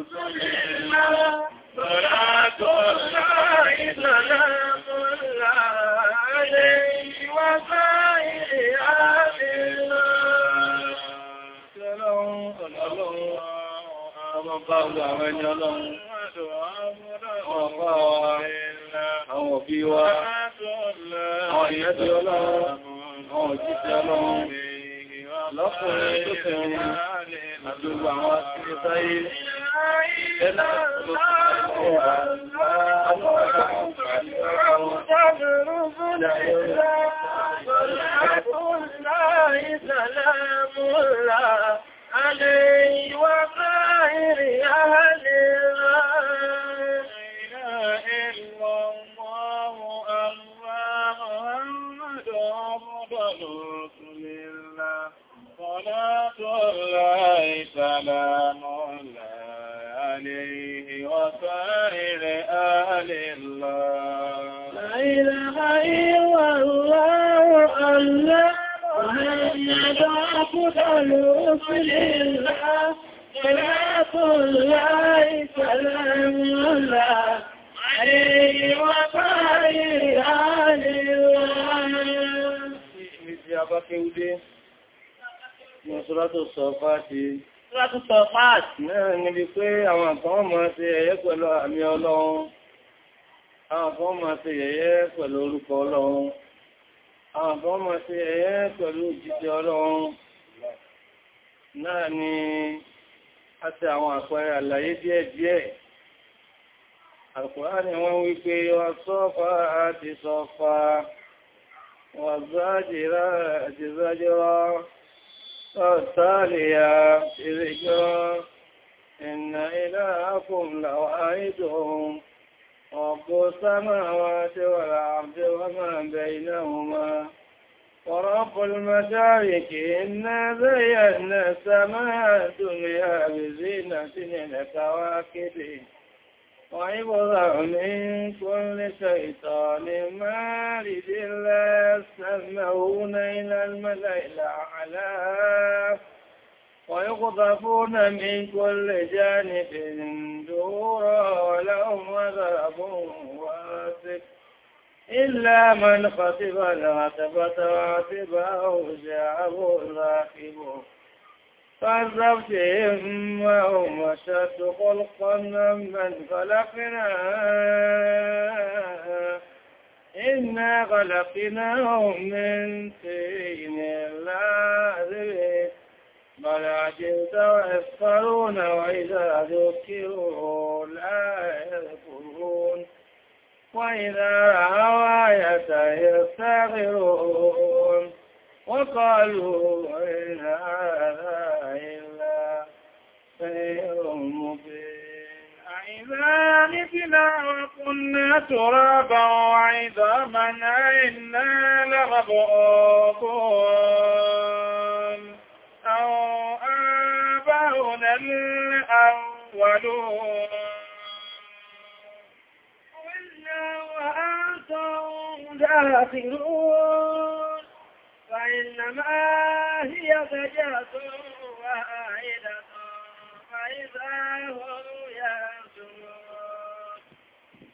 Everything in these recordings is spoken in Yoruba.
Lọ́kùnrin tó fẹ̀rin àti gbogbo àwọn akẹ́kẹ́ sáyé سلام níbi pé àwọn nǹkan wọ́n máa ṣe ẹ̀yẹ pẹ̀lú àmì ọlọ́run àwọn kan máa ṣe ẹ̀yẹ pẹ̀lú orúkọ ọlọ́run àwọn kan máa ṣe ẹ̀yẹ pẹ̀lú òjíṣẹ́ ọlọ́run náà ni a ṣe àwọn àpẹẹrẹ àlàyé díẹ̀díẹ̀ Al-Qur'ani wọ́n wípé wa sọ́fà àti sọ́fà wa zájìrá àti zájìrá sọ́tàlìyà إن إلهكم لواحدهم رب السماوات والأرض وما بينهما ورب المشارك إنا زينا السماء الدنيا بزينة الكواكب وعبرا من كل شيطان مارد لا يستمعون إلى الملأ الأعلى ويقذفون من كل جانب دورا ولهم عذاب واسع إلا من خطب العتبة وعتبه شعب راكب فعذبتهم وهم أشد خلقا ممن خلقنا إنا خلقناهم من طين لازم بل عجلت ويسخرون وإذا ذكروا لا يذكرون وإذا رأوا آية يستغفرون وقالوا إن هذا إلا سير مبين أإذا مثلا وكنا ترابا وعظاما أإنا لغبوكم وإنا وأنتم داخلون فإنما هي زجاة واحدة فإذا هم يأسرون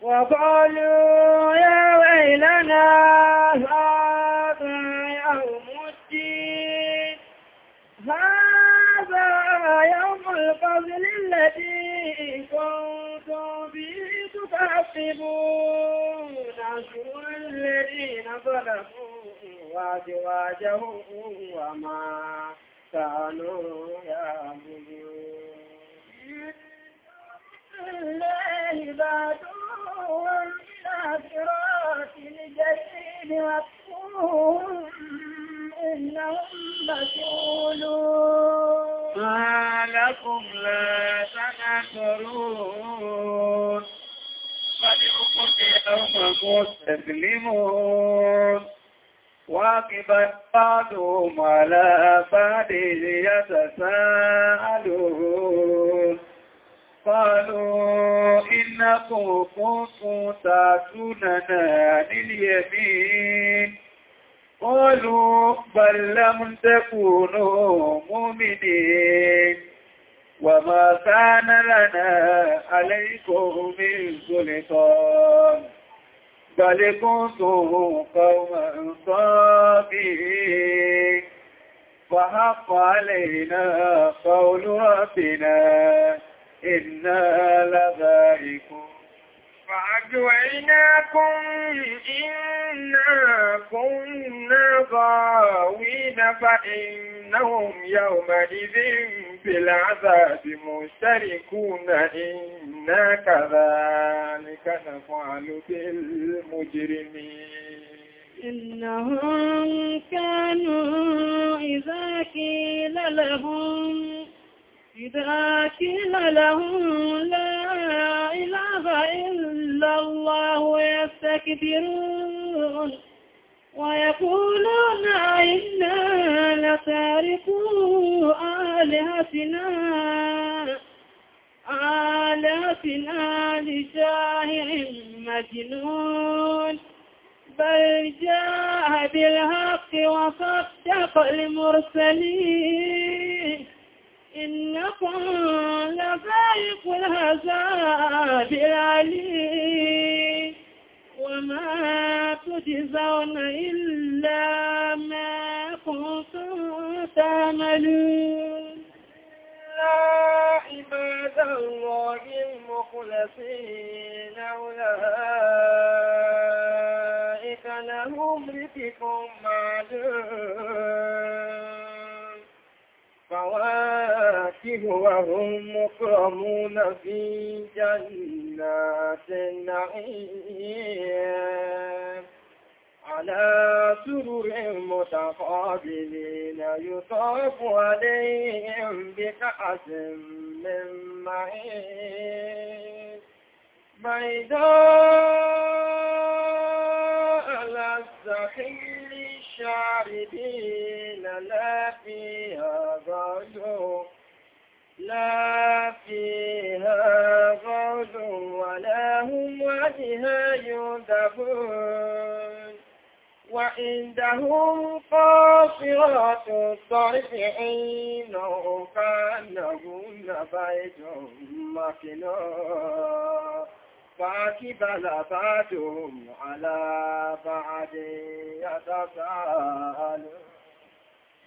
وقالوا يا ويلنا هذا يوم الدين هذا يوم الفضل الذي كنتم به تكذبون أشهر الذين ظلموا وأزواجهم وما كانوا يعبدون الله بعدهم إلى صراط الجحيم مكفوهم إنهم مسؤولون ما لكم لا تنكرون قد أقتلهم مستسلمون واقبت بعضهم على بعض يتساءلون قالوا إنكم كنتم تأتوننا لليمين قالوا بل لم تكونوا مؤمنين وما كان لنا عليكم من سلطان بل كنتم قوما صابين فحق علينا قول ربنا إنا لذائكم فأجويناكم إنا كنا غاوين فإنهم يومئذ بالعذاب مشتركون إنا كذلك نفعل بالمجرمين إنهم كانوا إذا قيل لهم إذا لهم لا إله إلا الله يستكبرون ويقولون إنا لتاركوا آلهتنا آلهتنا لشاهر مجنون بل جاء بالحق وصدق المرسلين إنكم لفائق العذاب العليم وما تجزون إلا ما كنتم تعملون إلا عباد الله المخلصين أولئك لهم رفق معدوم وهم مكرمون في جنات النعيم على سرر متقابلين يطاف عليهم بكأس من معين بيضاء للزحيل الشاربين لا فيها غير لا فيها غرد ولا هم عنها يذبون وعندهم قاصرات الطرف عينه كأنهن بيت مكنون فأكبل بعدهم على بعد يتساءلون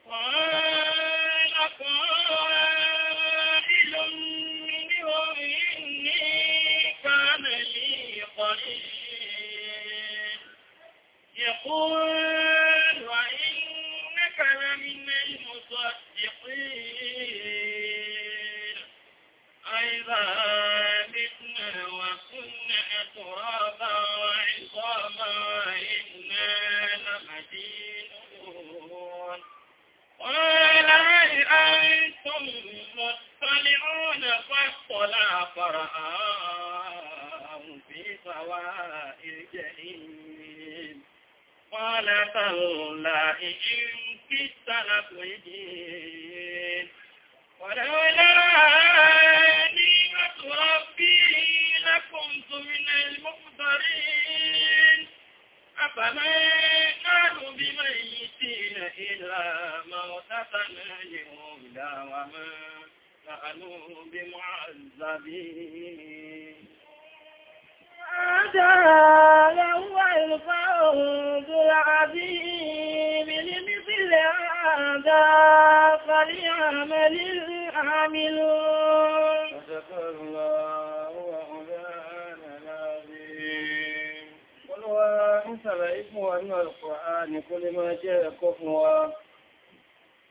قال قل وإنك لمن المصدقين أيضا متنا وكنا ترابا وعظاما وإنا لمدينون قال هل أنتم مطلعون فاطلع فرآه في سواء الجحيم قال تالله إن كدت لتردين ولولا نعمة ربي لكنت من المقدرين أفما كانوا بميتين إلا موتتنا لهم لا وما كانوا بمعذبين هذا لهو الفوز العظيم لمثل هذا فليعمل العاملون صدق الله وعلان العظيم قل وانسب اسمه ان القران كل ما جاء كفوا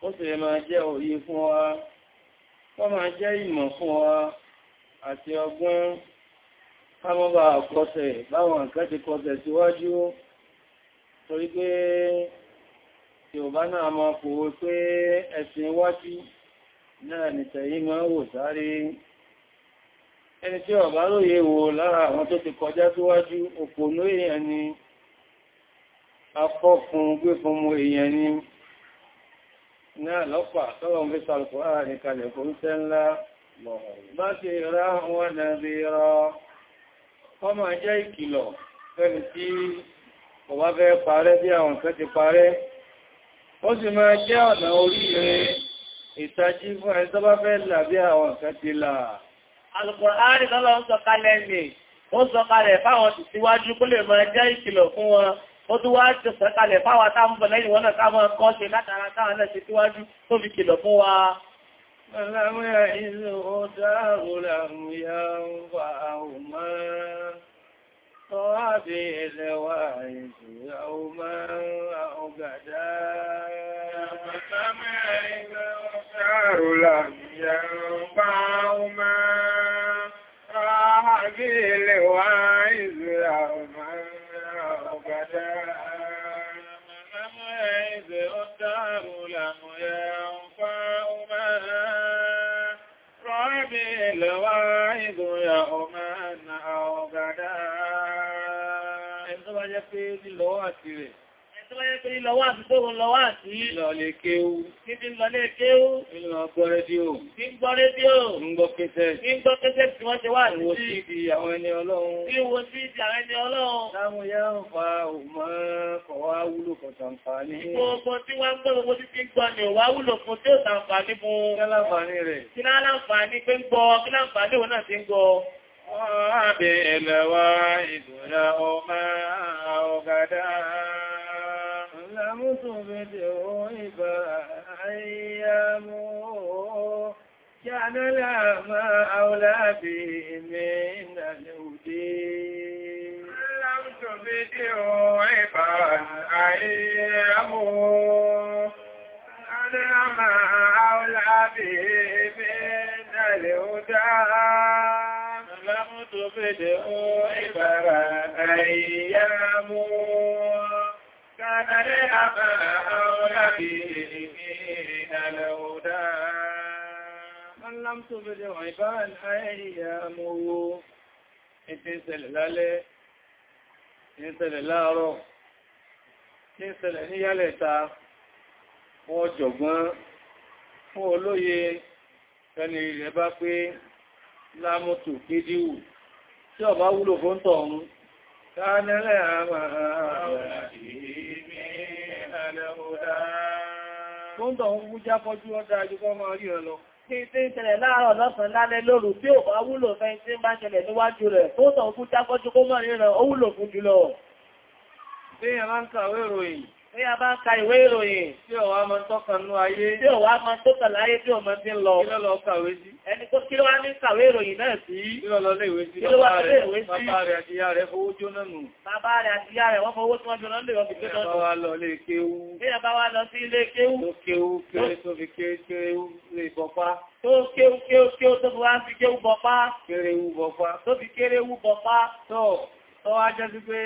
ó sì máa jẹ́ òye fún wa wọ́n máa jẹ́ ìmọ̀ fún wa àti ọgbọ́n káwọn bá kọsẹ̀ báwọn nǹkan ti kọsẹ̀ síwájú torí pé Yorùbá náà máa kò wó pé ẹ̀sìn iwájú náà nìtẹ̀yí máa wò sáré ẹni tí ọ̀bá lóye wò lára àwọn tó ti kọjá síwájú òpònú èèyàn ni afọ́fún gbé fún mú èèyàn ni náà lọ́pàá tọ́lọ̀ ń fi sàrùkù ààrin kalẹ̀ fún tẹ́ńlá bá ti rá wọn nàbí rọ́ wọ́n máa jẹ́ ìkìlọ̀ fẹ́ni tí kò bá fẹ́ parẹ́ bí àwọn nǹkan ti parẹ́ ó sì máa jẹ́ ọ̀nà oríire ìtají fún ẹni tó bá fẹ́ là bí àwọn nǹkan ti là Al-Qur'an tọ́lọ ń sọkalẹ̀ ní ó sọkalẹ̀ fáwọn ti síwájú kó lè máa jẹ́ ìkìlọ̀ fún wọn ó tó wá ti sọkalẹ̀ fáwọn táwọn bọ̀ lẹ́yìn wọn náà ká kọ́ ṣe látara táwọn náà ti síwájú tó fi kìlọ̀ fún wa فلم يعزه داه لم ينفعه ما طوى به الوارث يوما أو غدا فلم يعزه داه لم ينفعه ما طوى به الوارث يوما أو غدا jẹ́ pé lílọ́wọ́ àti rẹ̀. Ẹ̀tọ́ yẹ pé lílọ́wọ́ àti tó ń lọ́wọ́ àti ìlọ̀lẹ̀ kéwú. Tí ti ń lọlé kéwú. Ìlọ̀ gbọ́ rédíò. Tí ń gbọ́ rédíò. Ń gbọ́ kẹsẹ̀. Tí ń gbọ́ kẹsẹ̀ tí wọ́n ti wà ní wo sí ti àwọn ẹni ọlọ́run. Tí wo sí ti àwọn ẹni ọlọ́run. Táwọn yá ń fa òmọ́ kọ̀wá wúlò kan tàǹfààní. Gbogbo tí wọ́n ń gbọ́ gbogbo tí ti ń gbọ́ ni òwá wúlò fún tí ó tàǹfààní fún. Kí láǹfààní rẹ̀? Kí láǹfààní pé ń gbọ́, kí láǹfààní òun náà ti ń gbọ́. وبالواعد لهما أو غدا لم تبدئ أيامه كان لما أولى به من الهدي لم تبدئ عبا أيامه كان لما أولى به من الهدى بدء عبر أيام كان لأبا أولى به الهدى من لم تبدع عبر أيامه ìtíṣẹ̀lẹ̀ lálẹ́ ìtíṣẹ̀lẹ̀ láàárọ̀ ìtíṣẹ̀lẹ̀ ní yálẹ̀ta wọn jọ̀gbọ́n fún olóye ẹni rẹ̀ bá pé lámọ́tò kédíwù tí ọba wúlò fún tọ̀run káàlẹ́lẹ́ àmà fún tọ̀run mú jákọjú ọdá ajúkọ́ máa rí ọlọ Tí tí ń ṣẹlẹ̀ láàárọ̀ lọ́sàn lálẹ́ lóru tí ò bá wúlò fẹ́ tí ń bá ṣẹlẹ̀ níwájú rẹ̀, tó tàn fún jákọ́jú kó mọ̀ rí rẹ̀, ó wúlò fún jùlọ. Tí ìyàn máa ń kàwé ìròyìn, Ní a bá ń ka ìwé ìròyìn tí ó wá máa ń tọ́kàn ní ayé, tí ó wá máa ń tọ́kàn láyé tí ó máa ti ń lọ. Kí ló lọ kàwé sí? Ẹni tó kí ló wá ní kàwé ìròyìn náà sí? Kí ló lọ lé ìwé sí? Kí ló wá lé ìwé sí? Bàbá rẹ̀ àti ìyá rẹ̀ fowó jóná nù. Bàbá rẹ̀ àti ìyá rẹ̀ wọ́n fowó tí wọ́n jóná lè wọ́n fi jóná nù. Bí a bá wá lọ ilé kéwú. Bí a bá wá lọ sí ilé kéwú. Tó kéwú kéré tó fi kéwú lè bọ́pá tó kéwú kéwú kéwú tó fi wá ń fi kéwú bọ̀pá kéréwú bọ̀pá tó fi kéréwú bọ̀pá tó tó wá jẹ́ sí pé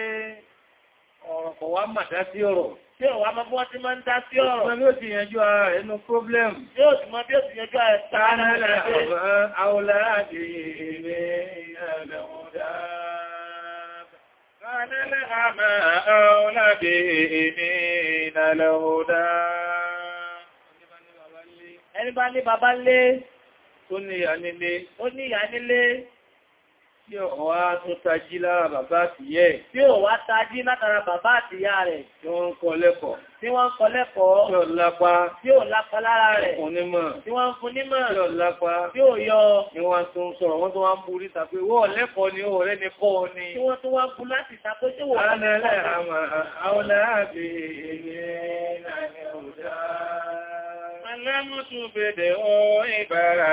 ọ̀rọ̀ kọ̀ wá màdá sí ọ̀rọ̀ tí ọ̀wà máa bọ́ tí máa ń dá sí ọ̀rọ̀. Ọmọ bí ó ti yanjú ara rẹ̀ nínú problem. Bí ó ti mọ bí ó ti yanjú ara rẹ̀ tààrà rẹ̀. Àwọlá àti ìrìn àdàmọ̀ dáa. كان العمى أولى بإنين الهدى ẹni bá ní bàbá lé tó ní ìyá nílé ó ní ìyá nílé tí ó wá tún tají lára bàbá àtìyẹ́ ẹ̀. tí ó wá tají látara bàbá àtìyá rẹ̀. tí wọ́n ń kọ lẹ́kọ̀ọ́. tí wọ́n ń kọ lẹ́kọ̀ọ́. tí ó lápá. tí ó lápá lára rẹ̀. fún nímọ̀. tí wọ́n ń fún tí ó lápá. tí ó yọ. ni wọ́n tún sọ̀rọ̀ wọ́n tún wá ń bu orí tàbí wọ́n lẹ́kọ̀ọ́ ni ó rẹ́ ni kọ́ ni. tí wọ́n tún wá bu láti tàbí tí wọ́n Alámútúbẹ̀dẹ̀ ọ̀ ìbára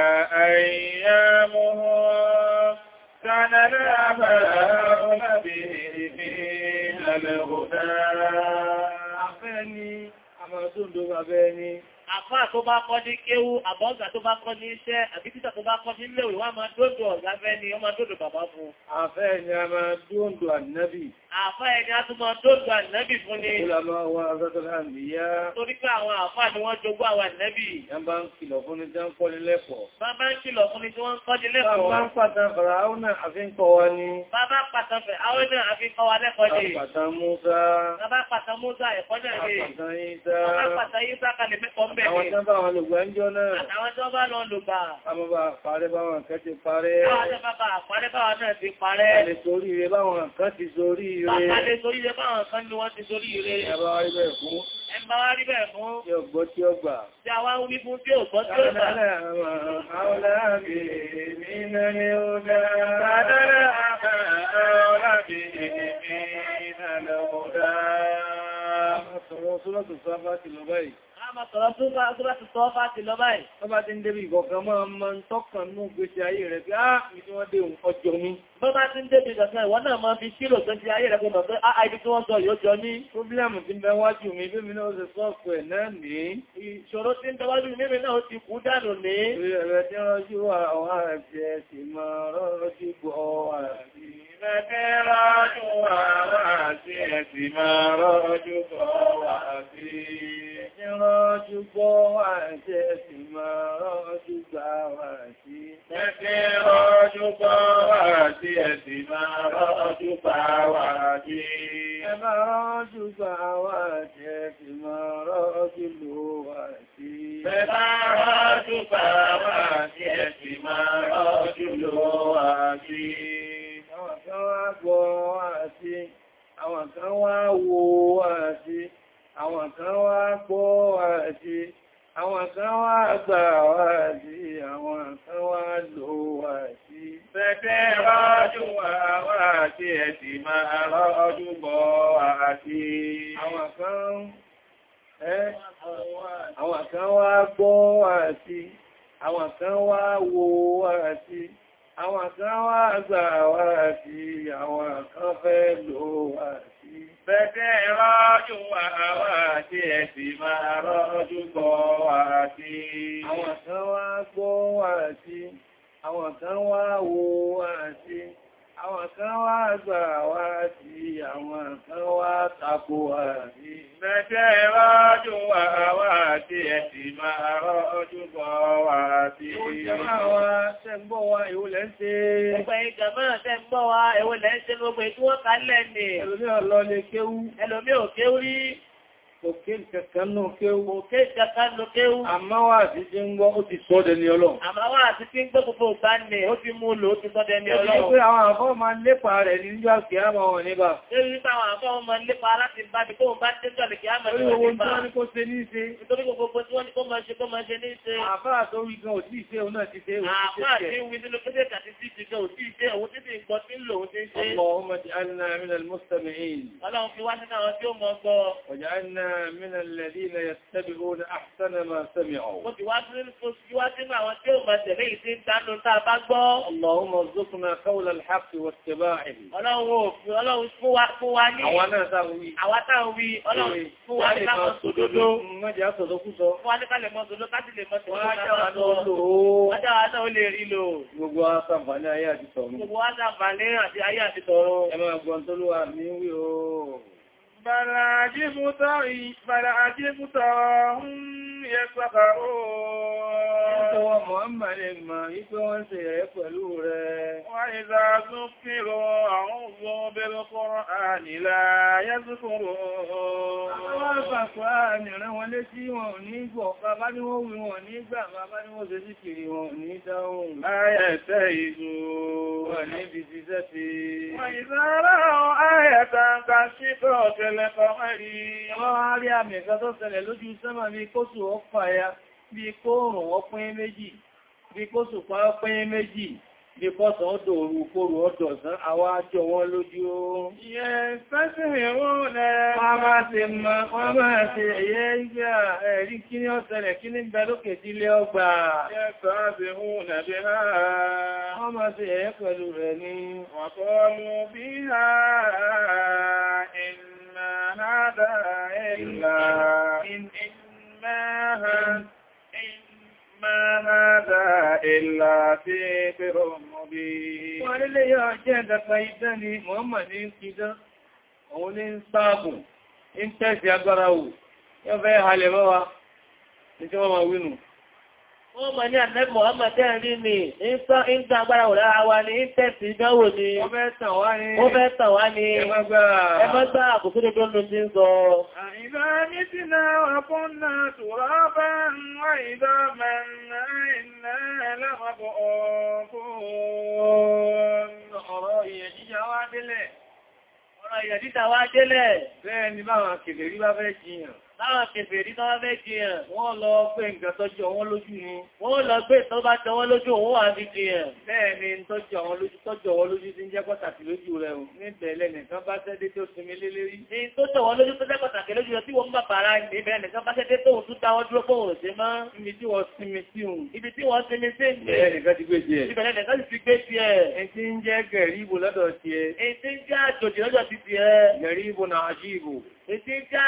كان الآباء به فينا الهدى أخاني أما سندو أباني àfáà tó bá kọ́ ní kéwú àbọ́gà tó bá kọ́ ní iṣẹ́ àbí títà tó bá kọ́ ní ilé ìwà máa dódò ọ̀gá fẹ́ ni ọmọ dódò bàbá fún. àfẹ́ ẹni a máa dódò ànábì. àfẹ́ ẹni a tún máa dódò ànábì fún ni. ìlànà àwọn azọ́tọ̀lá nìyá. ni wọ́n jogún àwọn ànábì. wọ́n bá ń kìlọ̀ fún ni tí wọ́n ń kọ́ni lẹ́kọ̀ọ́. bàbá ń kìlọ̀ fún ni tí wọ́n ń kọ́ni lẹ́kọ̀ọ́. bàbá ń pàtàn fẹ̀rẹ̀ àwọn náà àfi ń kọ́ wa ni. bàbá pàtàn fẹ̀rẹ̀ àwọn náà àfi ń kọ́ wa lẹ́kọ̀ọ́ ni. bàbá bẹ̀rẹ̀. Àwọn tán bá wọn lògbà ń Àwọn tán parẹ́ bá wọn kan ti parẹ́. Àwọn bá parẹ́ bá wọn náà ti parẹ́. Àlè sórí rẹ bá kan ti sórí rẹ. Ẹ̀bá wá bẹ̀ fún. Ẹ̀bá Tí ó tí a wá wí fún tí ó gbọ́ tí ó gbà. Àwọn láàbì mi náà ni ó máa sọ̀rọ̀ tó bá tó bá ti sọ bá ti lọ báyìí. Tó bá ti ń débi ìgọ̀kan máa ma ń tọ́kàn ní gbèsè ayé rẹ̀ pé áà mi tí wọ́n dé ọjọ́ mi. Bó bá ti ń débi ìgọ̀kan ìwọ́n náà máa fi ṣírò tó ti ayé rẹ̀ pé mọ̀ pé áà ibi tí wọ́n sọ yóò jọ ní. Púbílẹ̀mù ti ń bẹ wájú mi bí mi náà ṣe sọ ọ̀pọ̀ ẹ̀ náà ní. Ìṣòro ti ń bẹ wájú mi náà ó ti kú dànù ní. Ìrẹ̀ tí rọ́jú àwọn àrẹ̀fẹ́ sì máa rọ́jú gbọ́ àrẹ̀fẹ́. Ìrẹ̀ tí rọ́jú àwọn àrẹ̀fẹ́ sì máa rọ́jú gbọ́ àrẹ̀fẹ́ rọ́jú bọ́ àṣẹ sì máa rọ́jú gbà wà sí. Ẹ̀kẹ́ rọ́jú bọ́ àti ẹ̀sì máa rọ́jú gbà wà sí. Ẹ máa rọ́jú gbà wà sí ẹ̀sì máa rọ́jú lò wà sí. Ẹ máa rọ́jú gbà wà sí ẹ̀sì máa rọ́jú lò wà sí. Àwọn kan wá gbọ́ wà sí, àwọn kan wá wo wà sí àwọn kan wá pọ́ wáàdí àwọn kan wá gbà wáàdí àwọn kan wá lò wáàdí pẹ́pẹ́ rọ́dún wáàdí ẹ̀sì máa rọ́dún bọ̀ wáàdí àwọn kan àwọn kan wá gbọ́ wáàdí àwọn kan wá wo wáàdí àwọn kan wá gbà wá sí àwọn kan fẹ́ lò wá sí bẹ́tẹ́ rọ́jú wá wá sí ẹ̀sì máa rọ́jú gbọ́ wá sí àwọn kan wá gbọ́ wá sí àwọn kan wá wo wá sí àwọn kan wá gbà wá sí àwọn kan wá tako wá sí mẹ́jẹ́ rájú wà wá sí ẹ̀sì máa rọ́jú bọ́ wá sí Ẹgbẹ́ wa ìwòlẹ́ ń ṣe. Ẹgbẹ́ ìgbàmọ́ ẹ̀ṣẹ́gbọ́ wa ìwòlẹ́ ń ṣe gbogbo ìtúwọ́kálẹ̀ ni. Ẹlòmí Ẹlòmí ò kéwú Òkè kankan náà kéwú. Òkè kankan ló kéwú. Àmáwà àti tí ń gbọ́, ó ti sọ́dẹ̀ ní ọlọ́run. Àmáwà àti tí ń gbọ́ gbogbo ìgbà ní, ó ti mú lò, ó ti sọ́dẹ̀ ní ọlọ́run. Ó ti pé àwọn àfọ́ máa ń lépa rẹ̀ ní ìjọ́ àti àmà wọn níbà. Ó ti pé àwọn àfọ́ máa ń lépa láti bá bí kó bá tẹ́jọ́ àti àmà wọn níbà. Ó ti pé àwọn àfọ́ máa ń lépa láti من الذين يتبعون أحسن ما سمعوا اللهم ارزقنا قول الحق واتباعه Àwọn àtàwí. Àwọn àtàwí. Ọlọ́run fún wa ní káàkiri sódódó. Mọ́jẹ́ àtọ̀dọ́kúsọ. Fún wa ní kálẹ̀ mọ́ sódó káàkiri lè mọ́ sódó. Wọ́n á jáwà tó lò ó. Wọ́n jáwà tó lè rí lò. Gbogbo àtàǹfàní ayé àti tọ̀run. Gbogbo àtàǹfàní ayé àti tọ̀run. Ẹ بل عجبت بل عجبت يسخرون هو محمد ما يكون سيرك ولولا وإذا ذكروا أعوذوا بالقرآن لا يذكرون وفقان ولسي ونيبو فقد هو ونيبا فقد هو ذكري ونيدهم لا يتهزوا ونبي سيسفي وإذا رأوا آية كشفت لقمري وعلي أمي قد سللوا جسما بكسوة ó fàya bí kó rùn wọ́n pín méjì bí kó sùpá pín méjì bí kọ́sàn ó dòrú kóòrò ọdọ̀sán àwọn àjọ wọn lójú oòrùn. Yẹ fẹ́sìnrì oòrùn lẹ wọ́n máa ti mọ wọ́n máa ti ẹ̀yẹ ìgbà ẹ̀rí kí ní ọ̀sẹ̀lẹ̀ kí ní gbẹ lókè sí ilé ọgbà. Yẹ fẹ́sìnrì oòrùn lẹ bí ha. Wọ́n máa ti ẹ̀yẹ pẹ̀lú rẹ̀ ni. Wọ́n kọ́ mú bí ha إن هذا إلا إن ما هذا إلا سحر مبين وإلي يعجل فإذني محمد إنسيدا òun ní ń sáàbùn ń tẹ́sì agbára wù yóò fẹ́ halẹ̀ mọ́wa ní tí wọ́n ma wínú Wọ́n mọ̀ ní ànẹ́bì Mọ̀hámà tẹ́rin ní ìgbà agbára òlá wa ní ìtẹ́sì ìdánwò ni. Ó fẹ́ tàn wá ní. Ó fẹ́ tàn wá ní. Ẹgbẹ́gbà àkùsílẹ̀ tó lóun ti ń sọ. Àìdá ní sí náà ọkùn náà tòrọ bá ń wá ìdá mẹ́rin náà lẹ́wọ̀bọ̀ ọ̀rọ̀ ìyẹ̀jíjà wá wá délẹ̀ láwọn kèfèrí tó wá fẹ́ jìyàn wọ́n lọ pé nǹkan tọ́jú ọwọ́ lójú ni wọ́n lọ pé tó bá tọwọ́ lójú òun wà ní jìyàn bẹ́ẹ̀ ni tọ́jú ọwọ́ lójú tọ́jú ọwọ́ lójú tí ń jẹ́ pàtàkì lójú rẹ̀ o ní ìbẹ̀lẹ̀ nìkan bá tẹ́dé tó sinmi lélẹ́rí ní tó tọwọ́ lójú tó jẹ́ pàtàkì lójú rẹ̀ tí wọ́n bá bàrá ìbẹ̀ nìkan bá tẹ́dé tó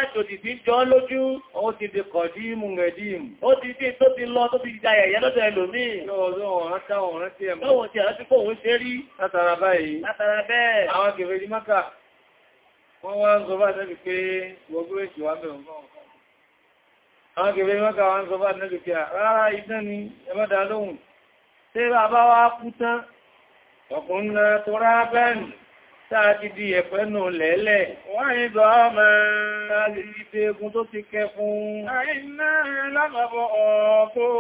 àṣòdì tí jọ lójú, ó ti di kọ̀dímù rẹ̀dímù. Ó ti dí tó ti lọ tó ti jayẹ̀ yẹ́ lọ́dọ̀ ẹlòmíì. Lọ́wọ́ ọ̀rán táwọn ọ̀rán tí ẹmọ́. Lọ́wọ́ ti àrán tí kò wọ́n ṣe rí. Látara báyìí. Látara bẹ́ẹ̀. Àwọn kèrè ní Mákà. Wọ́n wá ń sọ bá nẹ́bì pé gbogbo èṣù wá mẹ́rin fún ọ̀kan. Àwọn kèrè ní Mákà wá ń sọ bá nẹ́bì pé rárá idán ni ẹmọ́dà lóhùn. Ṣé bàbá wa kú tán? Ọkùnrin náà tó rá bẹ́ẹ̀ táà ti di ẹ̀pẹ́ nù lẹ́lẹ̀. Wọ́n ìdọ̀ ọmọ láti ti dé egun tó ti kẹ fún. Àìná lámàbọ̀ ọ̀tọ́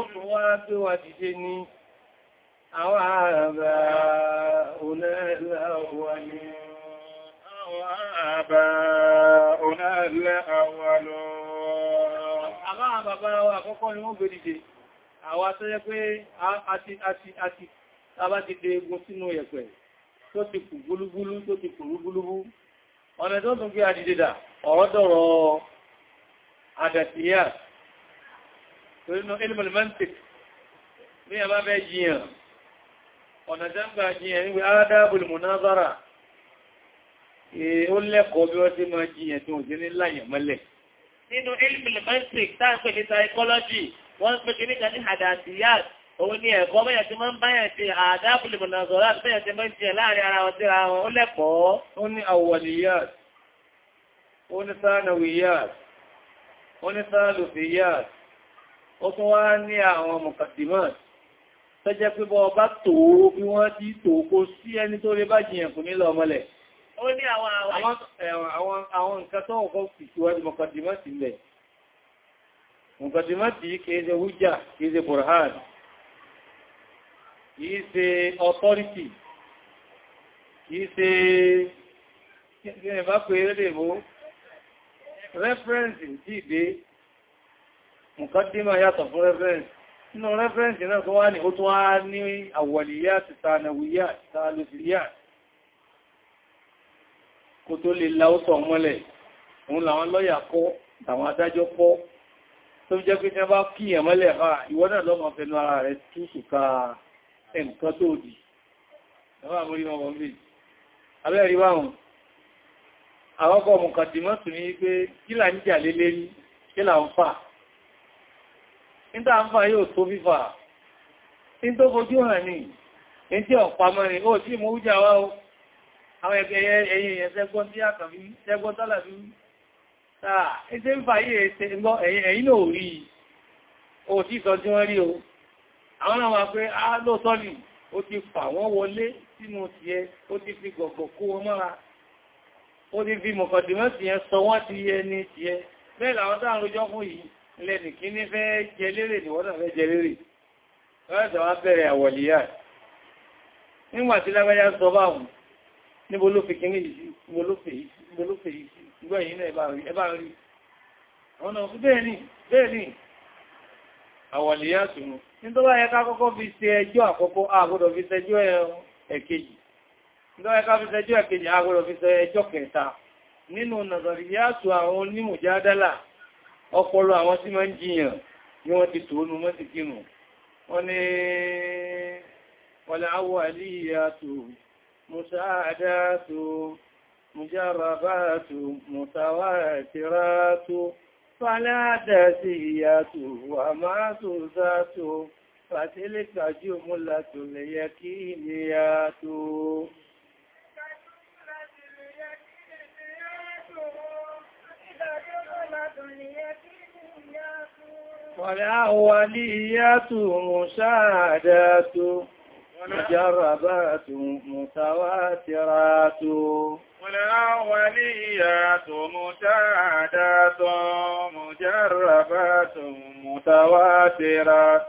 ọ̀tọ́ wá gbé wà dìde ní àwọn àbà onílẹ̀ àwọn ni. Àwọn àbà onílẹ̀ àwọn lọ. Àbá bàbá wa àkọ́kọ́ ni wọ́n gbé dìde. Àwa tó yẹ pé a ti, a ti, a ti, a bá ti dé egun sínú ẹ̀pẹ̀ tó ti kù gúlúgúlú tó ti kù rúgúlúgú ọ̀nà tó tún gbé adìdìdà ọ̀rọ̀ dọ̀rọ̀ àdàtìyà torínú ilmọ̀lẹ́mẹ́ntìk ní ẹ̀bá bẹ́ jiyàn ọ̀nà jẹ́mbà jiyàn níwẹ̀ adábùl munazara ó lẹ́kọ̀ọ́ bí wọ́n ti máa jiyàn tó jẹ́ ní láyàn mọ́lẹ̀ nínú ilmọ̀lẹ́mẹ́ntìk táà pẹ̀lú psychology wọ́n pẹ̀lú ní òun ni ẹ̀kọ́ bẹ́yẹ̀ tí máa ń báyẹ̀ ti àdábùlì mọ̀nàzọ́lá bẹ́yẹ̀ tí máa ń jẹ láàrin ara wọn síra wọn ó lẹ́kọ̀ọ́ ó ní awwaliyat ó ní sanawiyat ó ní salufiyat ó tún wá ní àwọn mukaddimat tó jẹ́ pé bọ́ bá tó bí wọ́n ti tó kó sí ẹni tó lè bá jiyàn kù nílọ ọmọlẹ̀ ó ní àwọn nǹkan tó wọ́n kọ́ ìṣúwájú kìí ṣe authority kìí ṣe ìrìnbá pé lédè mú reference tí ìdé nǹkan tí máa yàtọ̀ fún reference nínú reference náà tó wá ní ó tó wá ní àwọ̀lìyà ti tànàwìyà tààlùfìyà kò tó lè láótọ̀ mọ́lẹ̀ òun làwọn lọ́yà kọ́ tàwọn adájọ́ pọ́ tó jẹ́ pé tí wọ́n bá kíyàn mọ́lẹ̀ ha ìwọ́n náà lọ́mọ fẹ́nu ara rẹ̀ kí ṣùkà ẹnkan tó dì ẹwà mórí wọn wọ́n méjì abẹ́rí wáhùn àwọ́kọ̀ ọmọ kàtí mọ́ tún ní pé kí là ń jà lé lérí kí là ń fà níta ń fà yóò tó fífà ní tó fojú hàn ní ní tí ọ̀pá mọ́ ni ó tí mú jà wá o àwọn ẹgbẹ́ ẹ̀yìn ẹ̀yìn ṣẹ́gbọ́n tí àkàfí ṣẹ́gbọ́n tọ́lá fi ṣáà ẹ̀ṣẹ́ ń fà yìí ẹ̀yìn náà rí o tí ìsọjú wọn rí o àwọn àwọn àpẹ alóòsọ́nì ah, ó ti fà wọ́n wọlé sínú ti ẹ ó ti fi gọ̀gọ̀ kó wọn mọ́ra ó ti fi mọ̀kàndínmọ́ ti ẹ sọ wọ́n ti yẹ ní ti ẹ bẹ́ẹ̀ làwọn dáàrùn ọjọ́ fún yìí lẹ́nì kí ní fẹ́ jẹ lérè ní wọ́n fẹ́ jẹ lérè ọ̀rẹ́dọ̀ wá bẹ̀rẹ̀ àwọ̀lìyà nígbà tí lágbàjá sọ báhùn níbo ló fi kíní yìí níbo ló fi yìí gbẹ̀yìn náà ẹbá rí ọ̀nà bẹ́ẹ̀ ni bẹ́ẹ̀ ni àwọ̀lìyà tùnú nítorí ẹ̀ká kọ́kọ́ fi ṣe ẹjọ́ àkọ́kọ́ àgbọ́dọ̀ fi ṣẹjọ́ ẹ̀kejì nítorí ẹ̀ká fi ṣẹjọ́ ẹ̀kejì àgbọ́dọ̀ fi ṣẹjọ́ kẹta nínú nàzàríyàtù àwọn onímùjádálà ọpọlọ àwọn tí máa ń jiyàn ni wọ́n ti tòónú wọ́n ti kínú wọ́n ni wọ́lẹ̀ awọ àlíyàtù mùsáàdátù mùjárabátù mùtàwàtìrátù فنادتيات وما تزات فتلك جملة اليكينيات والأوليات مشاهدات مجربات متواترات والأوليات متعدات مجربات متواترات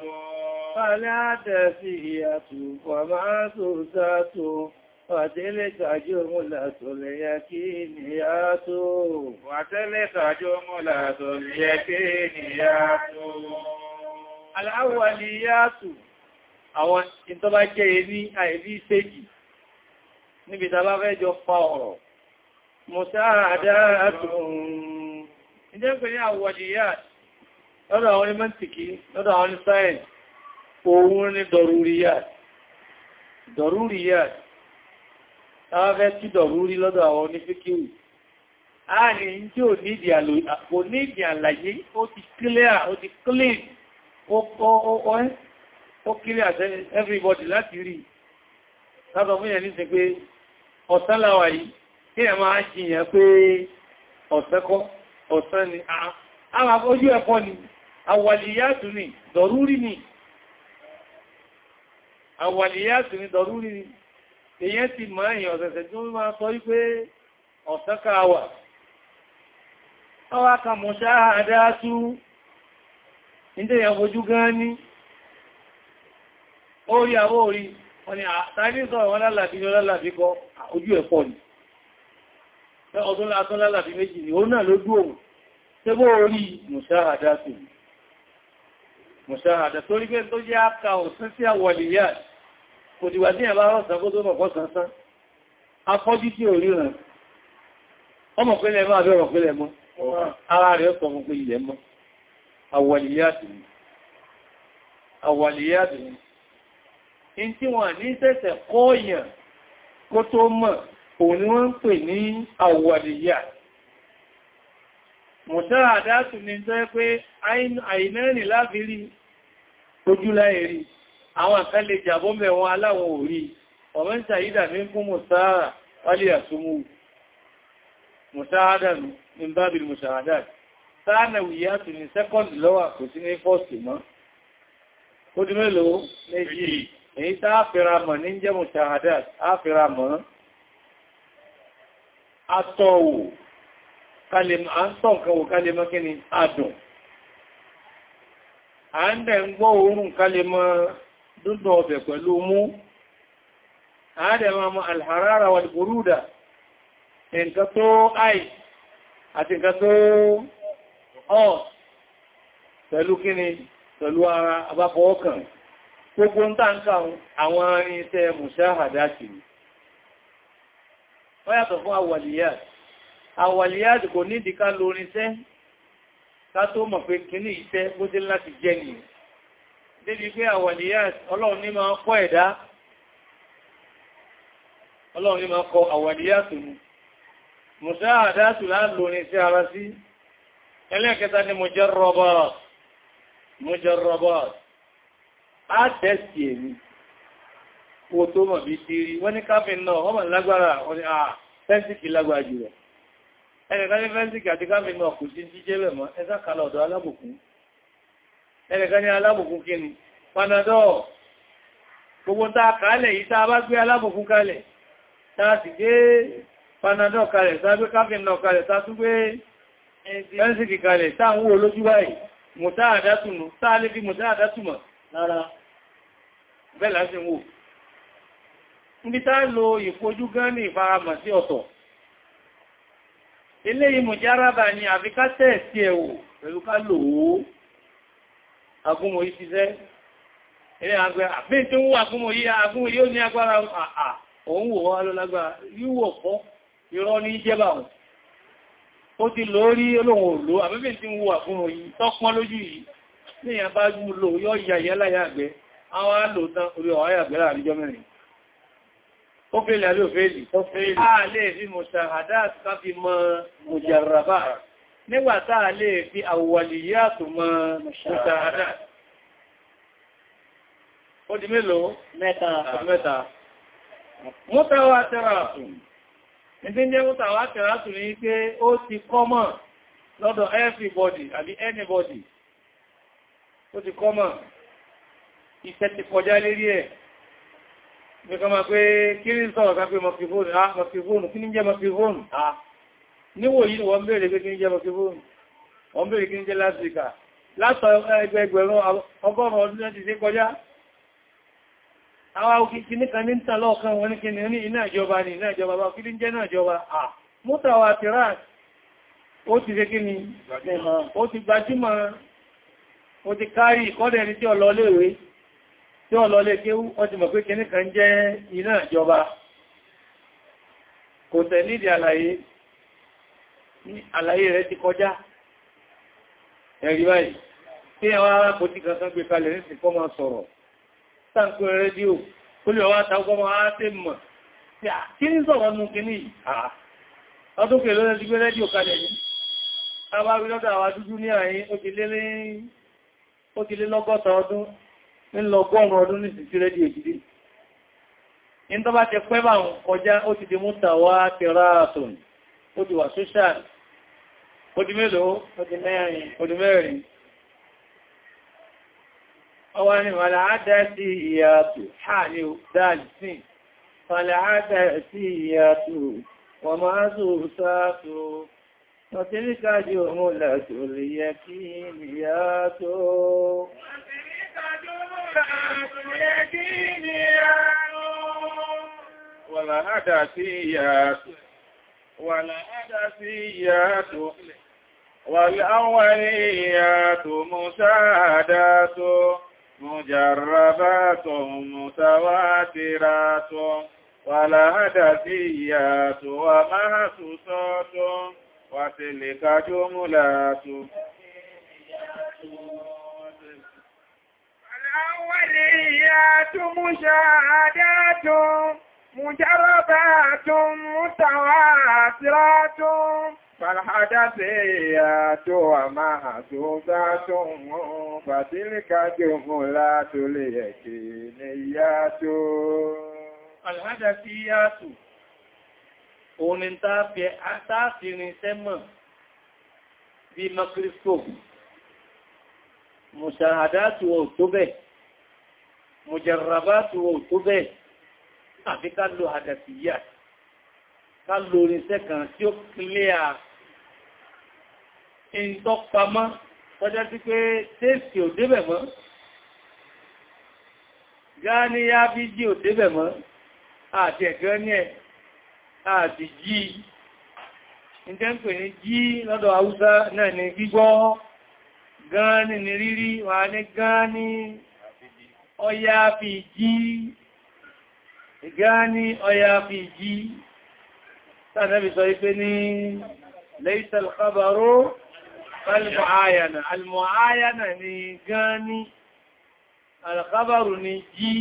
فلا تفية ومعسوسات وتلك جملة اليكينيات وتلك جملة اليكينيات الأوليات àwọn ìtọ́bá jẹ́ èrí àìrí ìṣẹ́jì níbi tàbá fẹ́ jọ fa ọ̀rọ̀ mùsáàdáàtùn ìjẹ́ pé ní àwọ̀dìyà lọ́dọ̀ àwọn mẹ́ntìkì lọ́dọ̀ àwọn sáyẹ̀n òun ní dọ̀rúríyàt dọ̀rúríyàt tàbá fẹ́ kí dọ̀rúrí lọ́dọ̀ àwọn onífíkíwì ààrin tí ò nídìí àlàyé ó ti clear ó ti clean ó kílẹ̀ àtẹ́ everybody láti rí sábà mú yẹn ní ṣe pé ọ̀sán láwà yìí kí ẹ máa jìyàn pé ọ̀sẹ́kọ́ ọ̀sán ni àwọn ojú ẹ̀kọ́ ni àwàlìyàtù ni dọ̀rúrí ni àwàlìyàtù ni dọ̀rúrí ni ti mọ̀ ẹ̀yìn ọ̀sẹ̀sẹ̀ tí wọ́n máa sọ wípé ọ̀sẹ́kà wà orí wọ́n ni àtàrísọ̀ wọn lálàbí ní lálàbí kọ ojú ẹ̀fọ́ ni ọdún látún lálàbí méjì ni ó náà lójú òun tí bó rí mùsáhàdá sí mùsáhàdá tó rí pé tó jẹ́ àkà òsín sí àwọ̀lìyà kò dìgbà tí ẹ̀bá rọ̀sán kó tó mọ̀kọ́ sánsán afọ́jú tí ò ríran ọmọ pẹ́lẹ̀ máa bẹ́rọ̀ pẹ́lẹ̀ mọ́ ara rẹ̀ pọ̀ mọ́ pé ilẹ̀ mọ́ àwọ̀lìyà in tí wọ́n ní sẹ́sẹ̀ kọ́ọ̀yàn kó tó mọ̀ òun ni wọ́n ń pè ní àwọ̀dìyà mùsáàdátù ni tó yẹ pé àìnẹ́rìn láfírí ojúlá èrí àwọn àkálẹ̀ jàbọ́mẹ̀ wọn aláwọ̀ orí ọmọ ń sàídà ní fún mùsáàdà wálé àsúmù mùsáàdà ní bábil mùsáàdà sáànàwìyàtù ni sẹ́kọ́ndì lọ́wà kò sí ní fọ́ọ̀sì mọ́ ó di mélòó méjì èyí tá àfẹ́ra mọ̀ ní jẹ́ mushahadat àfẹ́ra mọ̀ àtọ̀wò kalẹ̀mọ̀ àtọ̀ nǹkan wò kalẹ̀mọ̀ kí ni adùn à ń dẹ̀ ń gbọ́ òórùn kalẹ̀mọ̀ dúndùn ọbẹ̀ pẹ̀lú mú àádẹ̀mọ̀ mọ̀ alharara wal buruda nǹkan tó àì nǹkan tó gbogbo ń dáńkà àwọn irinṣẹ́ mùsáhàdá ti rí wọ́n yàtọ̀ fún àwàlìyàd àwàlìyàd kò ní ìdíká lórinṣẹ́ ká tó mọ̀ pé kí ní iṣẹ́ bó dé láti jẹ́ ni débi pé àwàlìyàd ọlọ́run ní máa kọ́ ẹ̀dá ọlọ́run ní máa kọ àwàlìyàd mú mùsáhàdá tù ni mujarrabat mujarrabat á tẹ́sì èmi wo tó mọ̀ bí ti rí wọ́n ní káfí náà wọ́n mọ̀ lágbára wọ́n ní àà fẹ́ǹsìkì lágbára jù rẹ̀ ẹnìkan ní fẹ́ǹsìkì àti káfí náà kò sí jíjẹ́ bẹ̀ mọ́ ẹ sákàlà ọ̀dọ̀ alábùkún ẹnìkan ní alábùkún kí ni panadol gbogbo tá a kàálẹ̀ yìí tá a bá gbé alábùkún kalẹ̀ tá a bẹ́ẹ̀ láti wò níbi tá lo ìfojú gan ní ìfaramọ̀ sí ọ̀tọ̀ ilé ìmùjáraba ni àfi ká tẹ́ẹ̀sí ẹ̀wò pẹ̀lú ká lòó agúnmọ̀ yìí ṣiṣẹ́ ilé àgbẹ̀ àbí tí ń wó agúnmọ̀ yìí agúnmọ̀ yìí ó ní agbára àà òun wò wá ló lágbára yíwò fọ́ irọ́ ní jẹ́bà wọn ó ti àwọn alòtán orí ọ̀háyà àgbẹ̀rẹ̀ àríjọ mẹ́rin ó fèèlì àlè òfèèlì a lè fi mùsàhàdá ká fi mọ mùjàràbà nígbàtá a lè fi àwòwàlìyàtò mọ mùsàhàdá ó di mélòó mẹ́ta mọ́tàwà tẹ́ràtù ní jẹ́ mọ́tàwà tẹ́ràtù everybody àbí anybody ó ti kọ́mọ̀ iṣẹ́ ti kọjá lérí ẹ̀ bí kọ́ máa pé kírí sọ̀rọ̀ ká pé mọ̀kífóònù ah mọ̀kífóònù kí ní jẹ́ mọ̀kífóònù ah níwò yìí wọ́n bèèrè pé kí ní jẹ́ mọ̀kífóònù wọ́n bèèrè kí ní jẹ́ lásìkà látọ̀ ẹgbẹgbẹ̀rún ọgọ́rùn ọdún láti ṣe kọjá àwọn òkìkì ní kan ní ń tàn lọ́ọ̀kan wọn ní kí ní iná ìjọba ní iná ìjọba bá kí ní ah, ti ni ó ti gbajúmọ̀ ó ti kárí ìkọ́dẹ̀ ní tí ọlọ́léèwé tí ó lọlé kí wọ́n ti mọ̀ pé kí nìkan jẹ́ iná ìjọba kò tẹ̀ nídi àlàyé àlàyé rẹ̀ ti kọjá ẹ̀rí báyìí tí ẹwà kò tí kankan gbé kalẹ̀ ní sí kọ́ máa sọ̀rọ̀ sáǹkó rédíò kó lè wá tàbí ọmọ àti mọ̀ kí ní sọ̀rọ̀ nù kí ní ọdún kè lọ́dún ti gbé rédíò kalẹ̀ ní abáwí lọ́dọ̀ àwọn adúdú ńlọ ọgọ́rùn ọdún ní ìsìnkú rẹ̀ di èjìdí in tó bá ti pẹ́ bá ń kọjá ó ti di múta wá tẹ́ràtùn ó ti wà social ó di mélòó ó di mẹ́rin ó di mẹ́rin ọwá ni màláàdá òun lẹ́tò lè yẹ kí ìyàtò. ولا أدسيات ولا أدسيات والأوليات مساعدات مجربات متواترات ولا هدفيات ومحسوسات وتلك جملات الأوليات مشاهدات مجربات متواترات فالحدثيات ومحسوسات فتلك جملات اليقينيات الحدثيات òun ni ta fi àtàfìrin sẹ́mọ̀ bí microscope mùsàádáàtì wọ́n tó bẹ́ẹ̀ mùjẹ̀rọ̀báàtì wọ́n tó bẹ́ẹ̀ àfi ká lò àdàsíyà ká lò orinṣẹ́ kan tí ó kílẹ̀ à ń tọ́pamọ́ tọ́já sí pé tẹ́sì ò débẹ̀ mọ́ gáníyá bí jí ò débẹ̀ mọ́ àti ẹ̀gán ní ẹ̀ àti jí ìjẹ́ ń gáàní ní rírí wà ní gáàní ọya fi jí gáàní ọya fi jí tàbí sọ ipé ní laysa al-khabaru al-mu'ayana al-mu'ayana ni gáàní al-khabaru ni jí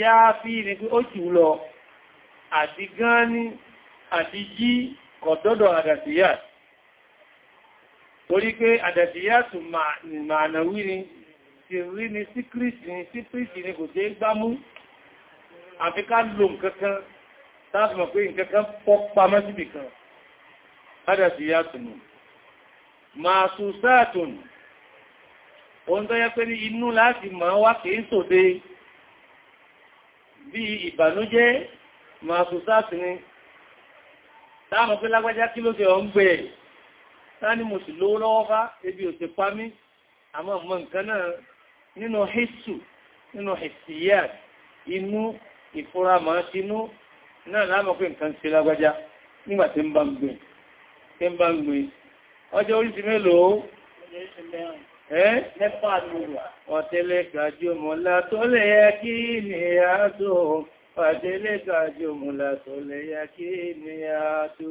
yá fi ní pé ó jù lọ àti gáàní àti jí kọ̀dọ́dọ̀ àdàtìyàtì torí pé àdàdìyàtù màánàwí ni ti rí ni síkírìsì ni síkírìsì ni kò tẹ́ gbámú àfi ká lò nǹkankan táàmà pé nǹkankan pọ́ pamọ́ síbì kan àdàdìyàtù nù máa sù sáàtùn ohun tó yẹ pé ní inú láti máa wá kìí sòde bí ìbànújẹ́ máa sù sáàtùn ni táàmà pé lágbájá kí ló ṣe ọ̀ ń gbẹ̀ẹ́ tání mo sì lówó lọ́wọ́ bá ebi ò ti pa mí àmọ́ mọ́ nǹkan náà nínú hìsù nínú hìsìyà inú ìfúra máa sínú náà láàmọ́ pé nǹkan ṣe lágbájá nígbà tí ń bá ń gbé tí ń bá ń gbé ọjọ́ oríṣi mélòó Mẹ́fà lòrò. Ọ̀tẹ́lẹ̀ gàjọmọ̀lá tó lè yẹ kí ni a tó. Ọ̀tẹ́lẹ̀ gàjọmọ̀lá tó lè yẹ kí ni a tó.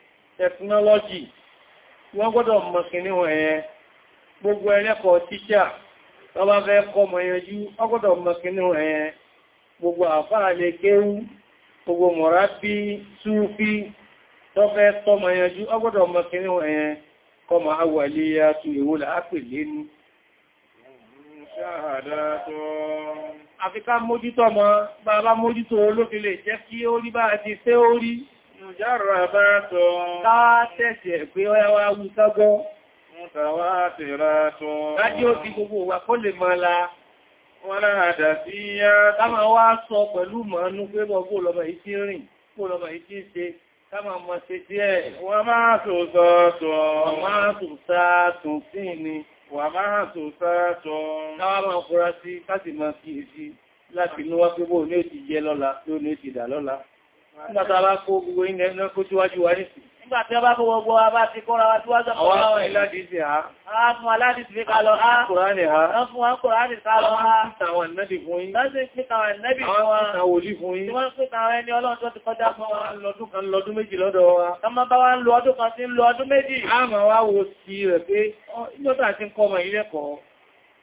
technology wọ́n gbọ́dọ̀ mọ̀ kìíní wọ̀n gbogbo ẹlẹ́kọ̀ọ́ tíṣà wọ́n bá fẹ́ kọ́ mọ̀ wọ́n gbọ́dọ̀ wọ̀n gbogbo àfáà lè kéwú gbogbo mọ̀rá bí tó fẹ́ tọ́ wọ́n gbọ́dọ̀ Mujarrabatun. Ká tẹ̀sì ẹ̀ pé ọya wá wú sọ́gọ́. Mutawatiratun. Rájí ó ti gbogbo wà kó lè mọ́ la. Wọ́n lára dà sí yá. Ká máa wá sọ pẹ̀lú mọ̀ánú pé bọ́gbó lọ́mọ yìí ti rìn, kó lọ́mọ yìí ti ṣe, ká máa mọ̀ ṣe díẹ̀. Wọ́n máa tò sọ́tọ̀. Wọ́n máa tò sáàtò sí ni. Wọ́n máa tò sí, ká sì máa fi èsì láti inú wá pé bóò ní ó ti lọ́la, ló ní ó dà lọ́la nígbàtà bá kó gbogbo ilẹ̀ ẹ̀nà kó síwájú wa ní sí nígbàtà bá kó gbogbo wa bá ti kọ́ra wa síwájú àwọn àwọn ìlàdìsí ha fún aládìsí fi kálọ ha kùránì ha fún wọn kùránì kálọ ha tàwọn nẹ́bì fún yí lọ́sí pítàwọn nẹ́bì fún wọn tàwọn olí fún yí wọ́n pítàwọn ẹni ọlọ́run tó ti kọjá fún wọn lọ́dún kan lọ́dún méjì lọ́dọ̀ wa ọmọ bá wá ń lo ọdún kan sí ń lo ọdún méjì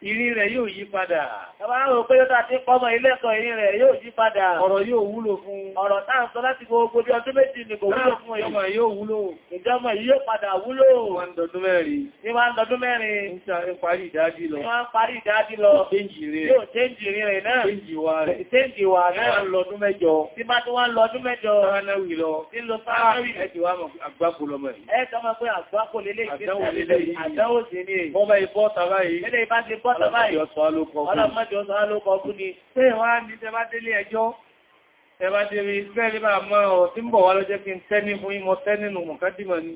ìrìn rẹ̀ yóò yí padà. Ẹbáràn pé yóò tàbí pọ́mọ̀ ilẹ́kọ̀ọ́ ìrìn rẹ̀ yóò yí padà. Ọ̀rọ̀ yóò wúlò fún. Ọ̀rọ̀ táà sọ láti gbogbo bí ọdún méjì ni kò wúlò fún ìjọmọ̀ yóò wúlò. Ìjọmọ̀ yóò padà wúlò. Wọ́n dọdún mẹ́rin. Ní wọ́n dọdún mẹ́rin. Ń parí ìdájí lọ. Wọ́n parí ìdájí lọ. Yóò tẹ́jì rẹ̀ náà. Tẹ́jì wà rẹ̀. Tẹ́jì wà náà lọ́dún mẹ́jọ. Tí bá tó wá lọ́dún mẹ́jọ. Sáhánáwì lọ. Tí lọ ah, sáhánáwì. Ẹ ti wá mọ̀ àgbákò lọmọ yìí. Ẹ tọ́ mọ̀ pé àgbákò lélẹ́ ìgbésẹ̀. Àdáwò lélẹ́ yìí. Àdáwò sí ni. Bọ́mọ ìbọ́ tàbá yìí. Lélẹ́ ìbá ti b bọ́ta báyìí ọlọ́mọdé ọ̀sán alókọ̀ ọkú ni pé wá ní tẹbá délé ẹjọ́ tẹbá délé ìsẹ́lẹ̀ bá mọ́ ọ̀rọ̀ tí ń bọ̀ wá ló jẹ́ kí n tẹ́ ní fún ìmọ̀ tẹ́ nínú mọ̀kádìmọ̀ ni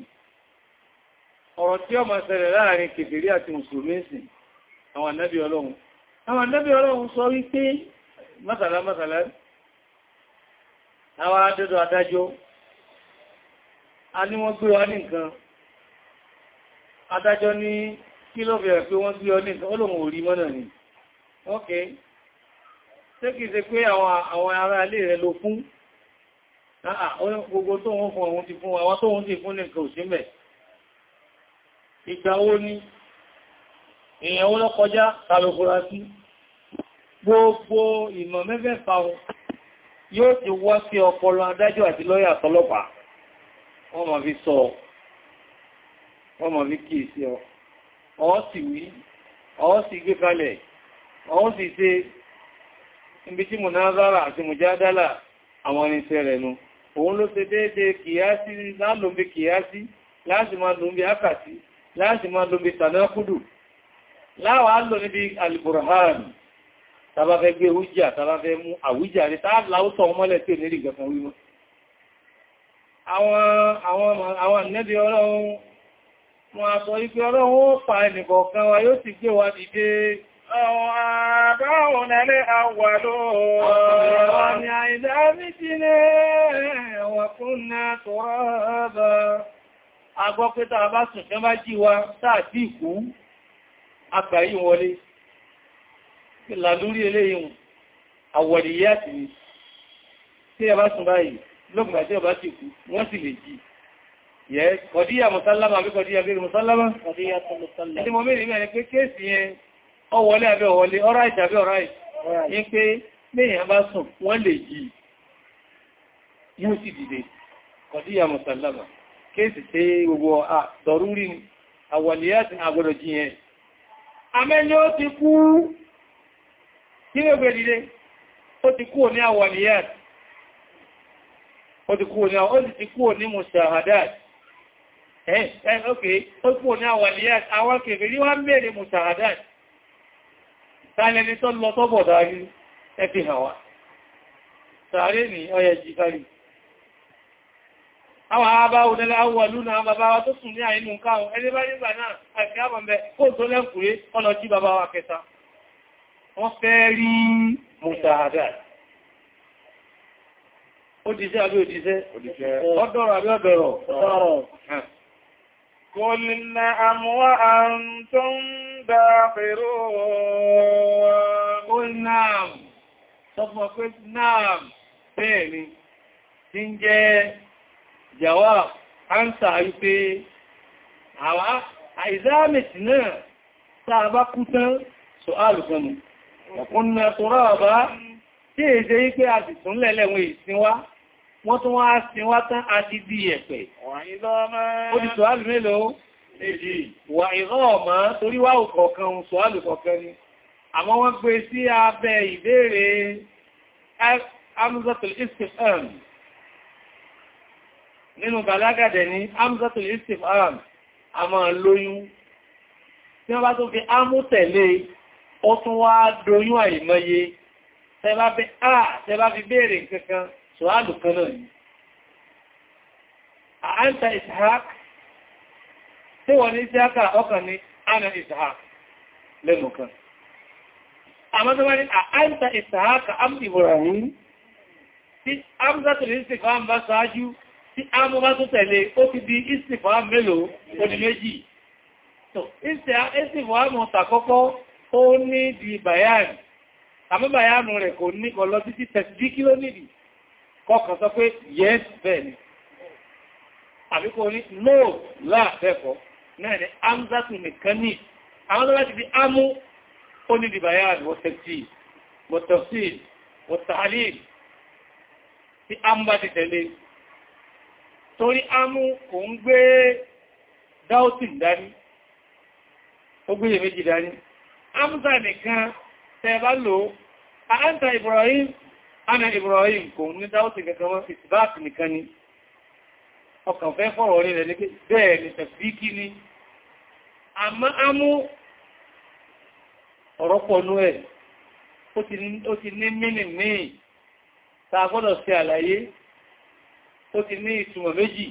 ọ̀rọ̀ tí ó máa ṣẹlẹ̀ láàrin kèfèrí àti mùsùlùmí sí àwọn ànábì ọlọ́run àwọn ànábì ọlọ́run sọ wípé mọ́sàlá mọ́sàlá àwọn adẹ́dọ̀ adájọ́ a ní wọ́n gbé wa ní nǹkan adájọ́ ní kí ló bẹ̀rẹ̀ pé wọ́n sí ọ ní ọlọ́run orí mọ́nà ni ok ṣé kìí ṣe pé àwọn ará ilé rẹ̀ ló fún gbogbo tó wọ́n fún àwọn ti fún àwọn tó wọ́n sì fún ní nǹkan òsímẹ̀ ìgbà wo ni èèyàn ó lọ́kọjá tàbíkúra sí gbogbo ìmọ̀ mẹ́fẹ́fà wọn yóò ti wá sí ọpọlọ adájọ́ àti lọ́yà àtọlọ́pàá wọ́n ma fi sọ wọ́n ma fi kíì sí ọ ọ́ọ̀sì wí ọ́ọ̀sì gbé kalẹ̀ ọ́ọ̀sì ṣe ibi tí mùnázára àti mùjádálà àwọn irinṣẹ́ rẹ̀ nu òun ló ṣe déédé kìíyásí lálòmí kìíyásí láti máa lòmí ákàtí láti máa lòmí tànákùdù láwàá lò níbi alìbùrhán tàbáfẹ́ gbé hújà tàbáfẹ́ mú àwújà rí táàláwùsọ̀ ọmọlẹ̀ tí ò ní rí gẹ̀fẹ́ wímọ́ àwọn àwọn àwọn ànẹ́bí ọlọ́run Mo àsọ ife ọlọ́run ó pa ẹnìkọ̀ọ̀kan wa yóò sì gbé wa dìde. Àwọn àdáhùn nẹ́lé àwàlò ni àìdá méjì lẹ́ wà fún náà tọ́rọ ọba. A gbọ́ pé tàà bá sùn kẹ́ bá jí wa sáà tí ìkú, àgbàyí wọlé. Ìlà lórí eléyìn àwọ̀dìyà ti ní. Tí ẹ bá sùn báyìí, lọ́gbàtí ọba ti kú, wọ́n sì lè jí. Yes, kọ̀díyà mùsálàmà àbí kọ̀díyà bí mùsálàmà? Kọ̀díyà tó mùsálàmà. Ẹni mọ̀ mẹ́rin mẹ́rin pé kéèsì yẹn, ọ wọlé àbẹ́ wọlé, ọ́ráìtì àbẹ́ ọ̀ráìtì. Ní pé mẹ́yìn bá sùn, wọ́n lè yí, yóò sì dìde. Kọ̀díyà mùsálàmà. Kéèsì tí gbogbo àdọ̀rúrí àwọ̀lẹ́yà ti àgbọ̀dọ̀ jí yẹn. Amẹ́ni ó ti kú, kí ló gbé dìde? Ó ní àwọ̀lẹ́yà. Ó ẹ̀ ẹ̀ ok ó pò ní àwàlíyàt àwọn kèrè ní wọ́n mèrè mùsàádàt tààlẹni tó lọ tó bọ̀dá rí ẹ fi hàn wá sàárè ní ọyẹ jìkárì àwọn àbáwò nílẹ̀ àwọ̀ lúnà bàbá wa tó sùn ní àìnú káwọn ẹni bá nígbà náà àti àbọ̀mẹ́ kó tó lẹ́kùnrí ọlọ jí bàbá wa kẹta wọ́n fẹ́ rí mùsàádàt ó dìṣẹ́ àbí òdìṣẹ́ ọdọ́rọ̀ àbí ọdọ́rọ̀ قل نعم وأنتم داخرون قل نعم صفوا قلت نعم ثاني تنجي جواب أنت عيبي àwọn àìzámẹ̀tì náà sáà bá kú tán ṣòálù kan mú ọ̀kúnnà tó rọ̀ bá tí èdè ipé a wọ́n tún wá sin wá tán a ti di ẹ̀pẹ̀. Wà ìrọ́ọ̀mọ́ torí wá òkọ̀ọ̀kan ohun sọ́álù kọ̀ọ̀kan ni. Àmọ́ wọ́n gbé sí abẹ́ ìbéèrè Amzatul Istifam. Nínú Bàlágàdẹ̀ ni Amzatul Istifam, a máa lóyún. Tí wọ́n bá tó fi ámú tẹ̀lé, ó tún wá doyún àìmọye. Tẹ́bá fi béèrè kankan. سؤال كلوني أنت إسحاق سوى إسحاق أقني أنا إسحاق للمكان أما زمان أنت إسحاق أم إبراهيم tí amúsátò lè ìsìnkú bá sáájú tí amú bá tó tẹ̀lé ó ti di ìsìnkú mélòó oní méjì ìsìnkú amú tàkọ́kọ́ ó ní di bayan àmú bayan rẹ̀ kò ní ọlọ́ títí tẹ̀sí kí ló nídìí kọkàn sọ pé yes bẹ́ẹ̀ ni àbíkò ní no láàbẹ́ẹ̀kọ́ náà ni amzatu nìkan ní àwọn tó láti fi amú ó ní dìbàyà àdìwọ̀tẹ̀tì wọ̀tọ̀sí wọ̀tàálì tí a ń bá ti tẹ̀lé torí amú kò ń gbé dáútìn dání ó gbé méjì dání amúta nìkan tẹ́ bá lò Ibrahim ana Ibrahim kò ní dáwọ́sì kẹta wọ́n ìtìbáàtì nìkan ni ọkàn fẹ́ fọ́rọ̀ rí rẹ̀ ní pé bẹ́ẹ̀ ni tẹ̀fíkí ni àmọ́ ámú ọ̀rọ̀ pọ̀nú ẹ̀ ó ti ní mínì míì ta gbọ́dọ̀ sí àlàyé ó ti ní ìtumọ̀ méjì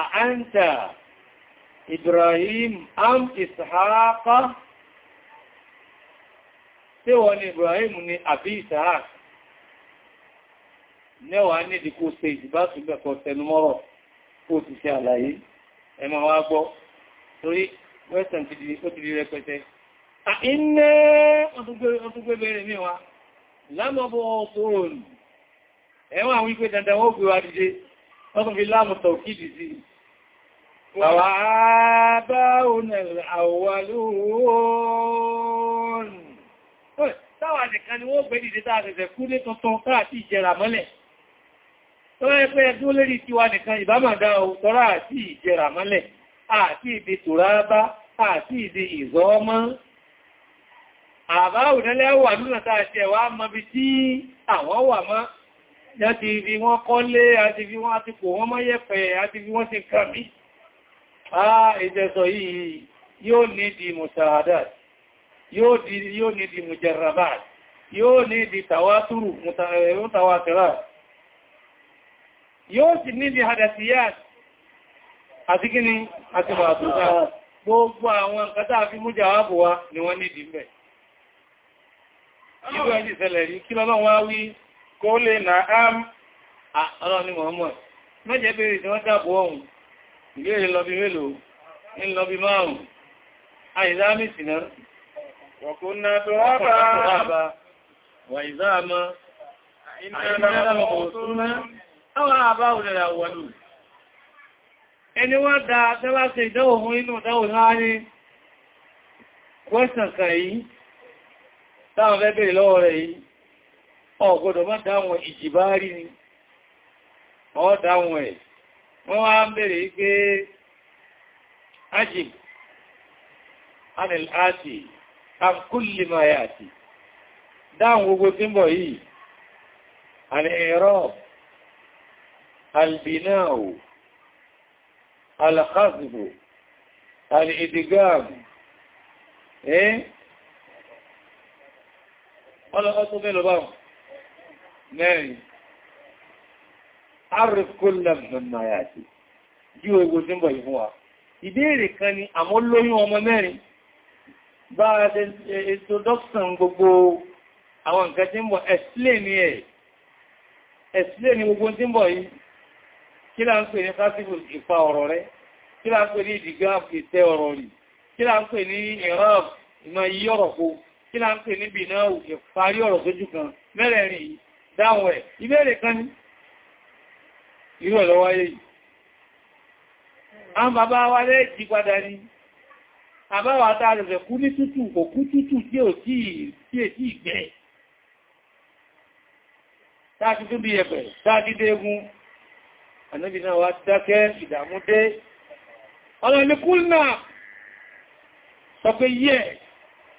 àáńtà Ibrahim am Ishaqa tí wọ́n ni Ibrahim ni àbí Isaac mẹ́wàá nídi kó ṣe ìdìbá ṣùgbẹ́ kọ tẹnumọ́rọ̀ kó ti ṣe àlàyé ẹ máa wá gbọ́ torí western ti di ó ti di rẹpẹtẹ iná ọdúngbé bẹ̀rẹ̀ mẹ́wàá lámọ́bọ̀ ọ̀pọ̀rọ̀lù ẹwà wípé dandan wọ́n gbé wa dìde ọdún táwà nìkan ni wọ́n gbé dìde táà ṣẹ̀ṣẹ̀ kú ní tuntun káàtì ìjẹrà mọ́lẹ̀ tó rẹ̀ pé ẹgbẹ́ lérí tiwa nìkan ìbámàdá òtọ́rà àti ìjẹrà mọ́lẹ̀ àti ìdí tòrábá àti ìdí ìzọ́ọ́mọ́ àbá òdẹ́lẹ́ wà nínú àtàṣẹ wà mọ́ bí tí àwọn wà mọ́ láti ibi wọ́n kọ́lé àti ibi wọ́n àti kò wọ́n mọ́ yẹ̀pẹ̀ àti ibi wọ́n ti kàmí. Ah, ìjẹsọ yìí yóò ní di mùsàádàtì. yóò ní di mujarrabat yóò ní di tawátúrù eh, mutawatirat yóò sì ní di hadasiyat àti kíni àti bàtúta gbogbo àwọn nǹkan fi ni wọ́n ní di mẹ́ na am mẹ́jẹ̀ bèèrè tí wọ́n dàbò ọ̀hún ìbéèrè lọ bí mélòó ń lọ bí márùn-ún وكنا ترابا وعظاما إننا لمبعوثون أو آباؤنا الأولون ẹni wọ́n dá tẹ́lá ṣe ìdánwò fún inú ìdánwò náà ní kwẹ́sàn kan yìí táwọn lẹ́bẹ̀rẹ̀ lọ́wọ́ rẹ̀ yìí ọ̀gọ́dọ̀ má dáwọn ìjìbárí ni ọ́ dáwọn ẹ̀ wọ́n àkúlì máa yà àti dáhùn gbogbo tí ń bọ̀ yìí al-i'rab al-bina'u al-khazfu al-idgham ẹ́ ọlọ́pàá tó mẹ́lọ báwọn mẹ́rin arìkúlẹ̀ mẹ́rin àti jí ogun tí ń bọ̀ yìí fún wa kan ni àmọ́ lóyún ọmọ mẹ́rin bá ṣe introduction gbogbo àwọn nǹkan tí ń bọ̀ explain ẹ̀ explain gbogbo tí ń bọ̀ yìí kí la ń pè ní fásitì ìfà ọ̀rọ̀ rẹ̀ kí la ń pè ní ìdìgáàf ìtẹ́ ọ̀rọ̀ rẹ̀ kí la ń pè ní ìrọ́f ìmọ̀ yí ọ̀rọ̀ kó kí la ń pè ní bìnà ìparí ọ̀rọ̀ sójú kan mẹ́rẹ̀ẹ̀rin dáhùn ẹ̀ ìbéèrè kan ní irú ẹ̀ lọ́wọ́ ayé yìí àbáwà àtàrẹ̀fẹ̀ kú ní tútù kò kú tútù tí ò tí èsí ìgbẹ̀ táàkì tó bí ẹ̀fẹ̀ táàkì dégun ànábì náà wá dákẹ́ ìdàmú dé ọlọ́lẹ́kú náà sọ pé yẹ́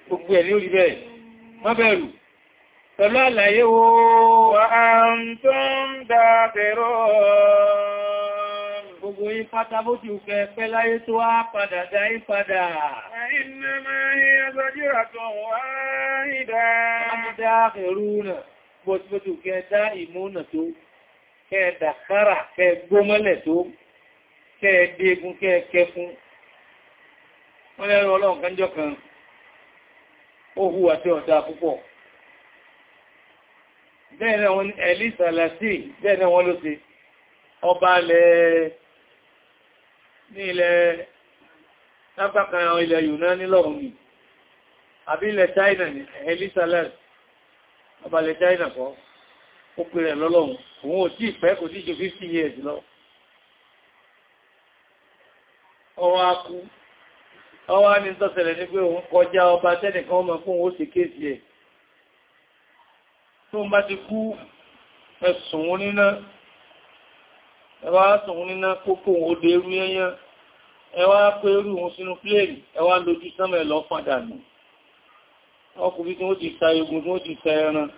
gbogbo ẹ̀ ní orí bẹ́ẹ̀ má bẹ̀rù pẹ̀lú àlàyé wo wà ń tó ń gbogbo yín pátá bó ti fẹ́ pẹ́ láyé tó á padà dá yín padà. Iná máa ń yẹ ọjọ́ àtọ̀ wá ìdá. Wọ́n ti dá ẹ̀rú náà, bó ti bó ti kẹ dá ìmúnà tó, kẹ dàkárà, kẹ gbómọ́lẹ̀ tó, kẹ dégún, kẹ kẹfún. Wọ́n lẹ́rọ ọlọ́run kanjọ́ kan, ó hu àti ọ̀dá púpọ̀. Bẹ́ẹ̀ náà wọn ẹ̀lí sàlàsì, bẹ́ẹ̀ náà ọba lẹ́ẹ̀ ní ilẹ̀ lápákan àwọn ilẹ̀ Yunani lọ́rùn ni àbí ilẹ̀ China ni Elisalat abalẹ̀ China kọ́ ó pè rẹ̀ lọ́lọ́run òun ò tí ìpẹ́ kò tí ju 50 years lọ ọwọ́ akú ọwọ́ ní tọ́sẹ̀lẹ̀ ní pé òun kọjá ọba tẹ́nìkan ọmọ fún òun ó sì kéèsì ẹ̀ tó bá ti kú ẹ̀sùn níná ẹwà sùn níná kókò ó dé rú yẹnyán ẹwà pé rú òun sínú pléèrì ẹwà lójú sánmẹ̀ lọ padà nù ọkùnrin tí wọ́n ti ta egun tí wọ́n ti ta ẹran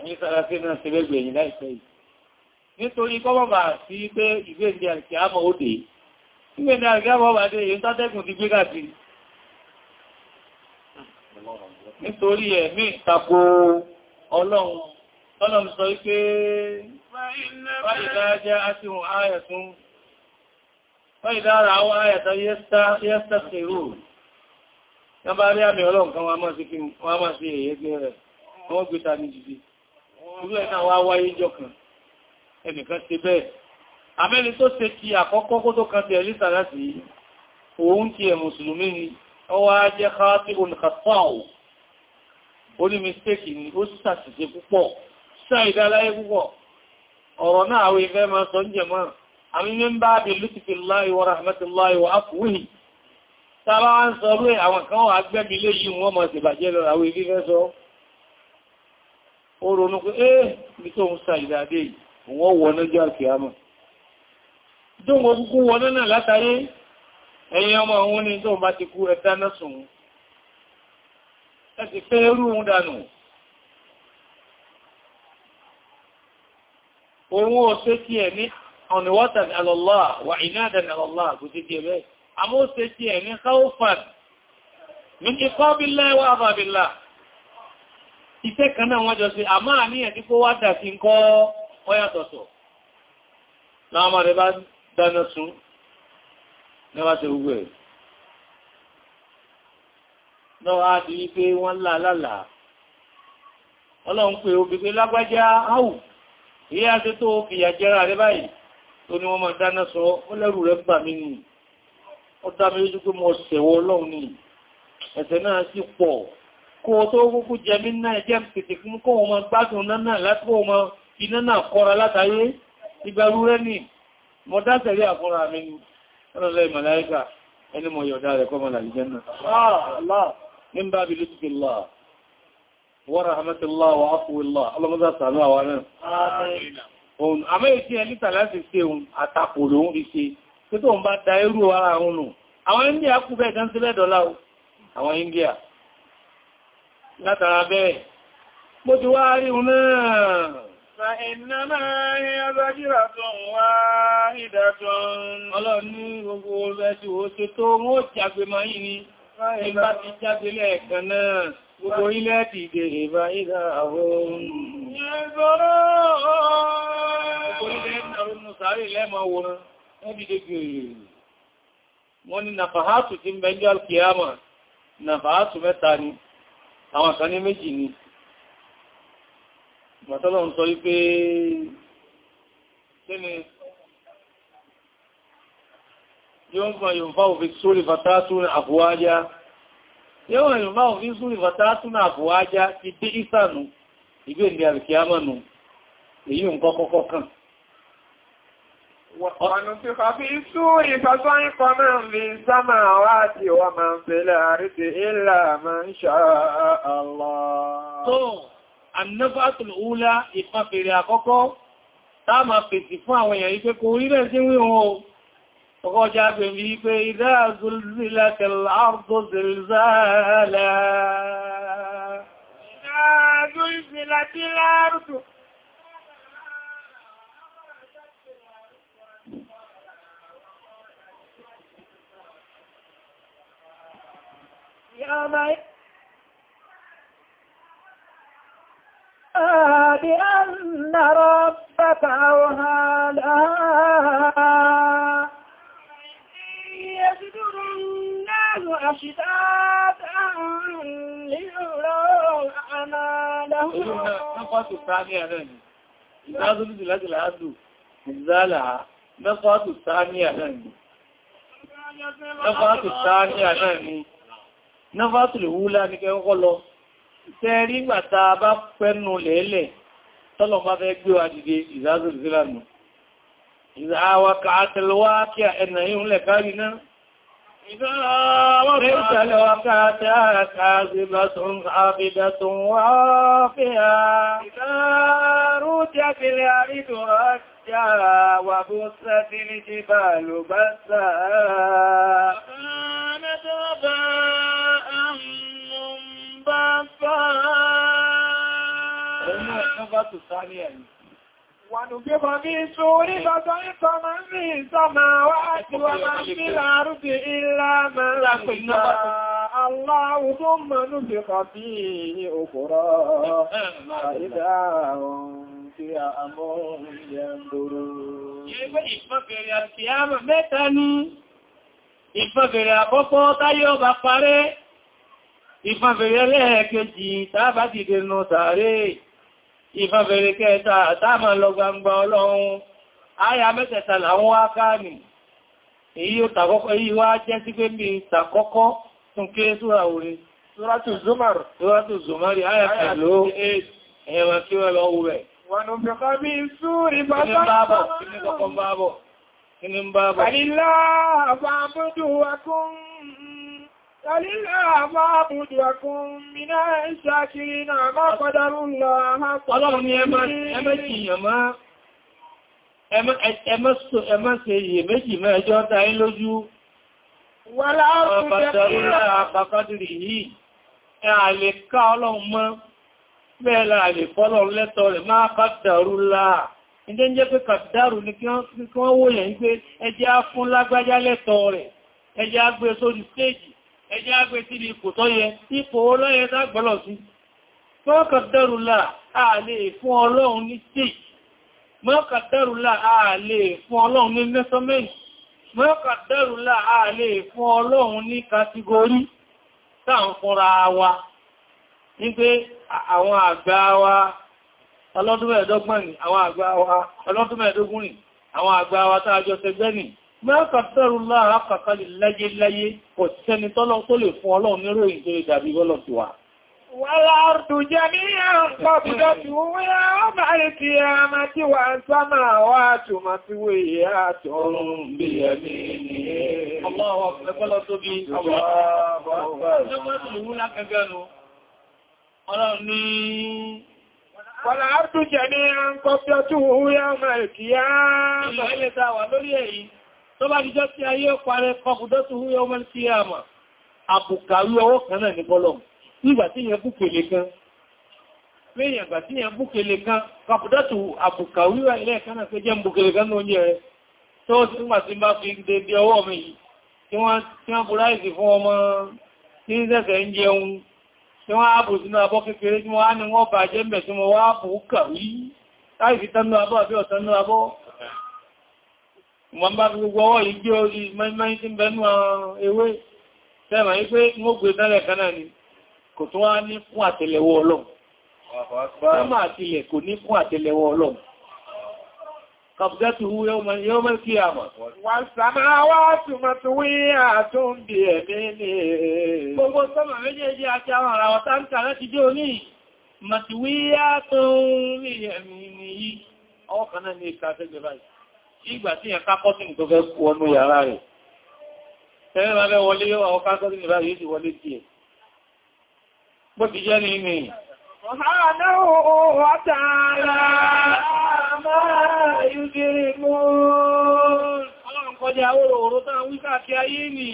ẹ̀yìn sára sí náà sẹ́gbẹ̀gbẹ̀ ẹ̀yìn láìpẹ́ yìí nítorí kọ́bọ̀bà sí pé ìgbéǹdé àti àmọ́ òde ìgbéǹdé àti àmọ́ òde èyí tátẹ́kùn ti gbé káàkiri nítorí ẹ̀mí ìtako ọlọ́run sọ wípé فإذا جاءتهم آية فإذا رأوا آية يستسخرون wọ́n bá rí àmì ọlọ́run kan wọ́n máa sí kíni wọ́n máa sí èyẹ gbé rẹ̀ wọ́n gbé ta ní jìdí irú ẹ̀ náà wá wáyé jọ kan ẹnìkan ṣe bẹ́ẹ̀ àmẹ́ni tó ṣe ti àkọ́kọ́ kó tó kan ọ̀rọ̀ náà àwọn ìfẹ́ máa sọ jẹmọ́ àmì mí ń bá bí lùtìfì láì wọ́n rahmatullahi wa afuhi tàbá wá ń sọ rú àwọn kan wà gbẹ́mi yìí wọ́n mọ̀ sí bàjẹ́ àwọn ìfẹ́ sọ eh bí tó ń sa ìdádé wọ́n wọ́n lọ́jọ́ àkíyàmọ̀ dóngbò kúkú wọ́n náà látàrí ni tó bá ti kú ẹ̀dá náà sùn ẹ ti òun ó ṣe tí ẹ̀ ní ọ̀nìwọ́tàn alọ́lá wà ìnáàdàn alọ́lá kò sí tí ẹ̀bẹ́ àmọ́ ó ṣe tí ẹ̀ ní káwọ́fàn ní ikọ́ bí láìwọ́ àbàbìlá iṣẹ́ kan náà wọ́n jọ sí àmá ní ẹ̀dí kó wá dà sí ń kọ́ ọyàtọ̀tọ̀ láwọn ọlọ́run pé obìnrin lágbájá áwù ìyá àti tó fìyà jẹ́ra rẹ báyìí tó ní wọ́n máa dáná sọ ó lẹ́rù rẹ̀ bà mí nìí ó dá mi pé mo ṣẹ̀wọ́ ọlọ́run ni ẹ̀ṣẹ̀ náà sì pọ̀ kó tó kúkú jẹ mí náà jẹ́ pètè fún kó wọn máa gbádùn náà láti kó wọn iná náà kọra látàyé ìgbàrú rẹ̀ nì mo dásẹ̀rí àkúnra mi ni ọlọ́lẹ́ ìmàláíkà ẹni mo yọ̀dá rẹ̀ kọ́ ورحمة الله وعفو الله الله ماذا سألوا وانا òun àmẹ́ ìṣe ẹni tàláti ṣe òun àtakò lòun fi ṣe tí tó ń bá da irú ara òun nù àwọn India kú bẹ́ẹ̀ tán sí lẹ́dọ̀lá o àwọn India látara bẹ́ẹ̀ mo ti wá rí òun náà fa iná máa rí abájíra tó ń Ìgbà ti jáde lẹ́ẹ̀kan náà, gbogbo ilẹ̀ ti dè ìbá ìdá àwọn ohun. Ìgbòrò wọ́n ni nàfàhátù ti ń bẹjọ́ alkiyama nàfàhátù mẹ́ta ni àwọn kan ní méjì ni mọ̀tọ́lọ̀ yóò yùnfà òfin sórí fatátún àfúwájá yóò yùnfà òfin sórí fatátún àfúwájá ti dé ìsànù ìgbé ìdí àrìkíámọ̀nù èyí ń kọ́kọ́kọ́ kàn Ọ̀nà tí kọ fi sú ìfẹ́sọ́ ikọ̀ máa ń fi sámà wá tí wà máa ń fi láàrín ti ìlà máa ń ṣá Allah. Tó, annáfàtùl úlá غجا بني فإذا زلزلت الأرض زلزالا إذا زلزلت الأرض آه، بأن ربك أوهى الآن الرحمن أشتاتا ليروا أعمالهم نقوة الثانية لن إذا ظلت لك العدو إزالها نقوة الثانية لن نقوة الثانية لن نقوة الأولى نكي أقول tẹ́rí gbàta bá pẹ́nu lẹ́lẹ̀ tọ́lọ̀ bá fẹ́ gbé wa dìde ìzázòrìsílànà ìzáwà kàátẹ̀lọ́wà kí ẹ̀nà yíò lẹ̀ kárí náà تلك الوقعة كاذبة عابدة وافية إذا روجت الأرض أشجا وبست الجبال بسا وكانت هباء منبثا ونجب من سور بطيط من في السماوات ومن في الأرض إلا من لقنا الله ثم نفخ فيه أخرى فإذا هم فيها أمر ينظرون Ìfẹ́bẹ̀rẹ̀ àkọ́kọ́ táyé ọba parẹ́, ìfẹ́bẹ̀rẹ̀ ẹlẹ́ẹ̀kejì tàbátìdè nù tààrẹ́ ìfẹ́bẹ̀rẹ̀ kẹta àtàmà lọ gbangba ọlọ́run ayà mẹ́tẹ̀ta làwọn akáàmì èyí ó tàkọ́kọ́ èyí wá jẹ́ sí pé mi tàkọ́kọ́ tún ké súra orí súratù zumari súratù zumari ayà pẹ̀lú ẹ̀wọ̀n kí wọ́n lọ wù rẹ̀ wọ́n nù bí kọ́ bí súrì bá bá bọ̀ Ọlọ́run ni ẹmẹ́jì ìyàmá ẹmẹ́sẹ̀ iye méjì mẹ́ẹ̀jọ́ dáyé lójú. Wà láàrùn jẹ́ àpàkọ́dìrì yìí, ẹ àlè ká ọlọ́run mọ́, bẹ́ẹ̀ la àlè fọ́lọ́run lẹ́tọ̀ rẹ̀ máa bá dàrú láà. Ìdẹ́ ń jẹ́ pé kàdàrù ni kí wọ́n wòyàn ń pé ẹjẹ́ á fún lágbájá lẹ́tọ̀ rẹ̀, ẹjẹ́ á gbé e sórí stéèjì ẹjẹ́ agbé sí ipò tó yẹ ipò olóyẹ ságbọ́lọ̀ sí mọ́kàtẹ́rùlà ààlè fún ọlọ́run ní stage mọ́kàtẹ́rùlà ààlè fún ọlọ́run ní measurement mọ́kàtẹ́rùlà ààlè fún ọlọ́run ní category táwọn fúnra wa nígbé àwọn àgbà wa ọlọ́dún mẹ́ẹ̀dọ́gbọ̀n ni àwọn àgbà wa ọlọ́dún mẹ́ẹ̀dógún ni àwọn àgbà wa tààjọ́ tẹgbẹ́ ni máa kàtàrù láàá kàkàlì láyé láyé kò sẹ́ni tọ́lọ́n tó lè fún ọlọ́run nírò ìjọrẹ dàbí gọ́lọ̀ ti wà. wà láàrùdù jẹ́ ní àpapùdọ̀ tí ó wé ọmọ àìsí tí wà ń sámà wà ọmọ ìkìyà. Ìlú ilẹ̀ wà lórí èyí tó bá jíjọ́ tí ayé parẹ́ kọkùdọ́ tó hú yọ mọ́n sí àmà àbùkàrí ọwọ́ kan náà ní bọ́lọ̀ nígbà tí yẹn búkèlè kan lẹ́yìn àgbà tí yẹn búkèlè kan kọkùdọ́ tó àbùkàrí ilẹ̀ kan náà pé jẹ́ búkèlè kan náà yẹ tó ti ń gbàtí bá fi dédé ọwọ́ mi yìí tí wọ́n búráìsì fún ọmọ tí ń sẹ́sẹ̀ ń jẹun tí wọ́n áàbò ní wọ́n bàjẹ́ mẹ́ wọ́n wá wọ́n bá gbogbo ọwọ́ yìí gbé orí mẹ́rin tí ń bẹnu ewé tẹ́mà yí pé wọ́n gbé tẹ́lẹ̀ kaná ni kò tún wá ní fún àtẹ́lẹwọ́ ọlọ́run tẹ́mà àtìlẹ̀ kò ní fún àtẹ́lẹwọ́ ọlọ́run قبضته يوم يوم القيامة والسماوات مطويات بيمينه gbogbo sọ́mà méjèèjì ń kàrẹ́ ti dé òní mọ̀tíwíyà tó ń rí ẹ̀mì ní báyìí ìgbà tí ẹ̀ká kọ́sìnì tó fẹ́ kú ọnú yàrá rẹ̀. Tẹ́rẹ́ bá fẹ́ wọlé yóò àwọn kọ́sìnì bá yóò sì wọlé tí ẹ̀. Bó ti jẹ́ ní ìmì. Ọlọ́run kọjá oró oró tán wíkà kí ayé nì.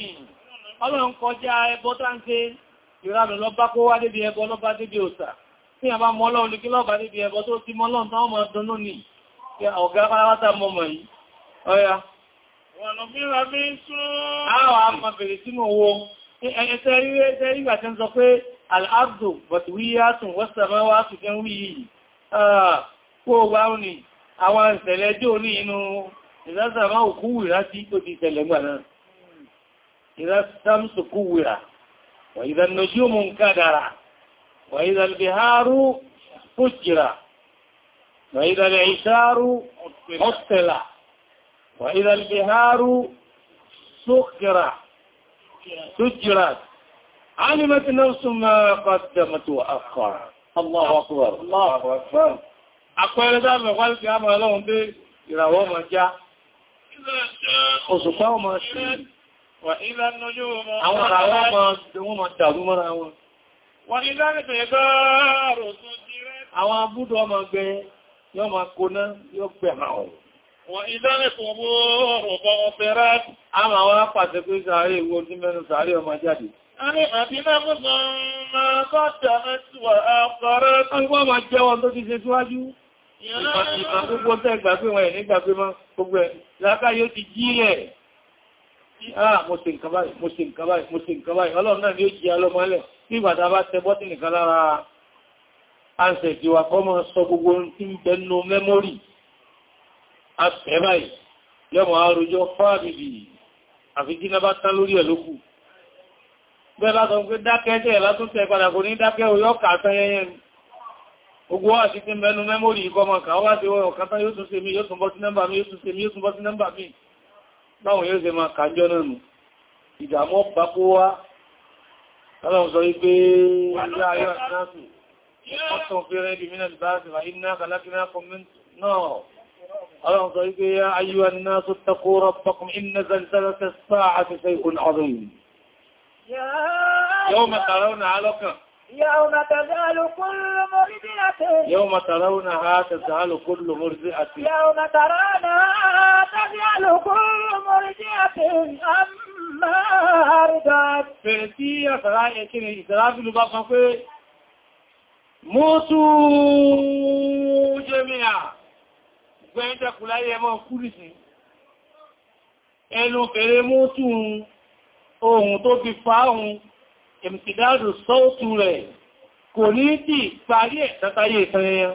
Ọlọ́run kọjá ẹbọ tán ṣe ìranù lọ bá kó wá débi ẹbọ lọ bá débi òsà. Tí a bá mọ́ ọlọ́run ní kí lọ bá débi ẹbọ tó ti mọ́ ọlọ́run tán ọmọ ọdún lónìí. Ọ̀gá pátápátá mọ́mọ̀ yìí. Ọya. Wọ̀nà bí wà bí ń sún. Àwọn àmà bèèrè sínú owó. Ẹ̀ẹ́sẹ̀ rí ẹ̀ẹ́sẹ̀ rí ìgbàtẹ́ ń sọ pé al'abdo bọ̀tí wíyá tún wọ́sàmáwá tún jẹ́ wí yìí. Kó wá ó ní àwọn ìṣẹ̀lẹ̀ jò ní inú ìrásàmá òkú wìrá tí ó ti ìṣẹ̀lẹ̀ gbà náà. Ìrásàmsòkú wìrá, wà ìdánnojú mú ń kádàrà, wà ìdánbihárú fújìrà, wà ìdánbihárú ọ̀tẹ̀là. وإذا البهار سخرة سجرت علمت نفس ما قدمت وأخر الله أكبر الله أكبر أقول ذلك وقال في عمل لهم بي إذا هو ما جاء وسكاو ما شيء وإذا النجوم أو رأوا ما دعوا ما رأوا وإذا البهار سجرت àwọn abúdó ọmọ gbẹ yọ ma kóná yọ wọ̀n ìdánilẹ̀kùn wọ́ọ̀rọ̀ bọ́ ọ̀fẹ́rẹ́ a máa wá pàtẹ pé sàárè ìwò tí mẹ́nu sàárè ọmọ jáde. a ní àbínà mọ́sàn máa kọ́ta ẹ̀tùwà àpọ̀rẹ́ tó wọ́n máa jẹ́wọ́n tó ti ṣe síwájú ìgbà gbogbo tẹ́gbà pé wọ́n ẹ̀ nígbà pé mọ́ gbogbo ẹ̀ lákáyé ó ti jí rẹ̀ ah mo ṣe nǹkan báyìí mo ṣe nǹkan báyìí mo ṣe nǹkan báyìí ọlọ́run náà ni ó jí alọ́mọ ẹlẹ̀ bí ìgbà tàbá tẹ bọ́tì nìkan lára ansẹ̀kì wà kọ́ mọ́ sọ gbogbo tí ń bẹnu mẹ́mórì àfẹ́báyì yọmọ̀ àrójọ fáàbìbì àfi kí náà bá tán lórí ẹ̀ lókù bẹ́ẹ̀ bá sọ pé dákẹ́jẹ́ ẹ̀ látúnṣẹ́ padà kò ní dákẹ́ oyọ́ kàtán yẹnyẹ ni ogun wá sí ti mẹ́nu mẹ́mórì ìkọmọ̀ kà wá sí ọ̀rọ̀ kàtán yóò tún ṣe mí yóò tún bọ́ sí nẹ́mbà mi yóò tún ṣe mí yóò tún bọ́ sí nẹ́mbà mi báwọn yóò ṣe máa kàjọ́ náà اللهم صل يا ايها الناس اتقوا ربكم ان زلزله الساعه شيء عظيم يا يوم ترونها يوم تزال كل مرضئة يوم ترونها تزال كل مرضئة يوم ترونها تزال كل مرضئة أما أردت فرسية فرائية كنه إسلام لبقى في موتوا جميعا gbogbo ẹni tẹ́kù láyé ẹmọ́ kúrì sí ẹnu fèrè mú tún ohun tó fi fa ohun èmìtìdádù sọ́ọ̀tù rẹ̀ kò ní tí parí ẹ̀ tátayé ìtànyẹn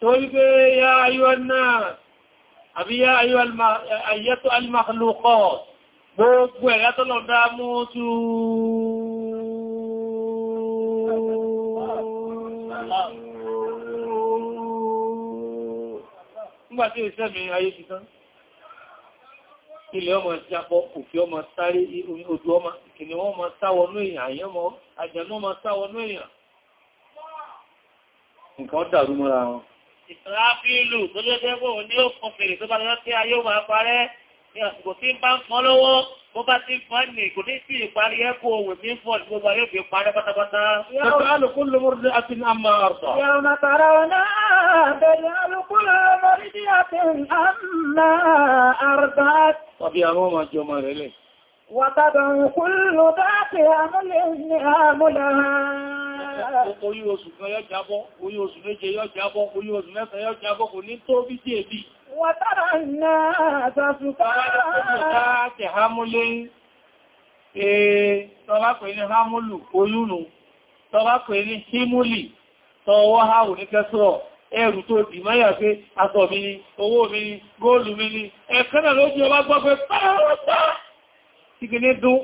torí pé yá ayọ́ náà àbí yá ayọ́ ayyẹ́tọ́ alìmọ̀lùkọ́ gbogbo ẹ̀yà tọ́lọ̀ dá mú tún nígbà tí òṣìṣẹ́ mi ayé ti tán ilẹ̀ ọmọ ìjápọ̀ òfin ọmọ sáré odò ọmọ ìkìnnì wọn ma sáwọnú èèyàn àyẹ́mọ́ àjẹ̀nú ma sáwọnú èèyàn nǹkan dàrú mọ́ra wọn ìsìnláfíìlù tó lé Bó bá ti fún ẹni kò ní sí ìparí ẹkùn ohun ní fún ọdún gbogbo ayé fi parẹ́ pátápátá. Tẹ́tọ́ alùkúlù mọ́rùdí àti àmà ọ̀rọ̀. Yàrùn àtàrà náà bẹ̀rẹ̀ alùkúlù mọ́rùdí àti àmà ọ̀rọ̀. Tàbí àwọn ọmọ jọ máa rẹ̀ lẹ̀. وتدعو كل ذات عمل عاملها Oyún oṣù kan yóò ní tó Wàtàrà náà sàtùkà. Wàtàrà ti hámúlé, ee, tọ́lá pè ní hámúlù olúnu, tọ́lá pè ní hímúlì, tọ́wọ́ háwù ní kẹsọ́ ẹrù tó dì máyà pé aṣọ mi ni, owó mi ni, góòlù mi ni, ẹ̀kẹ́nà lójú ọba gbọ́ pé pàápàá ti gẹ́gẹ́ dún,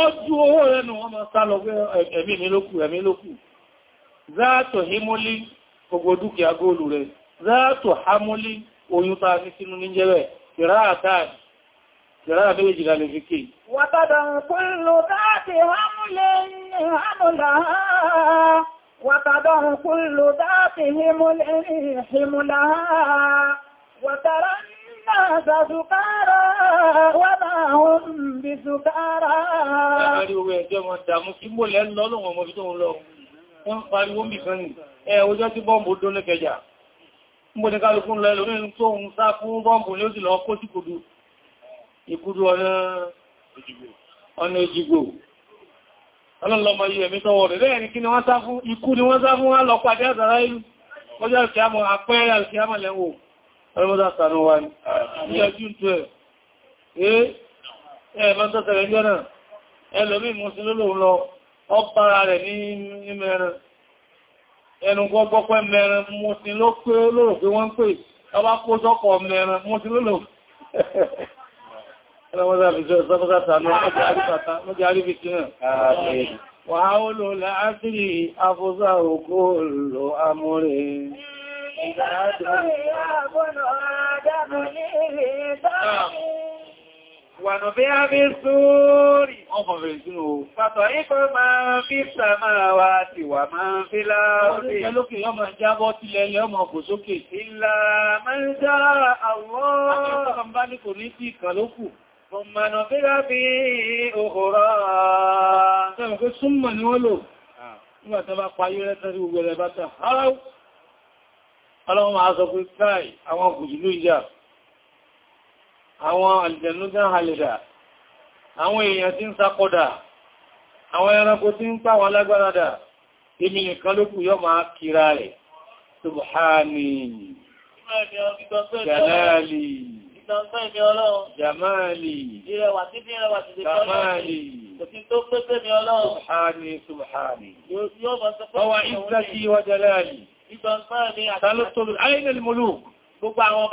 ọjú owó rẹ̀ nù wọ́n máa sálọ ẹ̀mí mi lókù, ẹ̀mí lókù. Záàtò hímúlì, oyún tàà ní sínú ní jẹ́rẹ̀ kìrá àtàdì kìrá àbẹ́lẹ̀ jìlá lè fi kí wàtàdàn kúlù dáàtì hámúlẹ̀ ní hámúlà wàtàdàn kúlù dáàtì hímúlà wàtàrà náà sùkárà wàtà àwọn bí sùkárà láàárí owó ẹjọ́ mo ní kálukú ń lọ ẹlòmí tó ń sá fún bọ́m̀bù ní ó sì lọ kó sí kùdù ìkùdù ọ̀nà òjìgbò ọlọ́lọ́mọ yìí ẹ̀mí tọwọ́ rẹ̀ bẹ́ẹ̀ ni kí ni wọ́n sá fún ikú ni wọ́n sá fún wọ́n lọ pàdé àzàrá ìlú kọjá ìkìyàmọ̀ àpẹẹrẹ àìkìyàmọ̀ lẹ́wọ̀ ọlọ́mọdá sànú wa ni ìyàjú tó ẹ̀ ẹ̀ mọ́tọ́sẹ̀rẹ̀ jọ́nà ẹlòmí mọ́sílólò lọ ọ ẹnu gbọ́gbọ́pẹ́ mẹ́rin mú sí ló pé lóòrò pé wọ́n pè ọba kó sọ́kọ̀ mẹ́rin mú sí lóòrò Wàhálò láàáfíì afúsà òkú lò amúrí. Ìgbàdùn ìyá ní Wànà bí a bí sóòrì. Wọ́n kọ̀ bẹ̀rẹ̀ sínú o. Pàtọ̀ ikọ̀ máa fi sàmà wa ti wà máa fi láàrín. Ọdún ìjẹ́lókè yọ máa jábọ́ tilẹ̀ yọ máa kò sókè. Ìlà máa ń já àwọ́. Akẹ́kọ̀ọ́ bá ní kò ní sí ìkàlókù. Mọ̀mọ̀nà bí a bí òhòrò. Sẹ́mọ̀ pé súnmọ̀ ni wọ́n lò. Nígbà tán bá payé rẹ́tẹ́rí gbogbo ẹ̀rẹ̀ bá tà àwọn àlìjẹ̀nú tí ń halẹ̀dà àwọn èèyàn tí ń sakọ́dà àwọn ẹranko tí ń pàwọn alágbáradà èmi nìkan ló kù yọ máa kira rẹ̀ subhani jalali jamali kamali subhani subhani wa izzati wa jalali Ìgbọ̀nfẹ́ ni àti àti àti àti àti àti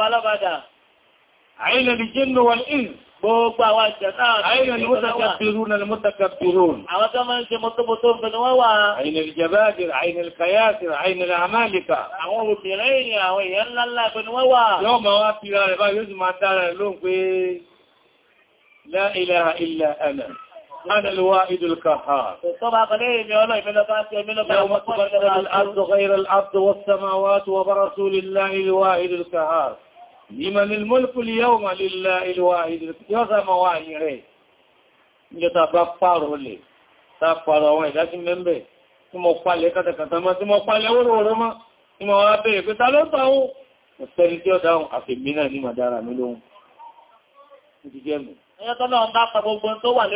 àti àti àti عين الجن والإنس gbogbo àwọn ìjẹta àìyàn ni mọ́tàkàbìrún ni mọ́tàkàbìrún àwọn tó máa ń ṣe mọ́tàkàbìrún bẹ̀rẹ̀ wọ́n wà àìyàn ìjẹbáàdì àìyàn ìkàyàtì àìyàn àmàlìkà àwọn obìnrin àwọn èèyàn ńlá bẹ̀rẹ̀ wọ́n wà yóò máa wá pìra rẹ̀ báyìí yóò sì máa dára rẹ̀ lóhùn pé la ilaha illa ana أنا الوائد الكهار يوم تبدل الأرض غير الأرض والسماوات وبرسول الله الوائد الكهار لمن الملك اليوم لله الواحد يوزا مواهي رẹ̀ níjọta bá pààrọ̀ lè tàpàrọ̀ àwọn ìdájí mẹ́mẹ́ tí mọ̀ palẹ̀ kàtàkàtà máa tí mọ̀ palẹ̀ wọ́rọ̀wọ́rọ̀ máa tí mọ̀ wá bẹ̀rẹ̀ pẹ́ta lọ́tàáwó ọ̀sẹ̀rẹ̀ tí ó dáhùn àfèmínà ní màdára mi lóhun ọjọ́ gbọ́ọ̀rọ̀ wá ni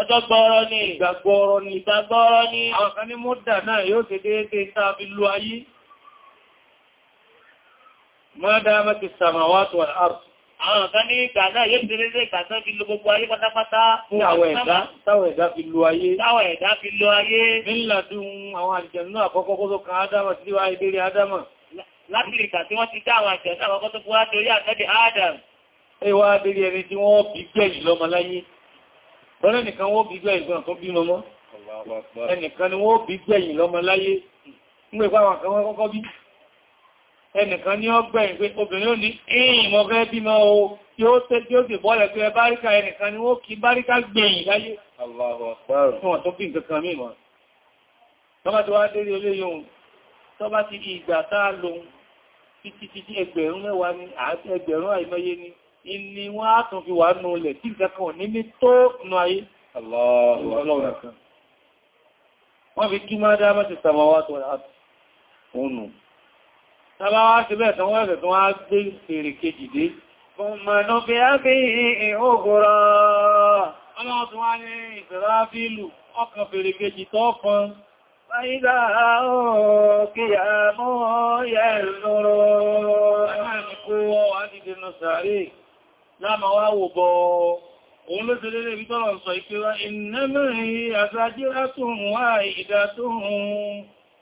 ọjọ́ gbọ́ọ̀rọ̀ ni ìgbàgbọ́ọ̀rọ̀ ni àwọn kan ní mọ́dà náà yóò ṣe déédéé tàbí lu ayé ma dámẹ́ ti samawati wal ard. Àwọn kan ní ìgbà náà yóò ti rédé ìgbà tán fi lo gbogbo ayé pátápátá. Fún àwọn ẹ̀dá, táwọn ẹ̀dá fi lo ayé. Táwọn ẹ̀dá fi lo ayé. Nílàdún àwọn àjẹ̀nú àkọ́kọ́ kó tó kan Ádámà sí wá ìbéèrè Ádámà. Láfíríkà tí wọ́n ti dá àwọn àjẹ̀nú àkọ́kọ́ tó fún Ádorí àtẹ́dẹ̀ Ádàm. Ẹ wá abẹ́rẹ́ ẹni tí wọ́n bí gbẹ̀yìn lọ́mọ láyé. Bọ́lá nìkan wọ́n bí gbẹ̀yìn gbọ́n tó ẹnìkan ní ọgbẹ̀yìn pé obìnrin ó ní ẹ̀yìn mọ̀fẹ́ bímọ o yóò tẹ́ tí ó sì bọ́ọ̀lẹ̀ pé báríkà ẹnìkan ni ó kí báríkà gbẹ̀yìn láyé ìní wọ́n á tún fi wà nù lẹ̀ tí ìjẹ́kọ̀ ní ní tó nù ayé Ọlọ́run kan wọ́n fi kí máa dá mẹ́sì sàmọ́wà tó rà ọ́nù tàbá wá sí bẹ́ẹ̀ tán wọ́n ẹ̀sẹ̀ tó wá gbé fèrè kejì dé mọ̀nà bí á bí ìhògòrò ọlọ́run tó wá ní ìsẹ̀rá fílù ọkàn fèrè kejì tó fún Fáyídá òkè àmú yẹ lóró. Láàrín kó wọ́n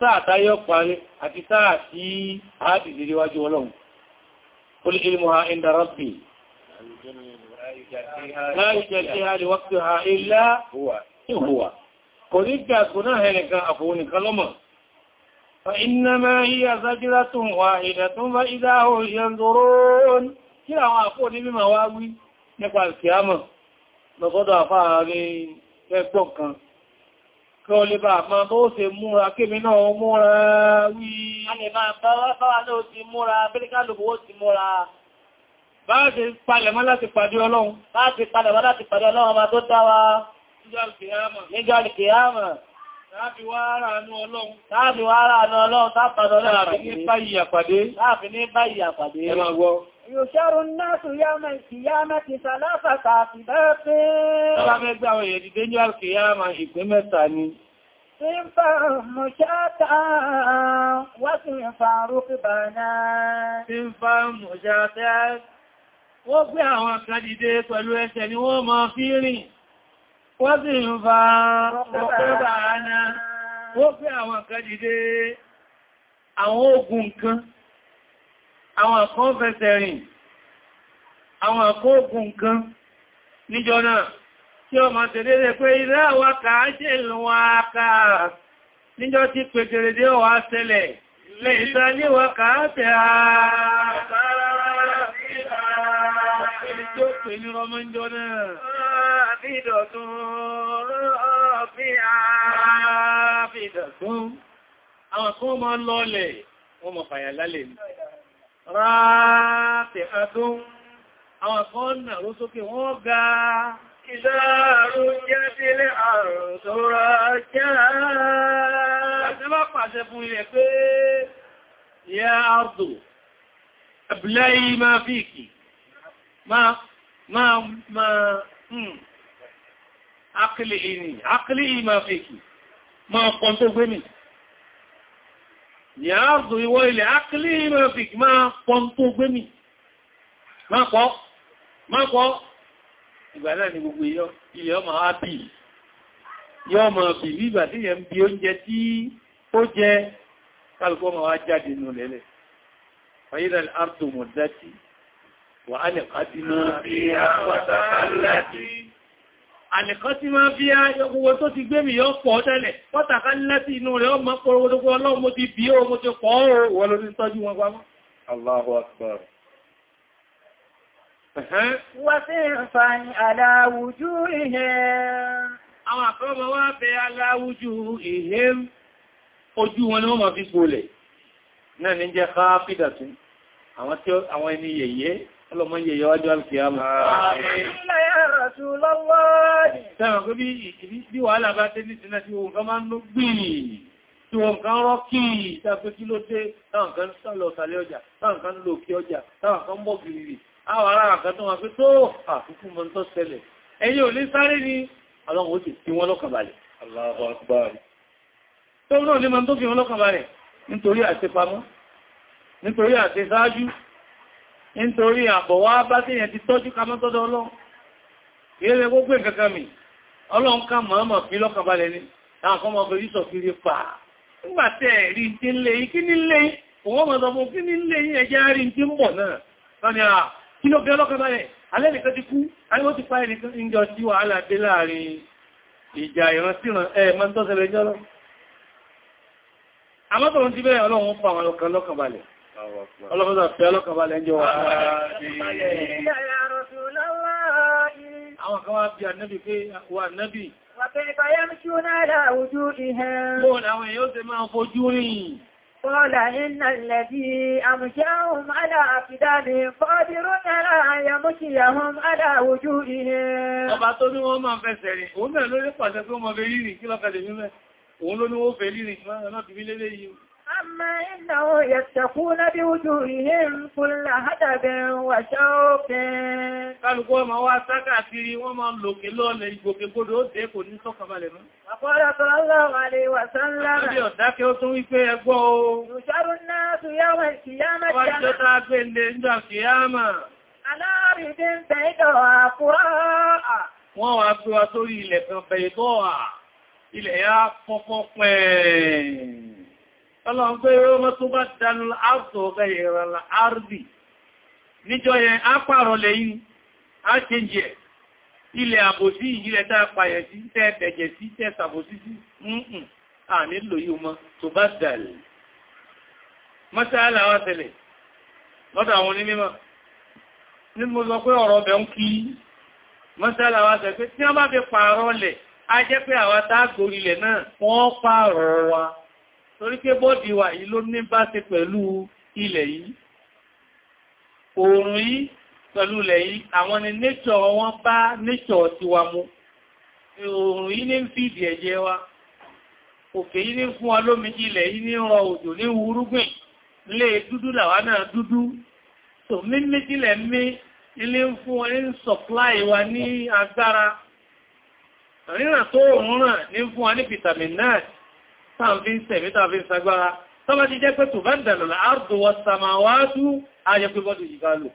sáà táyọ̀ parí àti sáà tí a dìde níwájú ọlọ́run kul ilmuha inda rabbi la yujziha li waqtiha illa huwa kò ní gbàgbọ́ náà ẹnìkan àfòun nìkan lọ́mọ̀ فإنما هي زجرة واحدة فإذا هم ينظرون كلا وعفو ní mímọ̀ wá wí nípa القيامة lọ́sọ́dọ̀ àfáà rí ẹgbọ́n kan kọ́ lè bá máa bó ṣe múra kémi náà múra wí. A lè máa bá wá náà ti múra, bíríkálùkù ó ti múra. Bá ti palẹ̀mọ́ pa le Ọlọ́run. Bá ti palẹ̀mọ́ láti pàdé Ọlọ́run ọba tó dá wa. Níjọ́ alìkìyàmà. Táàbí wá ara àánú Ọlọ́run. Táàbí wá ara àánú Ọlọ́run tápàdé Ọlọ́run. Táàbí ní báyìí àpàdé. Táàbí ní báyìí àpàdé. Ẹ máa gbọ́. Yòṣẹ́rù náàtù yáma ìkìyámẹ́ ti sàlápàtà àti bẹ́ẹ̀ pé. Ọlọ́mẹ́ gbà wọ́n yẹ̀ dìde ní àkìyámà ìpín mẹ́ta ni. Sínfà mọ̀ṣátà wá sínfà rúkìbà náà. Sínfà mọ̀ṣátà wọ́n gbé àwọn kan dìde pẹ̀lú ẹsẹ̀ ni wọ́n máa fi Wọ́n gbé àwọn kan àwọn àkọ́ fẹsẹ̀ rìn àwọn àkọ́ ogun nǹkan níjọ náà tí ọmọ tẹ̀lẹ́lẹ̀ pé ilẹ̀ àwọn kàájẹ̀ lọ́wọ́ káà níjọ tí pẹ̀tẹ̀rẹ̀dé ọwà sẹlẹ̀ lẹ́ ìsáníwà kàájẹ̀ Àwọn kan máa lọ́lẹ̀, wọ́n mọ̀ fàyà lálẹ̀ ní ráàtẹ̀ àdún àwọn àkọ́ọ̀nà ló sókè wọ́n ga ìdáàrú jẹ́ sílé àrùn tó rà jẹ́ àjẹ́bá pàṣẹ fún ilẹ̀ pé yá àdù ẹ̀bùlẹ́yìn máa fíìkì máa máa akìlì ìní hmm. akìlì ìní máa fíìkì máa pọ̀ tó gbé nìí yàázù ìwọ ilẹ̀ ákílì mẹ́fìk máa pọ́n tó gbé mi máa pọ́ máa pọ́ ìgbà náà ni gbogbo ilẹ̀ ọmọ ápì yọ ọmọ bì bí ìgbà tí yẹn bí oúnjẹ tí ó jẹ kálùkọ́ ma wá jáde nù lẹ́lẹ̀ fayidal artu mọ̀dátì wà á lẹ̀ àlẹ̀kọ́ tí máa bí á gbogbo tó ti gbé mi yọ pọ̀ tẹ́lẹ̀ pọ́tàkà láti inú rẹ̀ ọmọ pọ̀rọ̀gbogbo ọlọ́run mo ti bí o mo ti pọ̀ o lórí tọ́jú wọn pamọ́. Allahu Akbar. Wàfẹ́ ìfàní aláwùjú ihe. Àwọn àkọ́mọ wá bẹ aláwùjú ihe ojú wọn ni wọ́n máa fi gbolẹ̀. Náà ní jẹ́ káàpìdàtún. Àwọn ẹni yẹ̀yẹ́, ọlọ́mọ yẹ̀yẹ́ wájú alkiyama. Àmín. Rasulullahi. Tẹ́wọ̀n pé bí wàhálà bá tẹ́ ní sílẹ̀ tí ohun kan máa ń ló gbìyìn, tí ohun kan rọ́ kìí, tàbí kí ló dé, táwọn kan sọ́lọ̀ sàlẹ̀ ọjà, táwọn kan lò kí ọjà, táwọn kan bọ́ ni, ọlọ́run ó sì fi wọ́n lọ́kàn balẹ̀. Allahu Akbar. Tó náà lè mọ́ tó fi wọ́n lọ́kàn balẹ̀ nítorí àṣepamọ́, nítorí àṣesáájú, nítorí àbọ̀wá bá sí ẹ̀yẹn ti tọ́jú kamọ́ tọ́dọ̀ ọlọ́run ìrẹ́lẹ̀ gbogbo ìkankan mi ọlọ́run ká màámà fi lọ́kàn balẹ̀ ní àwọn kan máa fẹ́rí sọ̀fíri pa nígbàtẹ́ rí tí ń lè yí kí ní lè yí òun máa sọ fún kí ní lè yí ẹjẹ́ rí tí ń bọ̀ náà lọ́ni à kí ló fẹ́ lọ́kàn balẹ̀ alẹ́ nìkan ti kú aríwọ́ ti pa ẹnìkan ń jọ sí wàhálà dé láàrin ìjà ìránsíran ẹ máa ń tọ́ sẹlẹ̀ jọ́ lọ àmọ́ tọ̀run ti bẹ́ẹ̀ ọlọ́run pa àwọn ọlọ́kàn lọ́kàn balẹ̀ ọlọ́run sọ fẹ́ lọ́kàn balẹ̀ ń jọ wà àwọn kan wá bí ànábì pé wà nábì Bọ́ọ̀lù àwọn èèyàn ṣe máa fojú rìn. Bọ́ọ̀lù iná lẹ́bí àmùṣẹ́hùn aláàfidàmì fọ́dírú nára àyàmúṣìyàhùn aláàwòjú ihe. Ọba tó ní wọ́n máa fẹsẹ̀ rìn, òun mẹ́ lórí pàṣẹ tó mọ̀ fẹ́ rírìn kí lọ́kàlẹ̀ mímẹ́, òun ló ní wó fẹ́ rírìn, máa أما إنه يتقون بوجوههم كل هدب وشوك قالوا ما واسكا كيري وما لوكي لولي gòkè gbodò ó dé kò ní sọ́kànbalẹ̀ mọ́. Àpọ́lá sallallahu alaihi wa sallam. Àbí ọ̀dákẹ́ ó tún wípé o. Ìṣàrù náà tó yáwà ìkìyàmà jẹ́. Wọ́n jẹ́ Wọ́n wá gbé wa sórí ilẹ̀ kan bẹ̀ ìdọ̀ à. Ilẹ̀ yá pọ́pọ́ pẹ́ẹ̀. Ọlọ́run pé ó mọ́ tó bá dánú áàtò ọ̀gẹ́ ìrànlá àrùbì. Níjọ yẹn, a pààrọ̀ lẹ́yìn, a ṣe jẹ ilẹ̀ àbòsí ilẹ̀ tá pààyẹ̀ sí tẹ́ bẹ̀jẹ̀ sí tẹ́ sàbòsí sí, mún à nílò yíò mọ́ tó bá dàlì. Mọ́sálà wá tẹ̀lẹ̀, lọ́dọ̀ àwọn onímọ̀. Ní mo sọ pé ọ̀rọ̀ bẹ̀ ń kí, mọ́sálà wá tẹ̀ torí pé bọ́dì wa yìí ló ní bá ṣe pẹ̀lú ilẹ̀ yìí oòrùn yìí pẹ̀lú ilẹ̀ yìí àwọn ni nature wọn bá nature ti wa mú oòrùn yìí ní fìdí ẹ̀jẹ̀ wa òkè yìí ní fún wa lómi ilẹ̀ yìí ní rọ òjò ní wúrúgbìn ilé dúdú làwa náà dúdú so mímí sílẹ̀ mí ilé ń fún wọn ní supply wa ní agbára ríran tó òun ràn ní fún wa ní vitamin náà tàbí sẹ̀mí tàbí sagbára tọ́bá ti jẹ́ pé tó bá ń dàlọ̀ láàrùdù wọ sàmàwádú ayẹ pé bọ́dù yìí bá lò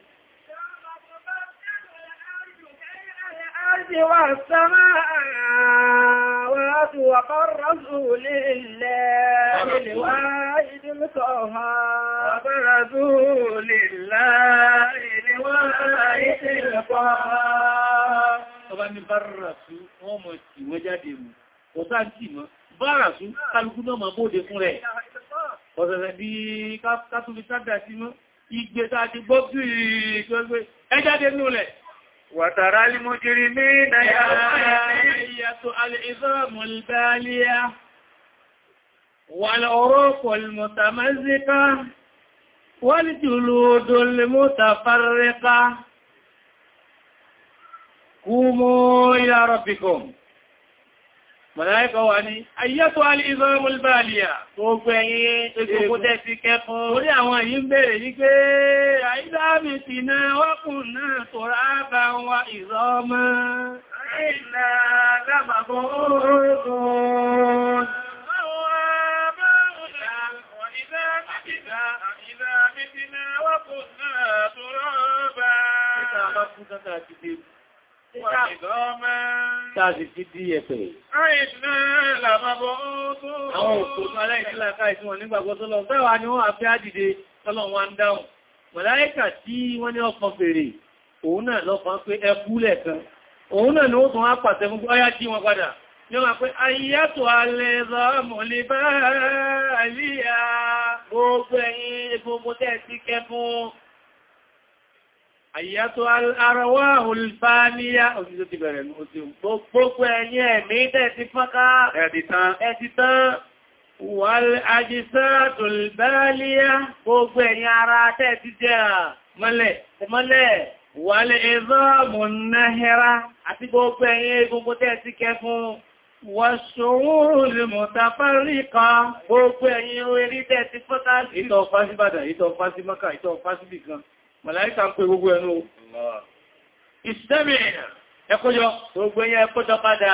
Ọba ní bá rà sí wọ́n mọ̀ sí wọ́n jáde mú, kò sáà tí mọ́, fára sí kálukú náà máa bóde fún rẹ̀ ọ̀sẹ̀sẹ̀ bí kátólì sádà sí mọ́ igbe tá ti gbọ́ sí ìgbẹ́gbẹ́ ẹjáde nú rẹ̀ wàtàrà alìmọ́jírí ní nàíjíríà والجلود المتفرقة قوموا إلى ربكم Màláíkà wà ní ayẹ́tọ́ alìzọ́rọ̀lbàlìyà gbogbo ẹ̀yìn ètòkó tẹ́ ti kẹ́kọ́. Orí àwọn yìí ń bèèrè yí pé àìdámi ti náà wọ́kùn náà tó rábà wa ìzọ́mọ́. Àìlà lábàbọ̀ oòrùn. Táàdì fi dí ẹ̀fẹ̀. Àìsìnà làbàbọ̀ ọ̀tọ́. Àwọn òkú aláìsílàká ìsinwọ̀n nígbàgbọ́ tó lọ. Bẹ́wàá ni wọ́n àfẹ́ àdìde tọ́lọ̀ wọn dáhùn. Màláíkà tí wọ́n ní ọkọ̀ fèrè, òun náà lọ́fà pé ẹkú lẹ̀kan. Òun náà ni ó tún á pàtẹ fún ọyá jí wọn padà. Ní wọ́n pé ayẹ́tò alẹ́ zọ́mọ̀lé bá àlíyà gbogbo ẹ̀yìn egungun tẹ́ ti kẹ́ àyàtọ̀ àrọwà olùfàníyà òṣìṣẹ́ ti bẹ̀rẹ̀ ní oṣù gbogbo ẹ̀yìn ẹ̀mí tẹ́ ti fọ́ká ẹ̀tìtán wal àjíṣẹ́tùl báàlíyà gbogbo ẹ̀yìn ara tẹ́ ti jẹ́ mọ́lẹ̀ wal ìzọ́mù náhẹ́ra àti gbogbo ẹ̀yìn egungun tẹ́ ti kẹ fún wàṣòwòrò Màláíkà pé gbogbo ẹnu. Ìsẹ́mìnà ẹkójọ gbogbo ẹyẹ ẹkójọ padà.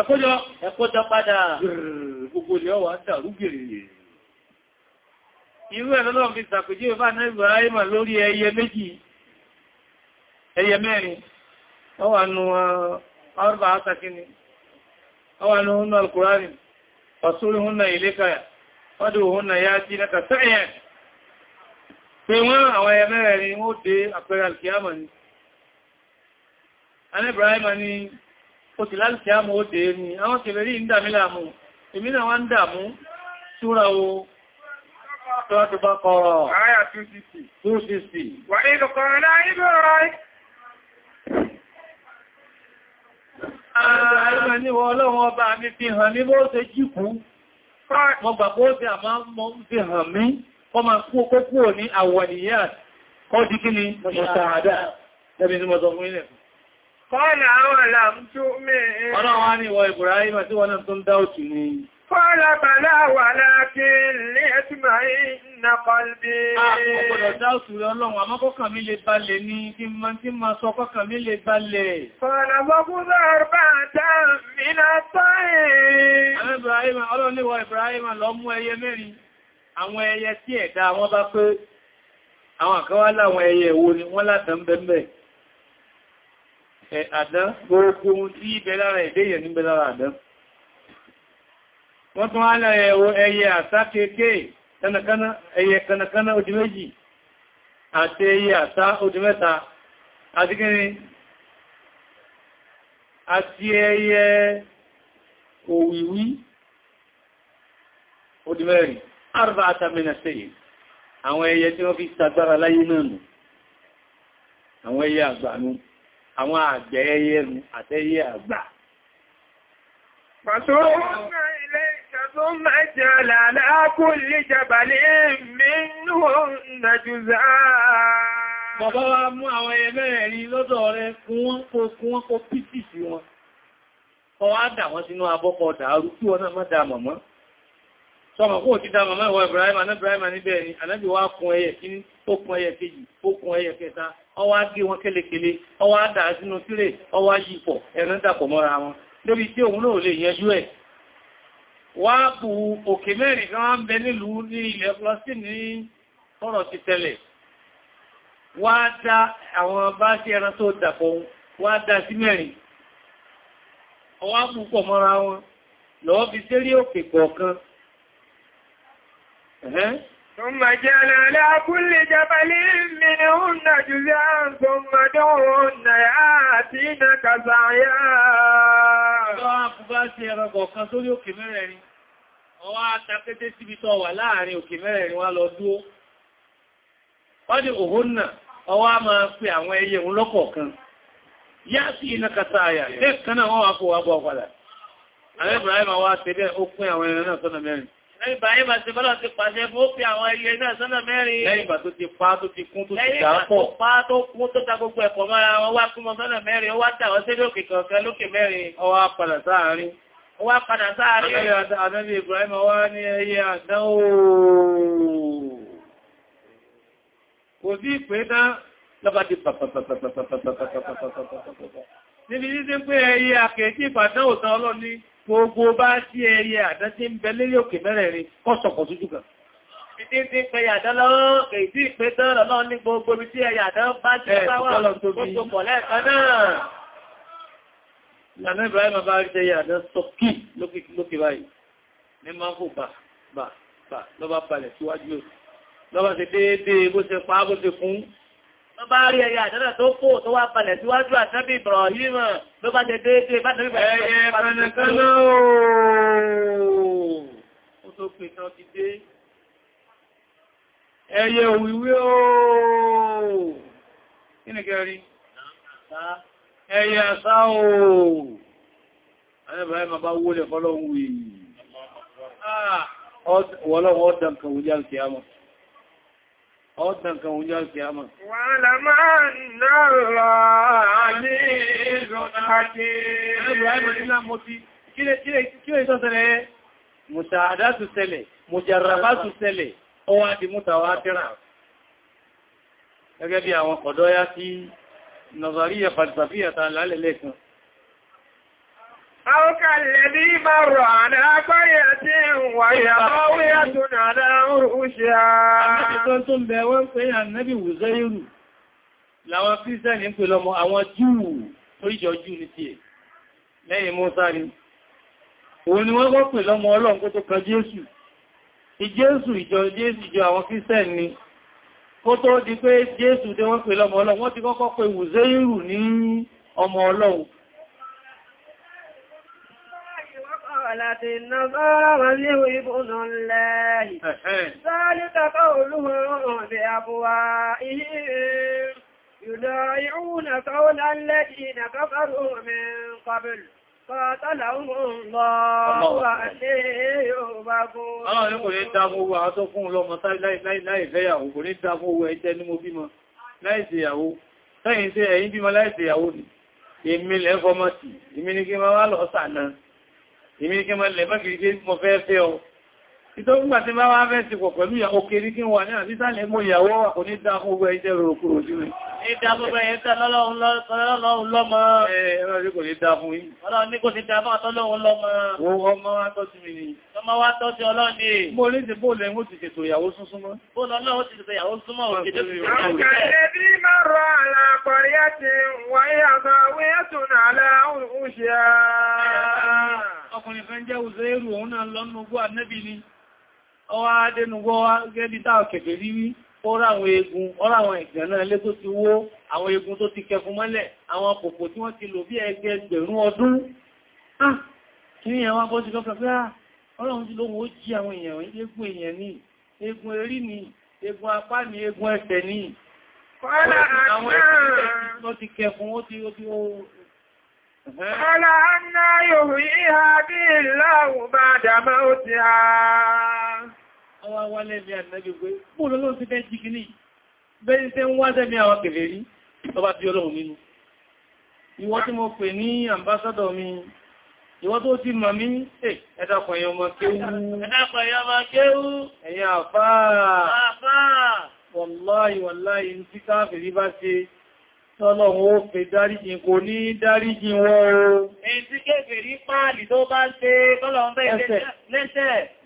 Ẹkójọ ẹkójọ padà. Gbogbo ilẹ̀ ọwà dàrú gèrè. Irú ẹ̀rọ lọ́wọ́ fi sàpèjì ìfà náà Ibrahim lórí ẹyẹ méjì, ẹyẹ mẹ́rin. Ó wà nù fi wọ́n àwọn ẹyẹ mẹ́rẹ̀ẹ̀rin wọ́n dé àpẹẹrẹ alkiyama ni a ní ibrahim ni ó ti lálkiyama ó dé ni àwọn kèfèrí ń dà mí láàmú èmi náà wá ń dàmú súra o tọ́tù bá kọrọ̀ àyà 260 wà ní ìdọ̀kọ̀rọ̀ láàrín ìbẹ̀rẹ̀ Ààrẹ ni wọ́n ọlọ́run ọba mi fi hàn mí bó ṣe jíkú. Mo gbàgbọ́ ó ti àmá mọ́ kọ́ máa kú ó kókú ò ní àwọ̀nìyà kọ́ di kí ni mọ̀ṣàádà lẹ́bí tí mo sọ fún ilẹ̀ Kọ́lá àwọn àlàm tó mẹ́rin. Ibrahim àti wọn náà tó ń dá òtù ni. Kọ́lá bàlá wà láti lè ẹ́tùmà ìnà kọlbí. Ọ̀pọ̀lọ̀ dáòtù rẹ̀ ọlọ́run, àmọ́ kọ́kàn mi lè balẹ̀ ní kí mọ́ tí máa sọ kọ́kàn mi lè balẹ̀. Kọ́lá bọ́kúnlọ́ ọ̀rọ̀bá àtà Ibrahim, ọlọ́run ní ìwọ Ibrahim àwọn ẹyẹ tí ẹ̀dá wọn bá pé àwọn àkọwà láwọn ẹyẹ ìwo ni wọ́n látàn bẹ́m̀bẹ̀ àdán gbogbo ohun tí ibẹ̀ lára ìdéyẹ̀ níbẹ̀ lára àdán wọ́n tún wá láyẹ̀ ẹyẹ àsá kéèkéè ẹyẹ kanakana odi méjì àti ẹyẹ arba'ata min as-sayl àwọn ẹyẹ tí wọ́n fi sagbára láyé náà nù àwọn ẹyẹ àgbànú àwọn àgbẹ̀ ẹyẹ nù àtẹ́yẹ àgbà pàtó ilé ìṣẹ́tún mẹ́jẹ làlá kú lè jàbàlẹ̀ mínú nàjúzá bàbá wa mú àwọn ẹyẹ mẹ́rin lọ́dọ̀ rẹ kún wọ́n kó kún wọ́n kó pítì sí wọn ọwá dà wọ́n sínú abọ́kọ̀ dàárú kí wọ́n náà má dà mọ̀mọ́ sọmọ̀ kó ti dámà mẹ́wọ̀ Ibrahim anábìráhìmà níbẹ̀ ni anábì wá kun ẹyẹ kíní ó kun ẹyẹ kejì ó kun ẹyẹ kẹta ọwá gé wọn kélekele ọwá dà sínú sílẹ̀ ọwá yípọ̀ ẹ̀rọ dàpọ̀ mọ́ra wọn lórí tí òun náà lè yẹjú ẹ̀ wá bù òkè mẹ́rin kan wọ́n bẹ nílùú ní ilẹ̀ Palestine ní ọ̀rọ̀ ti tẹ́lẹ̀ wá dá àwọn bá sí ẹran tó dàpọ̀ wá dá sí mẹ́rin ọwá bù pọ̀ mọ́ra wọn lọ́wọ́ fi sérí òkè kọ̀ọ̀kan ثم جعل على كل جبل منهن جزعا ثم دعوهن ياتينك سعيا Ọwọ́ àtàkété síbi tó wà láàrin òkè mẹ́rẹ̀ẹ̀rin wá lọ dúó. Ọdí òhun náà, ọwọ́ a máa fi àwọn ẹyẹ òun lọ́kọ̀ọ̀kan. Yá sí iná kàtà àyà, lẹ́ẹ̀kan náà wọ́n wá kó wá bọ́ padà. Àrẹ́bìnrin Lẹ́yìn bá yẹ́ bá ti bọ́lá ti pàṣẹ bó pí àwọn ilé náà sọ́nà mẹ́rin. Lẹ́yìn bá tó ti pa tó ti kún tó ti dà pọ̀. Lẹ́yìn bá tó pa tó kún tó ta gbogbo ẹ̀pọ̀ mọ́ra wọn wá kún mọ́ sọ́nà mẹ́rin, ó wá tà wọ́n sí lókè kọ̀ọ̀kan lókè mẹ́rin. Ó wá padà sáàárín. Ó wá padà sáàárín. Ànábì Ibrahim wá ní ẹyẹ àdánwò. Kò sí gbogbo bá sí ẹyẹ àdá tí ń bẹ lérí òkè mẹ́rẹ̀ẹ̀rin kọ́sọ̀kọ̀ sójú kan. Ìdí ti pẹ yàdá lọ́wọ́, èyí tí ìpé tọ́rọ náà ní gbogbo ibi tí ẹyà àdá bá jẹ́ bá wà lọ́tọ̀bí. Ìyànà Ibrahim bá rí ẹyà àdá sọ́kì lókè báyìí, ní máa ń fò bà bà bà lọ́bá wọ́n bá rí ẹyà àdánà tó fò tó wá balẹ̀ síwájú àtẹ́bí Ibrahim ló bá ṣe déédéé bá tẹ́bí Ibrahim ẹyẹ pẹ̀lẹ̀kẹ́lẹ́ ooo ó tó pè tán ti dé ẹyẹ òwìwí ooo kí ni kẹrí ẹyẹ àṣá ooo ẹyẹ bàbá wó lẹ̀ fọ́lọ́wọ́ ọ̀tàn kan oúnjẹ́ òkè àmà. Wàhálà máa náà ní ìlú àti ìrìnàmọ̀ nílá mo ti kí lè sọ sẹlẹ̀ mùsàádá tù sẹlẹ̀, mùjàràbá tù sẹlẹ̀, ọwá di mútàwà tírà. Gẹ́gẹ́ bí àwọn ọ̀dọ́ yá sí Nàzàríyà Fàlìsàfíyà ta lálẹ́lẹ́ kan. Àwọ́kà lẹ́bí márùn-ún àdá agbáyà tí wà ìyàwó yàtún àdá oúnjẹ ààrùn. Tó ń bẹ wọ́n pé ànẹ́bì Wùzẹ́rù láwọn Kírísẹ́nì ń pè lọmọ àwọn Júù tó ìjọ Júù ní tiẹ̀ lẹ́yìn Mọ́sá ni. Òun ni wọ́n gbọ́ pè lọmọ Ọlọ́run kó tó kan Jésù. Ìjésù ìjọ Jésù ìjọ àwọn Kírísẹ́nì kó tó di pé Jésù dé wọ́n pè lọmọ Ọlọ́run wọ́n ti kọ́kọ́ pè Wùzẹ́rù ní ọmọ Ọlọ́run. قالت النصارى واليه ابن الله ذلك قولهم بأبوائهم يداعون قول الذين كفروا من قبل قاتلهم الله وأني يؤبكون الله يقول إنت أبو أعطفون لو مصاري لا لا لا يفيعه قل إنت أبو إنت أنمو بما لا يسيعه sẹ́yìn tí ẹ̀yìn bímọ láìsẹ̀ ìyàwó ni èmi lẹ́fọmọ́tì èmi ni kí ma wá lọ sànà ìmí kí mọ́ lẹ̀ mọ́kìrí pé mo fẹ́ fẹ́ o ìtọ́gbùgbà tí máa wá fẹ́ sí pọ̀ pẹ̀lú ìyàwó kéré kí wà ní àbísàlẹ̀ mọ́ ìyàwó àkóníta fún ogun ẹ̀ṣẹ́ rọrùkúrò sí rẹ̀ Ìdá gbogbo ẹ̀yẹ́ tẹ́ lọ́lọ́run lọ́mọ. Ẹ̀rọ ní kò ní dá fún yín. Ọlọ́run ní kò ní dá máa tọ́lọ́run lọ́mọ. Ọmọ wá tọ́ sí mi ni. Ọmọ wá tọ́ Mo ní ti bóòlẹ̀ ń ó ti ṣètò ìyàwó súnmọ́. Bóòlẹ̀ ọlọ́run Ọkùnrin kan jẹ́ òṣèrú òun náà lọ́nà ogún ànẹ́bí ni. Ọwá adẹ́nugbọ́ gẹ́bí táà kẹfẹ́ rí rí ọ̀rọ̀ àwọn eegun ọ̀rọ̀ àwọn ìgbẹ̀nà ilé tó ti wó àwọn eegun tó ti kẹfún mọ́lẹ̀ àwọn kòkò tí wọ́n ti lò bí ẹgbẹ̀rún ọdún ah! kí ni ẹwà bọ́ sí lọ́pàá pé ah! ọlọ́run tí lóhun ó jí àwọn èèyàn eégún èèyàn ní eégún erí ní eégún apá ní eégún ẹsẹ̀ Ọlá anná yóò rí ìhà bí ìlà bá dàmà ó ti ha. Àwọn awálẹ̀ mi ànẹ́bí pé, bóò lọ́lọ́ ti fẹ́ jí kìíní, bẹ́ẹ̀ tẹ́ ń wá tẹ́mi àwọn kèfèé rí, tó bá bí ọlọ́run nínú. Ìwọ tí mo pè ní àmbásádọ̀ mi, ìwọ tó ti mọ̀ mí, ẹ̀dàkùn ẹ̀yọ ọmọ kéwú. Ẹ̀dàkùn ẹ̀yọ ọmọ kéwú. Ẹ̀yà àfáà. Àfáà. Wọ̀láì wọ̀láì ń tí káàfèrí bá ṣe tọ́lọ̀wọ́ kò ní dáríjìn wọ́n o. Èyí tí kéfèrí páàlì tó bá ṣe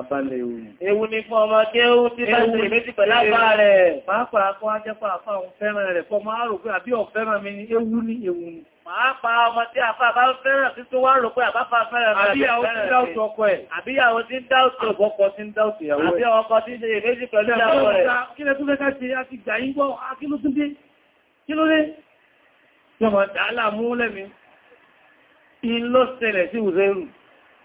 Àfàlẹ̀ ewu ni. Ewu ni fún ọmọ kí ó ti bá ṣe méjì pẹ̀lá bá rẹ̀. Pàápàá kọ́ ajẹ́pàá àfà òun fẹ́ràn rẹ̀ fọ́ máa rò pé àbí ọ̀fẹ́ràn mi ni ewu ni ewu ni. Pàápàá ọmọ tí àfà bá fẹ́ràn sí tó wá rò pé àbáfà fẹ́ràn rẹ̀. Àbíyàwó ti ń dáùtù ọkọ ẹ̀. Àbíyàwó ti ń dáùtù ọkọ ti ń dáùtù ìyàwó ẹ̀. Àbíyàwó ọkọ ti ń ṣe ìrẹ́jì pẹ̀lú ìyàwó rẹ̀. Kí lẹ tún fẹ́ ká ṣe àti gbà yín gbọ́, kí ló tún dé? Kí ló dé? Yọmọ̀ dàálà mú lẹ́mi. Ìlọ́sẹ̀lẹ̀ sí Ùzẹ́rù.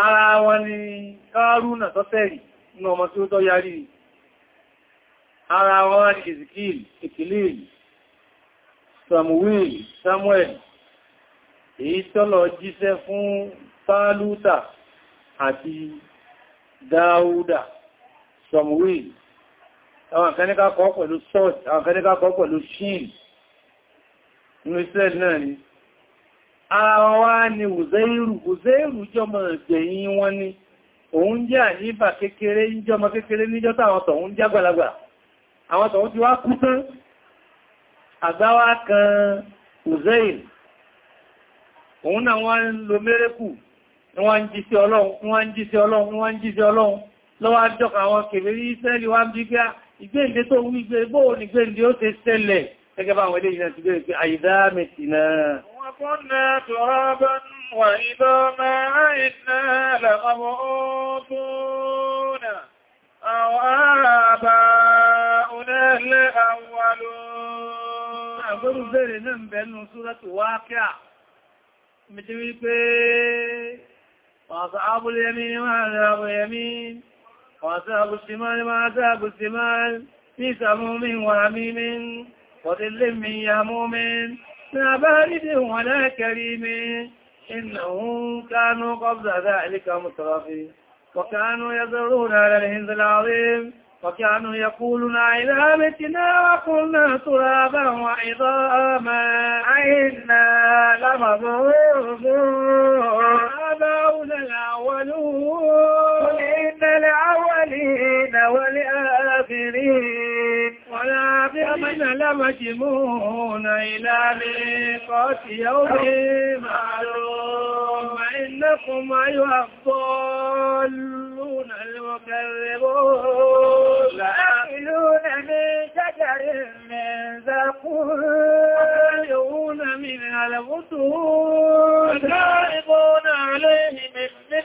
ara wọn ni kárúnà tọ́tẹ̀rì ní ọmọ tí ó tọ́ yarí ara wọn ni ezekiel ekilil samuel samuel èyí tọ́lọ jíṣẹ́ fún pálúta àti dáúdà samuel àwọn akẹ́níkà kọ́ pẹ̀lú sọ́ọ̀tì àwọn akẹ́níkà kọ́ pẹ̀lú shin ní israel náà ni àwa ni Uzairu Uzairu jọmọ ìgbẹ̀yìn wọn ni òun jẹ́ àníbà kékeré jọmọ kékeré níjọ́ táwọn tọ̀hún jágbàlagbà àwọn tọ̀hún ti wá kú tán àgbáwá kan Uzairu òun náà wọ́n ń lo mérékù wọ́n ń jí sí ọlọ́run wọ́n ń jí sí ọlọ́run wọ́n ń jí lọ́wọ́ كنا ترابا وإذا ما عدنا لمبعوثون أو آباؤنا الأولون أقول ذلك نمبل سورة واقع متوي بي وأصحاب اليمين وأصحاب اليمين وأصحاب الشمال وأصحاب الشمال في سموم وحميم وظل من يهموم لا بارد ولا كريم إنهم كانوا قبل ذلك مترفين وكانوا يزرون على الهند العظيم وكانوا يقولون إلى متنا وقلنا ترابا وعظاما إنا لمبعوثون آباؤنا الأولون إن الأولين والآخرين إننا لمجمون إلى ميقات يوم معلوم إنكم أيها الضالون المكذبون لآكلون من شجر من زقون يؤون من البطون وشاربون عليه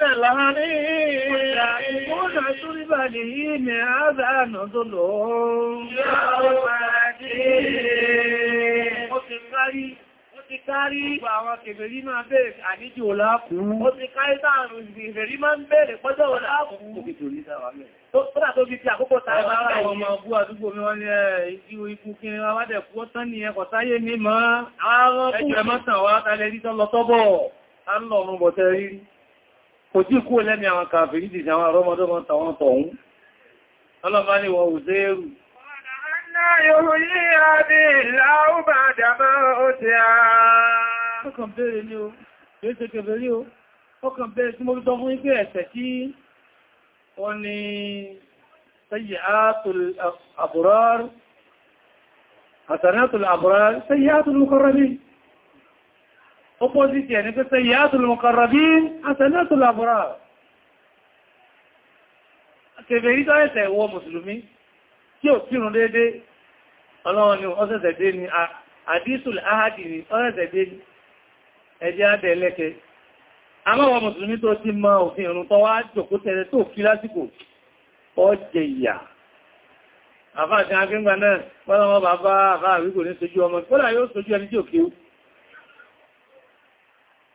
من الحريم والتائبون شرب لهم هذا نزلهم يا أمتي ti kárí ìgbà àwọn kèfèrí máa bẹ̀rẹ̀ àníjì oláàkú. Ó ti kárí táàrùn ìgbèfèrí máa ń bẹ̀rẹ̀ pọ́jọ́ oláàkú. Ó fi tòrí sáwà mẹ́. Tó dà tó fi ti àkókò tààrà máa rà ọmọ ọgbú àdúgbò mi wọ́n ní ìdíwò ikú kí ni wá kò tí kú lẹ́ni àwọn kàfìrí ti àwọn arọ́mọdọ́mọ tàwọn tọ̀hún ọlọ́bá ní wọ òzèrù ọkàn bẹ̀rẹ̀ ní o yóò ṣe kẹfẹ̀rí o ọkàn bẹ̀rẹ̀ tí mo rí sọ fún ipé ẹ̀ṣẹ̀ tí wọ́n ni sayyi'atul abrar hasanatul abrar sayyi'atul muqarrabin opposite ẹni pé sayyatul muqarrabin hasanatul abrar kèfè rí tọ́ẹ̀sẹ̀ ìwọ mùsùlùmí tí ò kírun dédé ọlọ́wọ́n ni ọ́sẹ̀sẹ̀ dé ni àdísùl ahadi ni ọ́sẹ̀sẹ̀ dé ni ẹjẹ́ adẹ̀ lẹ́kẹ́ amáwọ̀ mùsùlùmí tó ti mọ òfin ìrun tó wá jòkó tẹ́rẹ tó kí lásìkò ọjẹ ìyà àfáàkín agbẹ́gbà náà wọ́n lọ́wọ́ bàbá àfáà wíkò ní sojú ọmọ kọ́lá yóò sojú ẹni tí ò kéwú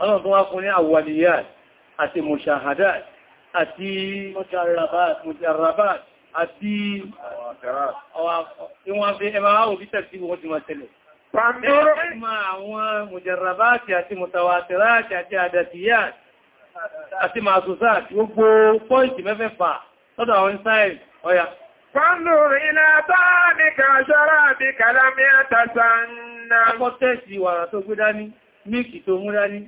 ọlọ́run tó wá fún ní àwàlìyàn àti mọ̀ṣàhádà àti mọ̀ṣàràbà àti ìwọ̀n fi ẹmà áwò bí tẹ̀sí wọ́n ti máa tẹ̀lẹ̀. Àwọn mọ̀jàràbáàtì àti mọ̀tàwàtìráàtì àti àdàtìyà àti màásùsá àti gbogbo pọ́ìntì mẹ́fẹ́fà lọ́dọ̀ àwọn ìsáì ọya. Fọ́nlùr ilá tánìkà ṣọ́rọ̀ àti kàlámíà tàṣà náà. Akọ́tẹ́sì wàrà tó gbé dání, míìkì tó mú dání,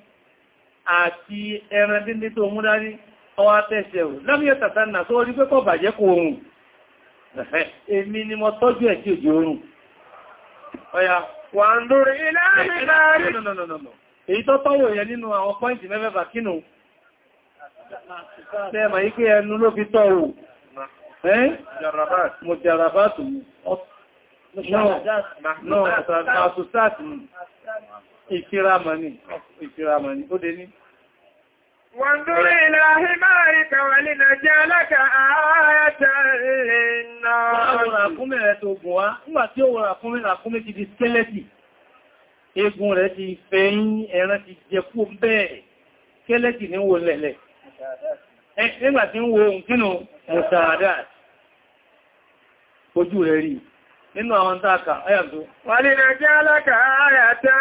àti ẹran díndín tó mú dání ọwá tẹ́ṣẹ̀ ò tàtà nà tó rí pẹ́kọ̀ bàjẹ́ kò oòrùn èmi ni mo tọ́jú ẹ̀ tí òjò oòrùn ọya wà ń lórí ilẹ̀ èyí tó yẹ nínú àwọn pọ́ìntì ìfiramọ̀ni ìfiramọ̀ni ó dé ní wọ́n dúró ilẹ̀ ahìmáàrí kàwàlì nà jẹ́ alákà ààrẹ́ta ìrìnà ọ̀rọ̀kúnmẹ́ rẹ̀ tó gùn wá nígbà tí ó wọ́n ràkúnmẹ́ ràkúnmẹ́ ti di skẹ́lẹ́tì egun rẹ̀ ti fẹ́yìn nínú àwọn tààkà ayàtò. Wọ́n ní ẹjẹ́ alákà ayàtà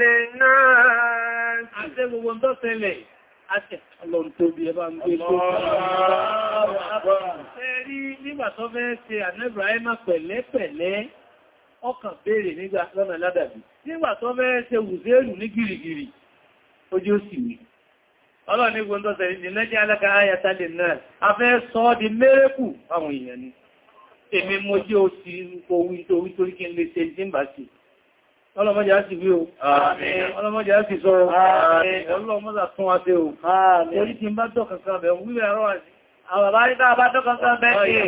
lè náà. Àṣẹ gbogbo ń tọ́sẹ̀lẹ̀, àṣẹ ọlọ́run tó bí ẹbá ń gbé tó. Ṣé rí nígbà tó fẹ́ ṣe ànẹ́bìráímà pẹ̀lẹ́pẹ̀lẹ́ ọkàn béèrè nígbà lọ́nà ládàbí. Nígbà tó fẹ́ ṣe wùzérù ní gìrìgìrì, ojú ó sì wí. Ọlọ́run ní gbogbo ń tọ́sẹ̀lẹ̀ èmi mo jẹ́ ó ti owí torí torí kí n lè ṣe jímbà sí ọlọ́mọdé á sì wí o ọlọ́mọdé á sì sọ ọlọ́mọdé tún wá sí o torí kí n bá tọ́kàn kan bẹ̀ wíwẹ̀ àrọ́ àti àbàbá ní bá bá tọ́kàn kan bẹ̀ sí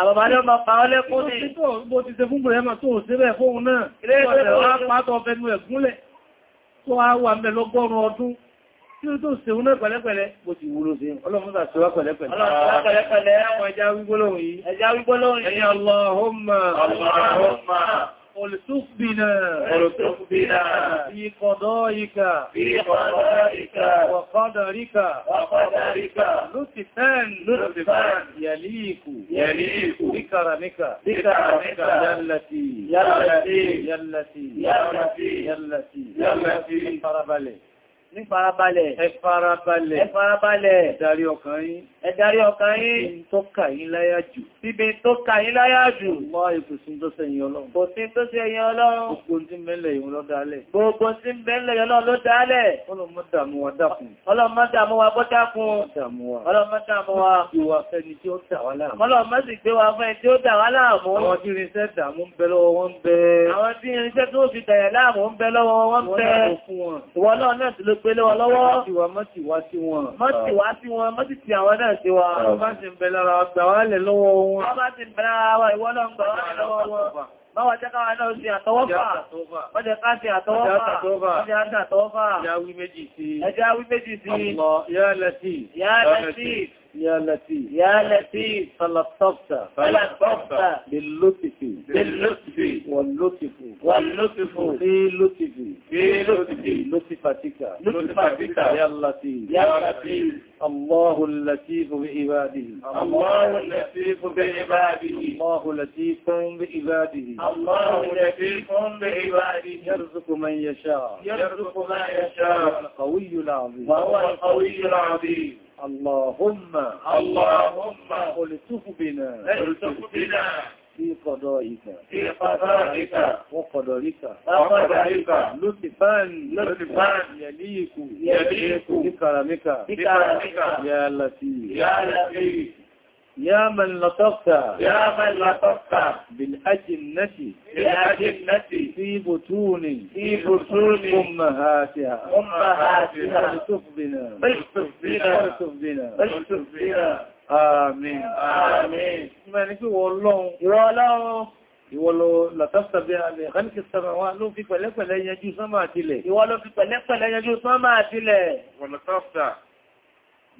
àbàbá ní ọmọ pa ọlẹ́kún ní bó ti ṣe fún bùrẹ́mà tó síbẹ̀ fóun kí o tó ṣeun náà pẹ̀lẹ́pẹ̀lẹ́ bó ti wúlò sí ọlọ́mọ́ta ṣe wá pẹ̀lẹ́pẹ̀lẹ́ pẹ̀lẹ́pẹ̀lẹ́ àwọn ẹja wígbólóhùn yìí ẹja wígbólóhùn yìí ẹni Allahumma Allahumma olùsùfbìnà olùsùfbìnà fi qada'ika fi qada'ika wa qadarika wa qadarika lutfan lutfan yaliku yaliku bikaramika bikaramika yallati yallati yallati yallati yallati farabalẹ̀ ní farabalẹ̀ ẹ farabalẹ̀ ẹ farabalẹ̀ ẹ darí ọkàn yín ẹ darí ọkàn yín tó kà yín láyà jù síbi tó kà yín láyà jù mọ́ ìkùsùn tó sẹ́yìn ọlọ́run kò sí tó sẹ́yìn ọlọ́run gbogbo tí mẹ́lẹ̀ ìhun lọ dálẹ̀ gbogbo tí mẹ́lẹ̀ ọlọ́run ló dálẹ̀ ọlọ́mọdàmú wa dákun ọlọ́mọdàmú wa bọ́dákun ọlọ́mọdàmú wa ìwà fẹ́ni tí ó dà wá láàmú ọlọ́mọdì gbé wa fẹ́ni tí ó dà wá láàmú àwọn tí irinṣẹ́ dàmú tó fi dàyà láàmú ń bẹ lọ́wọ́ wọn ń bẹ náà náà ti ló pẹ́lẹ́ wa lọ́wọ́. Mọ́tìwá sí wọn, mọ́tì tí àwọn náà sí wa. Bá ti ń bẹ̀lára gbà wá lẹ̀ lọ́wọ́ wọn. Bá ti ń bẹ̀lára wa ìwọ́n náà gbà wá lọ́wọ́ wọn. يا wa jaka wa يا التي يا التي فلطفت فلطفت باللطف باللطف واللطف واللطف في لطف في لطف لطفتك لطفتك يا التي يا التي الله اللطيف بعباده الله اللطيف بعباده الله لطيف بعباده الله لطيف بعباده يرزق من يشاء يرزق من يشاء القوي العظيم وهو القوي العظيم اللهم اللهم التف بنا التف بنا في قضائك في قضائك وقدرك وقدرك لطفا لطفا يليك يليك بكرمك بكرمك يا لطيف يا لطيف يا من لطفت يا من لطفت بالأجنة بالأجنة في بطون في بطون أمهاتها أمهاتها لتفضنا لتفضنا لتفضنا لتفضنا آمين آمين من يقول والله والله ìwọ́lọ lọ̀tọ́sọ̀ bí i لو في فلفل ló fi pẹ̀lẹ́pẹ̀lẹ́ yanjú sánmà àtílẹ̀ ìwọ́lọ fi pẹ̀lẹ́pẹ̀lẹ́ ما sánmà àtílẹ̀ wọ̀lọ̀tọ́sọ̀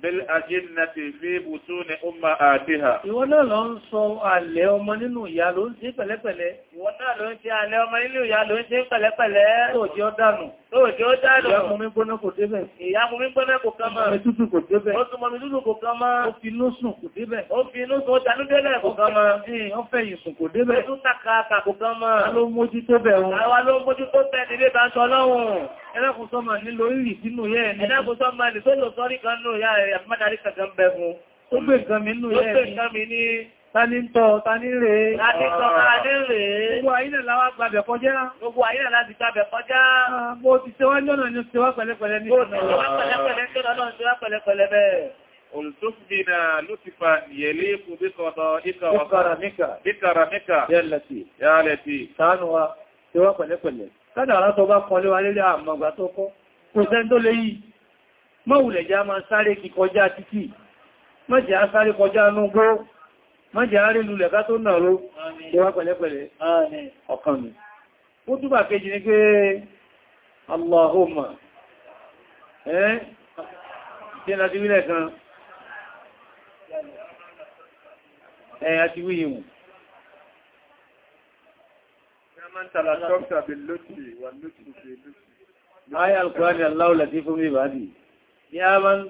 Bíl-ajínnàtì fi bùtú ni ó máa àdíhà. Ìwọ náà lọ ń sọ alẹ́ ọmọ nínú ìyá ló ń ṣe pẹ̀lẹ́pẹ̀lẹ́. Ìwọ náà ló ń ṣe alẹ́ ọmọ nínú ìyá ló ń ṣe pẹ̀lẹ́pẹ̀lẹ́. Lóòjí ó dànù. Lóòjí ó dànù. Ìyá mú mi gbóná kò débẹ̀. Ìyá mú mi gbóná kò kán mọ́. Ó tútù kò débẹ̀. Ó túnmọ́ mi tútù kò kán mọ́. Ó fi inú sùn kò débẹ̀. Ó fi inú sùn ó tanú délẹ̀ kò kán mọ́. Ó fẹ́ yìí sùn kò débẹ̀. Ó tún tàkà kò ẹlẹ́kùn tó máa nílò ìrì sínú yẹ́ ẹni ẹlẹ́kùn tó máa nílò tó sọ́rí kan nù yá rẹ̀ àbúmọ́darí kankan bẹ̀ fún ó gbé nǹkan mi nù yẹ́ ẹni tani ń tọ́ tani ń rèé láti tọ́ tani ń rèé gbogbo àyínà láwá gbàbẹ̀ kọjá gbogbo àyínà láti gbàbẹ̀ kọjá ah, mo ti ṣe wá jọ́nà ní ṣe wá pẹ̀lẹ́pẹ̀lẹ́ ní ṣe wá pẹ̀lẹ́pẹ̀lẹ́ bẹ́ẹ̀ olùsọ́fìnà lótìfà yẹ̀lé ikú bí kọ̀dọ̀ ìkàràmíkà yálẹ̀tì yálẹ̀tì ṣàánú wa kádàrá tó bá kọ léwa lélẹ́ àmàgbà tó kọ́ kò sẹ́ tó ma yìí mọ́wùlẹ̀ já máa sáré kí kọjá títì mọ́jẹ̀ á sáré kọjá núgbó mọ́jẹ̀ á rí lulẹ̀ ká tó nà ìwà pẹ̀lẹ́pẹ̀lẹ́ ọkàn mi ti man talaqta bil lutfi wal lutfu fi lutfi aya alquran allah latifun bi ibadi ya man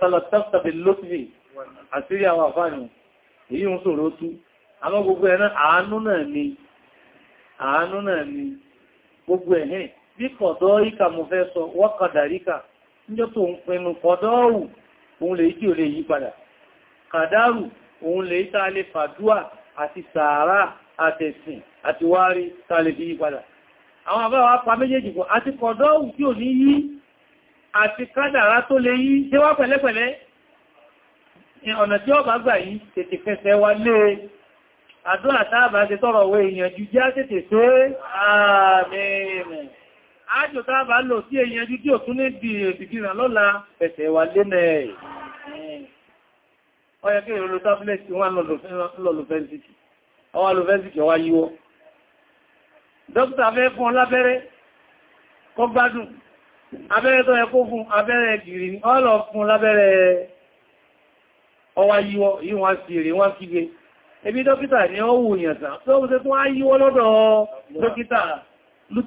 talaqta bil lutfi àṣírí àwọn àfáàní èyí ń sọ̀rọ̀ tú àmọ́ gbogbo ẹ̀nà àánú náà ni àánú náà ni gbogbo ẹ̀hẹ́ bí kọ̀dọ̀ ríkà mo fẹ́ sọ wọ́kàdà ríkà níjọ́ tó ń pinnu kọ̀dọ̀rù òun lè tí ò lè yí padà kàdárù òun lè tá lè fàdúà àti sàárà àtẹ̀sìn àti wárí tààlẹ̀ bí padà. Àwọn àbáwà pa méjèèjì kò àti kọ̀dọ́ tí ò ní yí àti kádàrá tó lè yí ṣe wá pẹ̀lẹ́pẹ̀lẹ́. Ọ̀nà tí ó bá gbà yí tètè fẹsẹ̀ wa lé e. àdúrà táàbà ti tọrọ owó ìyànjú já tètè tó àmín. Ájò táàbà lò sí ìyànjú tí ò tún ní di ìdìgìràn lọ́la fẹsẹ̀ wa lé nẹ̀. Ọyẹ́kẹ́ ìrọlù tábílẹ̀tì wọn lọ́lọ́fẹ́ ọwá ló fẹ́sìkì ọwá yíwọ́ dókítà fẹ́ fún ọ lábẹ́rẹ́ kó gbádùn abẹ́rẹ́ tó yẹ kó fún abẹ́rẹ́ gìrì ní ọlọ fún lábẹ́rẹ́ ọwá yíwọ́ yí wọ́n sì rí wọ́n kígbe ebi dókítà ni ó wù yàn sàn tó wù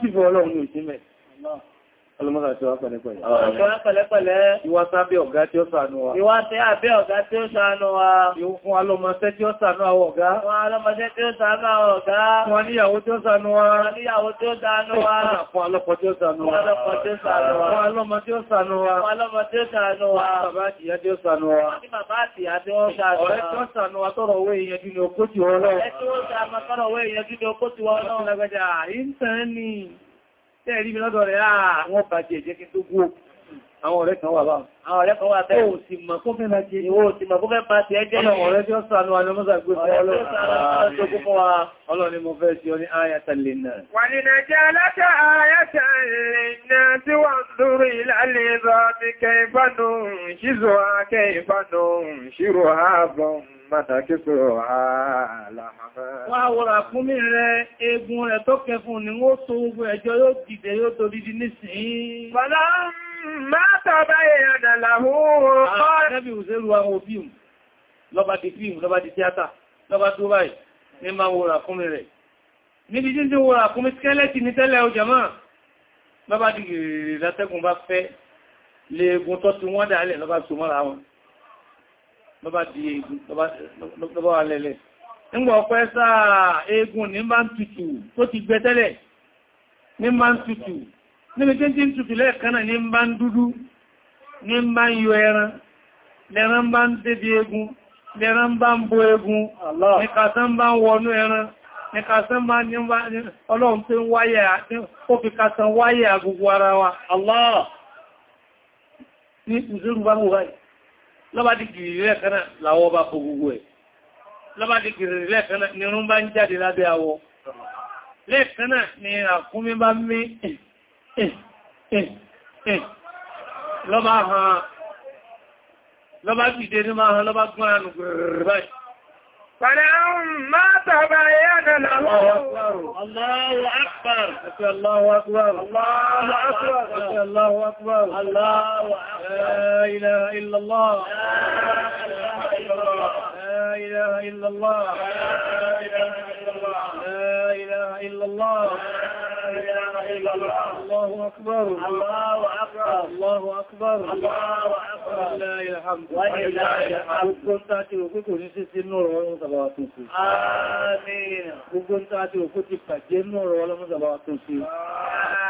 sí fún á Ọlọ́mọ́ta tí wá pẹ̀lẹ́pẹ̀lẹ́. Ọ̀rọ̀ pẹ̀lẹ́pẹ̀lẹ́. Ìwà sábẹ́ ọ̀gá tí ó ṣàánú wa. Ìwà tẹ́ àbẹ́ ọ̀gá tí ó ṣàánú wa. Ìwọ́n fún alọ́mọṣẹ́ tí ó ṣàánú àwọn ọ̀gá. Wọ́n alọ́mọṣẹ́ tí ó ṣàánú àwọn ọ̀gá. Wọ́n níyàwó tí ó ṣàánú wa. Wọ́n níyàwó tí ó ṣàánú wa. Wọ́n alọ́pọ̀ tí ó ṣàánú wa. Wọ́n alọ́pọ̀ tí ó ṣàánú wa. Wọ́n alọ́mọ tí ó ṣàánú wa. Wọ́n alọ́mọ tí ó ṣàánú wa. Wọ́n bàbá àtìyá tí ó ṣàánú wa. Wọ́n ní bàbá àtìyá tí ó ṣàánú wa. Ọ̀rẹ́ tí ó ṣàánú wa tọ́rọ owó ìyẹjú ni okó ti wọ́n lọ́wọ́. Ẹ tẹ́ẹ̀rí mi lọ́dọ̀ rẹ̀ àwọn ah, bàjẹ́ jẹ́ kí tó gbó àwọn ọ̀rẹ́ kan wà báwọn àwọn ọ̀rẹ́ kan wà tẹ́ ò sì mọ̀ kó fẹ́ jẹ́ ìwò sì mọ̀ kó fẹ́ pa ti ẹjẹ́ náà ọ̀rẹ́ tí ó sànú alọ́mọ́sà gbé pàtàkì sọ̀rọ̀ àlàmà. Wọ́n àwòrà fún mi rẹ egun rẹ̀ tó kẹfún ni wọ́n so ogun ẹjọ́ yóò dìde yóò tó dídí nísìnyí. Bàdá mẹ́ta báyẹ̀ àdàlà Bàbá di látẹ́gùn bá fẹ́ lè egun tó ti wọ́n dà lẹ̀ lọ́bá so mọ́ra wọn lọ́bá di egun lọ́bá wà lẹ́lẹ̀. Nígbà ọ̀pẹ́ sáà egun ní máa ń tutù tó ti gbẹ tẹ́lẹ̀ ní máa ń tutù. Níbi tí tí ń tutù lẹ́ẹ̀kan náà ní máa ń dúdú, ní máa ń yọ ẹran, lẹ́ran bá ń débi egun, lẹ́ran bá ń bo egun, nìkàtán bá ń wọnú ẹran, nìkàtán bá ní ọlọ́run tó ń wáyé, ó Allah! Ní ìzúrù bá lọ́bá lẹ́ẹ̀kaná làwọ́ bá kò gbogbo ẹ̀ lọ́bá lẹ́ẹ̀kaná ni rún bá ń jáde lábẹ́ awọ lẹ́ẹ̀kaná ni àkúnmí bá mí lọ́bá hàn lọ́bá dìde ní máa hàn lọ́bá gún فلما تبين له الله أكبر الله أكبر الله أكبر الله أكبر الله أكبر لا إله إلا الله لا إله إلا الله لا إله إلا الله الله أكبر الله أكبر الله أكبر الله أكبر Àmín. Gbogbo ń tàbí òkú ti pàjẹ́ náà rọ ọlọ́mọ́sàbáwà tó ṣe.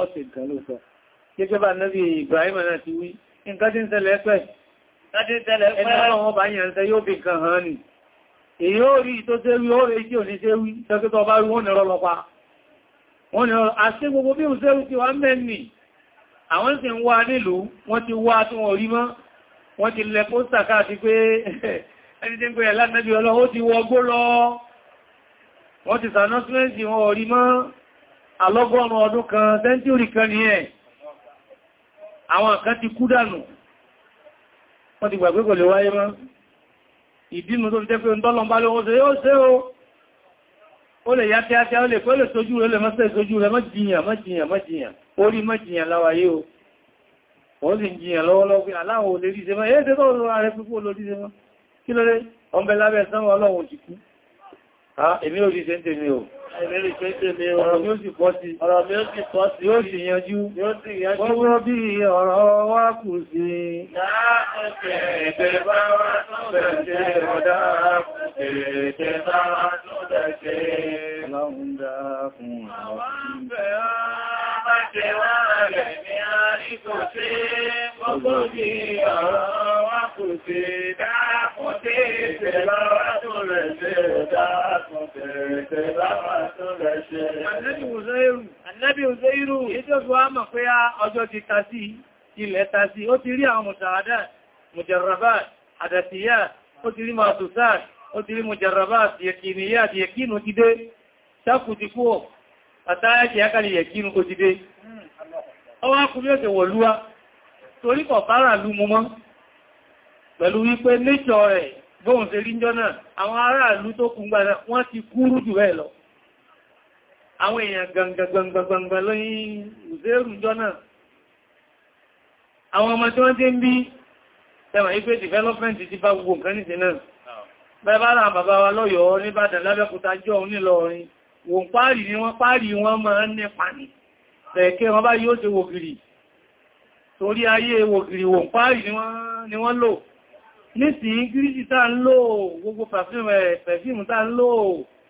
ọ́sì nǹkan ló sọ gẹ́gẹ́ bá nẹ́bí Ibrahim náà ti wí nǹkan tí ń tẹ́lẹ̀ pẹ́ ẹni ọlọ́run bá yẹn tẹ́ yóò bí nǹkan hàn ní èyí ó rí tó tẹ́ wí ó rẹ̀ tí ò ní tẹ́ wí tẹ́kítọ́ bá rí wọ́n nìrọ lọ pa wọ́n nìrọ àṣẹ gbogbo bí òun tẹ́rù ti wá mẹ́ni àwọn sì ń wá nílùú wọ́n mọ́ alọ́gọ́rùn ọdún kan sẹ́ntúrì kan ní ẹ̀ àwọn kan ti kú dànù wọ́n ti gbàgbé kò lè wáyé mọ́ ìdínú tó fi jẹ́ pé ń tọ́lọ bá lówó ṣe yóò ṣe o ó lè yá tíátíá ó lè pẹ́ lè sójú rẹ̀ mọ́sẹ̀ sójú rẹ̀ mọ́jìyàn mọ́jìyàn mọ́jìyàn orí mọ́jìyàn láwáyé o wọ́n sì ń jìyàn lọ́wọ́lọ́wọ́ pé aláwọ̀ olè rí se mọ́ èé tẹ́ tọ́rọ ààrẹ púpọ̀ olórí se mọ́ kí lọ́rẹ́ ọmọ ẹlábẹ̀ sánwọ́ ọlọ́wọ́ òsìkú Ẹ̀rẹ́rì pé tẹ́ ni ọ̀rọ̀ mi ó sì pọ́ sí, ọ̀rọ̀ mi ó sì pọ́ sí, yóò sì yanjú, ọ̀rọ̀ wá kù sí jẹ wá rẹ̀ ní àríkò sí, gbogbo ní ọ̀rọ̀ wá kò sí, dáàkùn sí ìṣẹ̀lá wá tó rẹ̀ ṣe, dáàkùn sí ìṣẹ̀lá wá tó rẹ̀ ṣe. Ànábì Uzairu, Ànábì Uzairu, ìjọ́sù á ọjọ́ ti ta sí, ilẹ̀ ta sí, ó ti rí àwọn mùsàádà, mùjẹ̀rọ̀bá, àdàtìyà, ó ti rí màtùsáà, ó ti rí mùjẹ̀rọ̀bá, yẹ̀kìnìyà, yẹ̀kínù ti dé, ṣákù ti kú ọ̀ àtàrẹ́kì akàlìyẹ̀ kírun kò ti dé ọwọ́ akùnrin òkè wọ̀lúwá torí kọ̀ fara lú mú mọ́ pẹ̀lú wípé níjọ rẹ̀ bóhùn sí ríjọ náà àwọn aráàlú tó kún gbà náà wọ́n ti kúrú jù ẹ̀ lọ àwọn èèyàn gangangangangan development ti bá gbogbo nǹkan nìsẹ̀ náà bẹ́ẹ̀ bá ràn bàbá wa lọ́yọ̀ọ́ wò ń páàrì ní wọ́n páàrì wọ́n máa ń nípa ní ẹ̀ẹ̀kẹ́ wọ́n bá yóò ṣe wògìrì torí ayé wògìrì wò ń páàrì ni wọ́n lò nísì gírísì tá ń lò gbogbo pẹ̀fíìmù eh, tá ń lò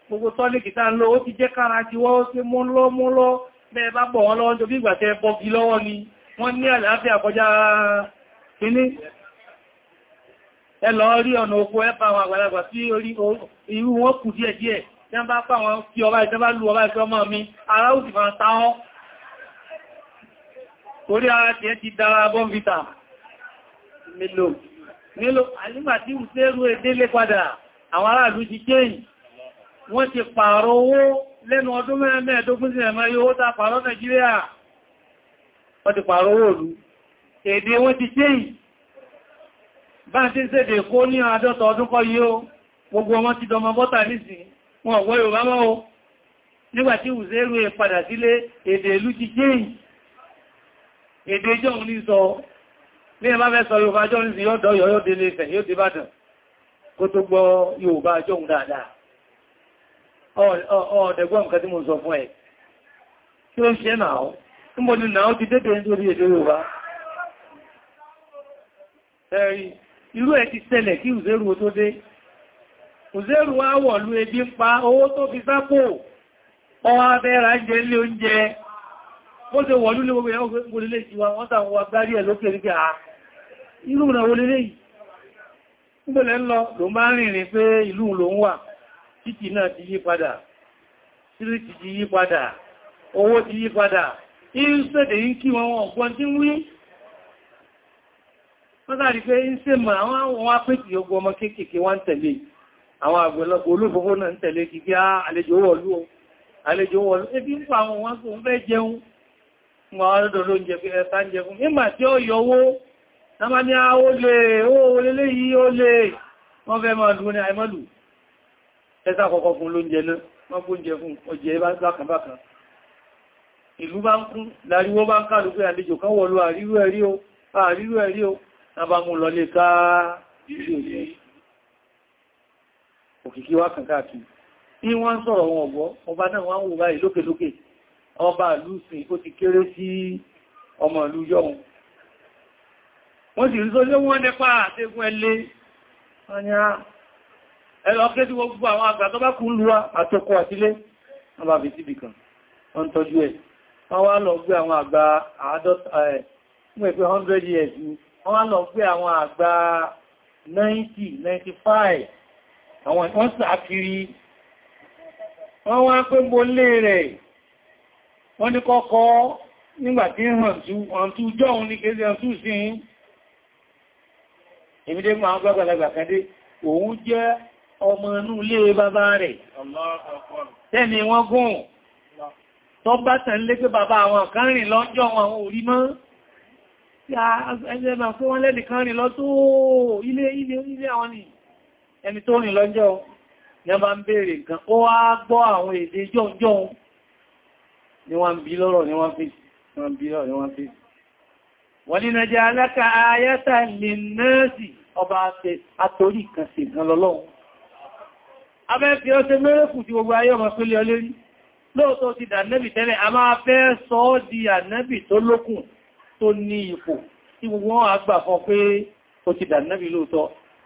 gbogbo tọ́níkì tá ń lò ó ti jẹ́ kára ti wọ́n ṣe múlọ́múlọ́ bẹ́ẹ̀ bá bọ̀ wọ́n lọ́wọ́ jọ bí ìgbà tẹ́ bọ́gi lọ́wọ́ ni wọ́n ní àlàáfíà kọjá kíní ẹ lọ rí ọ̀nà oko ẹ bá àwọn àgbàlagbà sí orí irú wọn kù díẹ̀díẹ̀ tí wọ́n bá pa wọn kí ọba ìtẹ́ bá lù ọba ìfẹ́ ọmọ mi ara ó sì máa ta wọ́n torí ara tí ẹ ti dára bọ́nvítà mélòó mélòó ànígbàtí ìsẹ́rù èdélé padà àwọn aráàlú ti kéyìn wọ́n ti pààrọ̀ owó lẹ́nu ọdún mẹ́ẹ̀ẹ́dógún sí ẹ̀mọ́ yóò tá pààrọ̀ Nàìjíríà wọ́n ti pààrọ̀ owó òlú èdè wọ́n ti kéyìn bá ń tí ń sẹ́dẹ̀ kó ní àádọ́ta ọdún gbogbo ọmọ ti dọmọ bọ́tà nísìnyí wọn ọ̀gbọ́ Yorùbá mọ́ o nígbàtí ìwùsẹ́rù ẹ padà sílé èdè ìlú ti jẹ́yìn èdè ìjọ́ òun ní sọ ní ẹmá fẹ́ sọ Yorùbá jọ́ ní yọ́dọ̀ yọ́yọ́ délé ìfẹ̀ yóò dé bàtàn kó tó gbọ́ Yorùbá jọ́ òun dáadáa ọ̀ọ̀dẹ̀gbọ́n nǹkan tí mo sọ fún ẹ̀ kí ó ń ṣe náà níbo ni náà ti dédé nítorí èdè Yorùbá ẹ̀rí irú ẹ̀ ti ṣẹlẹ̀ kí ìwùsẹ́rù òzèrù wá wọ̀lú ebi ń pa owó tó fi sápò ọwá abẹ́ra jẹ ilé oúnjẹ ó ṣe wọ̀lú ní gbogbo ilé ìwà wọ́n tàn wọ agbárí ẹ̀ lókè rí pé à ìrìnà wọlé lè yìí níbẹ̀lẹ̀ ń lọ ló máa rìnrìn pé ìlú ló ń wà títì náà ti yí padà síríkì ti yí padà owó ti yí padà ìrìnsẹ̀dẹ̀ ń kí wọn ọ̀gbọ́n tí ń wí wọ́n tàbí pé ń sèmọ̀ àwọn àwọn apẹ́tì ogun ọmọ kéékèèké wá ń tẹ̀lé àwọn àgbẹ̀lọpọ̀ olúfòfó náà ń tẹ̀lé kí á àlejò wọ̀lú àlejò wọ̀lú ebi ń pa àwọn wọn fún fẹ́ jẹun ma ọdọ́dọ̀ ló ń jẹ pé ẹta ń jẹ fún nígbà tí ó yọwó náà ní a ah, ó lè ó lélé yìí ó lè wọ́n fẹ́ máa lú ní àìmọ́lù ẹta kọ̀kọ́ fún ló ń jẹ náà wọ́n bó ń jẹ òkìkí wá kàn káàkiri bí wọ́n ń sọ̀rọ̀ wọn ọ̀gbọ́ ọba náà wọ́n ń wò báyìí lókèlókè ọba lúùsìn ó ti kéré sí ọmọ ìlú yọ́un wọ́n sì rí sọ lé wọ́n nípa àtẹ́gùn ẹlẹ́ ọ̀nyá ah, ẹlọ kẹ́ tí gbogbo àwọn àgbà tó bá kú ń lúwa àtọkọ àtílé 90 95 àwọn ìwọ́n sàkiri wọ́n wá pé gbólé rẹ̀ wọ́n ní kọ́kọ́ nígbàtí hàntú jọun ní kéèsì hàntú sí ìmìdé máa gbàgbàlagbà kẹ́dé òun jẹ́ ọmọ inú ilé bàbá rẹ̀ tẹ́ni wọ́n gùn tó bá tẹ̀ lé pé bàbá àwọn kan rìn lọ́jọ́ àwọn orí mọ́ ẹgbẹ́ bàbá wọ́n lẹ́nìkan rìn lọ ilé ilé àwọn nìyàn ẹni tó rìn lọ́jọ́ ni a máa ń bèèrè nǹkan ó wá gbọ́ àwọn èdè jọ́jọ́ ni wọ́n bí lọ́rọ̀ ni wọ́n fi wọ́n ní nàíjẹ́ aláka ayátà kan sí ìgbọ́n lọ́lọ́run abẹ́ fi ọ́ ṣe mẹ́rẹ́kù tí gbogbo ayé ọmọ pẹ́lẹ̀ ọlérí lóòtọ́ ti dànẹ́bì tẹ́lẹ̀ a máa fẹ́ sọ ọ́ di ànẹ́bì tó lókùn tó ní ipò tí gbogbo wọn àgbà fọ́ pé ó ti dànẹ́bì lóòtọ́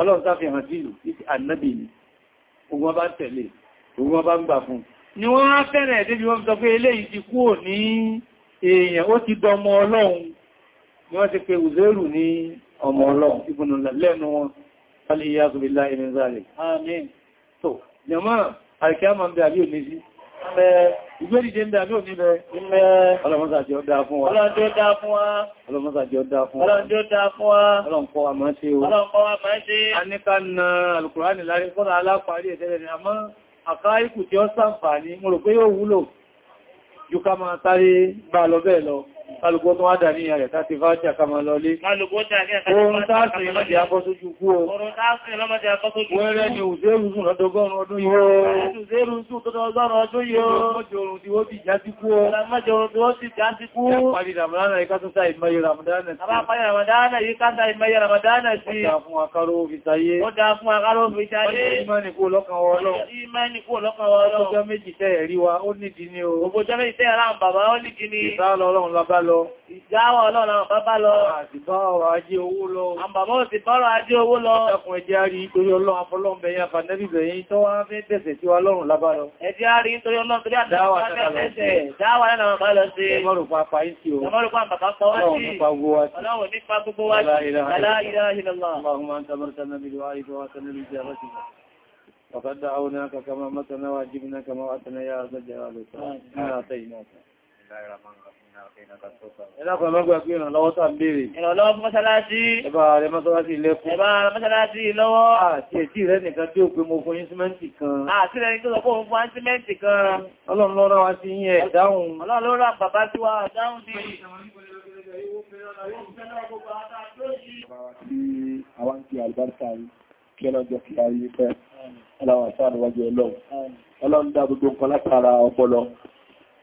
ọlọ́run sáfì hàn sí ìlú títí ànábì ni ogun ọba tẹ̀lé ogun ọba ń gbà fún ni wọ́n rán fẹ́rẹ̀ débi wọ́n sọ pé eléyìí ti kúrò ní èèyàn ó ti dọmọ ọlọ́run ni wọ́n ti pe Uzairu ní ọmọ ọlọ́run ìbùnú lẹ́nu wọn alìyàzùbìlá ìrìnzà rẹ̀ Ìgbéríde ń dá ní òní lẹ, ilẹ̀ ọlọ́mọ́sà jẹ́ ọdá fún wa. Ọlọ́run jẹ́ ọdá fún wa. Ọlọ́mọ́sà jẹ́ ọdá fún wa. Ọlọ́run jẹ́ ọdá fún wa. Ọlọ́run kọ́ wa máa ṣe o. Ọlọ́run kọ́ wa máa ṣe. A ní ká na Alùkùránì lárí fọ́nà aláparí ẹ̀tẹ́lẹ̀ ni, àmọ́ àkáríkù tí ó sàǹfà ní, mo rò pé yóò wúlò, yóò ká máa táré bá lọ bẹ́ẹ̀ lọ kálùkó tó wá dà ní ẹ̀rẹ̀ tàti fàájá kama lọlé oòrùn táàsì lọ́mọdé akọ́sójú kú o wẹ́rẹ́ ni òzèrùsùn lọ́dọ́gọ́rùn ọdún yóò òzèrùsùn tó dọ́gọ́rùn ọdún yóò mọ́jọ oòrùn tí ó ti já sí kú o mọ́jọ oòrùn tí ó ti já sí kú o pàdé ramadana yìí kásúnsá ìmọ̀yẹ ramadana sí àbápáyà ramadana yìí kásá ìmọ̀yẹ ramadana sí ó dá fún akáró fi sáyé ó dá fún akáró fi sáyé ìmọ́ni kú bá lọ. Ìjáwọ̀ ọlọ́run àwọn bàbá lọ. Àtìbọ́rọ̀ ajé owó lọ. Àbàbọ́ ti bọ́rọ̀ ajé owó lọ. Ẹkùn ẹjẹ́ àrí nítorí ọlọ́run afọlọ́m̀bẹ̀ yẹn fàdẹ́bìbẹ̀ yìí tó wá fẹ́ tẹ̀sẹ̀ tí wá lọ́rùn lábá lọ. Ẹjẹ́ àrí nítorí ọlọ́run tó dá dáwà وقد دعوناك كما متنا واجبنا كما وعدتنا يا عز وجل وعليك إنا أتيناك بسم الله الرحمن الرحيم Ẹlọ́pàá mọ́gbà pé ìrànlọ́wọ́ tàà béèrè. Ìrànlọ́wọ́ fún mọ́sálásí. Ẹbá rẹ mọ́sálásí lẹ́kùn. Ẹbá rẹ mọ́sálásí lọ́wọ́. Àti ẹ̀tí rẹ nìkan tí ó pé mo fún ínsímẹ́ntì kan. Àti rẹ nìkan tó fún ínsímẹ́ntì kan. Ọlọ́run ló rán wa sí yín ẹ̀ dáhùn. Ọlọ́run ló rán bàbá sí wa dáhùn ní. Àwọn tí àlùbáríkà yìí kí ọlọ́jọ́ kí ayé fẹ́. Ọlọ́run sáà níwájú ọlọ́run.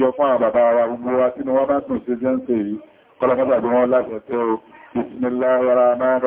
yọ fún àwọn bàbá wa gbogbo wa sínú wọ́n bá tún ṣe jẹ́ ń ṣe yìí kọlọ́kọ́ta bí wọ́n láti ọ̀tẹ́ o bismillahir rahmanir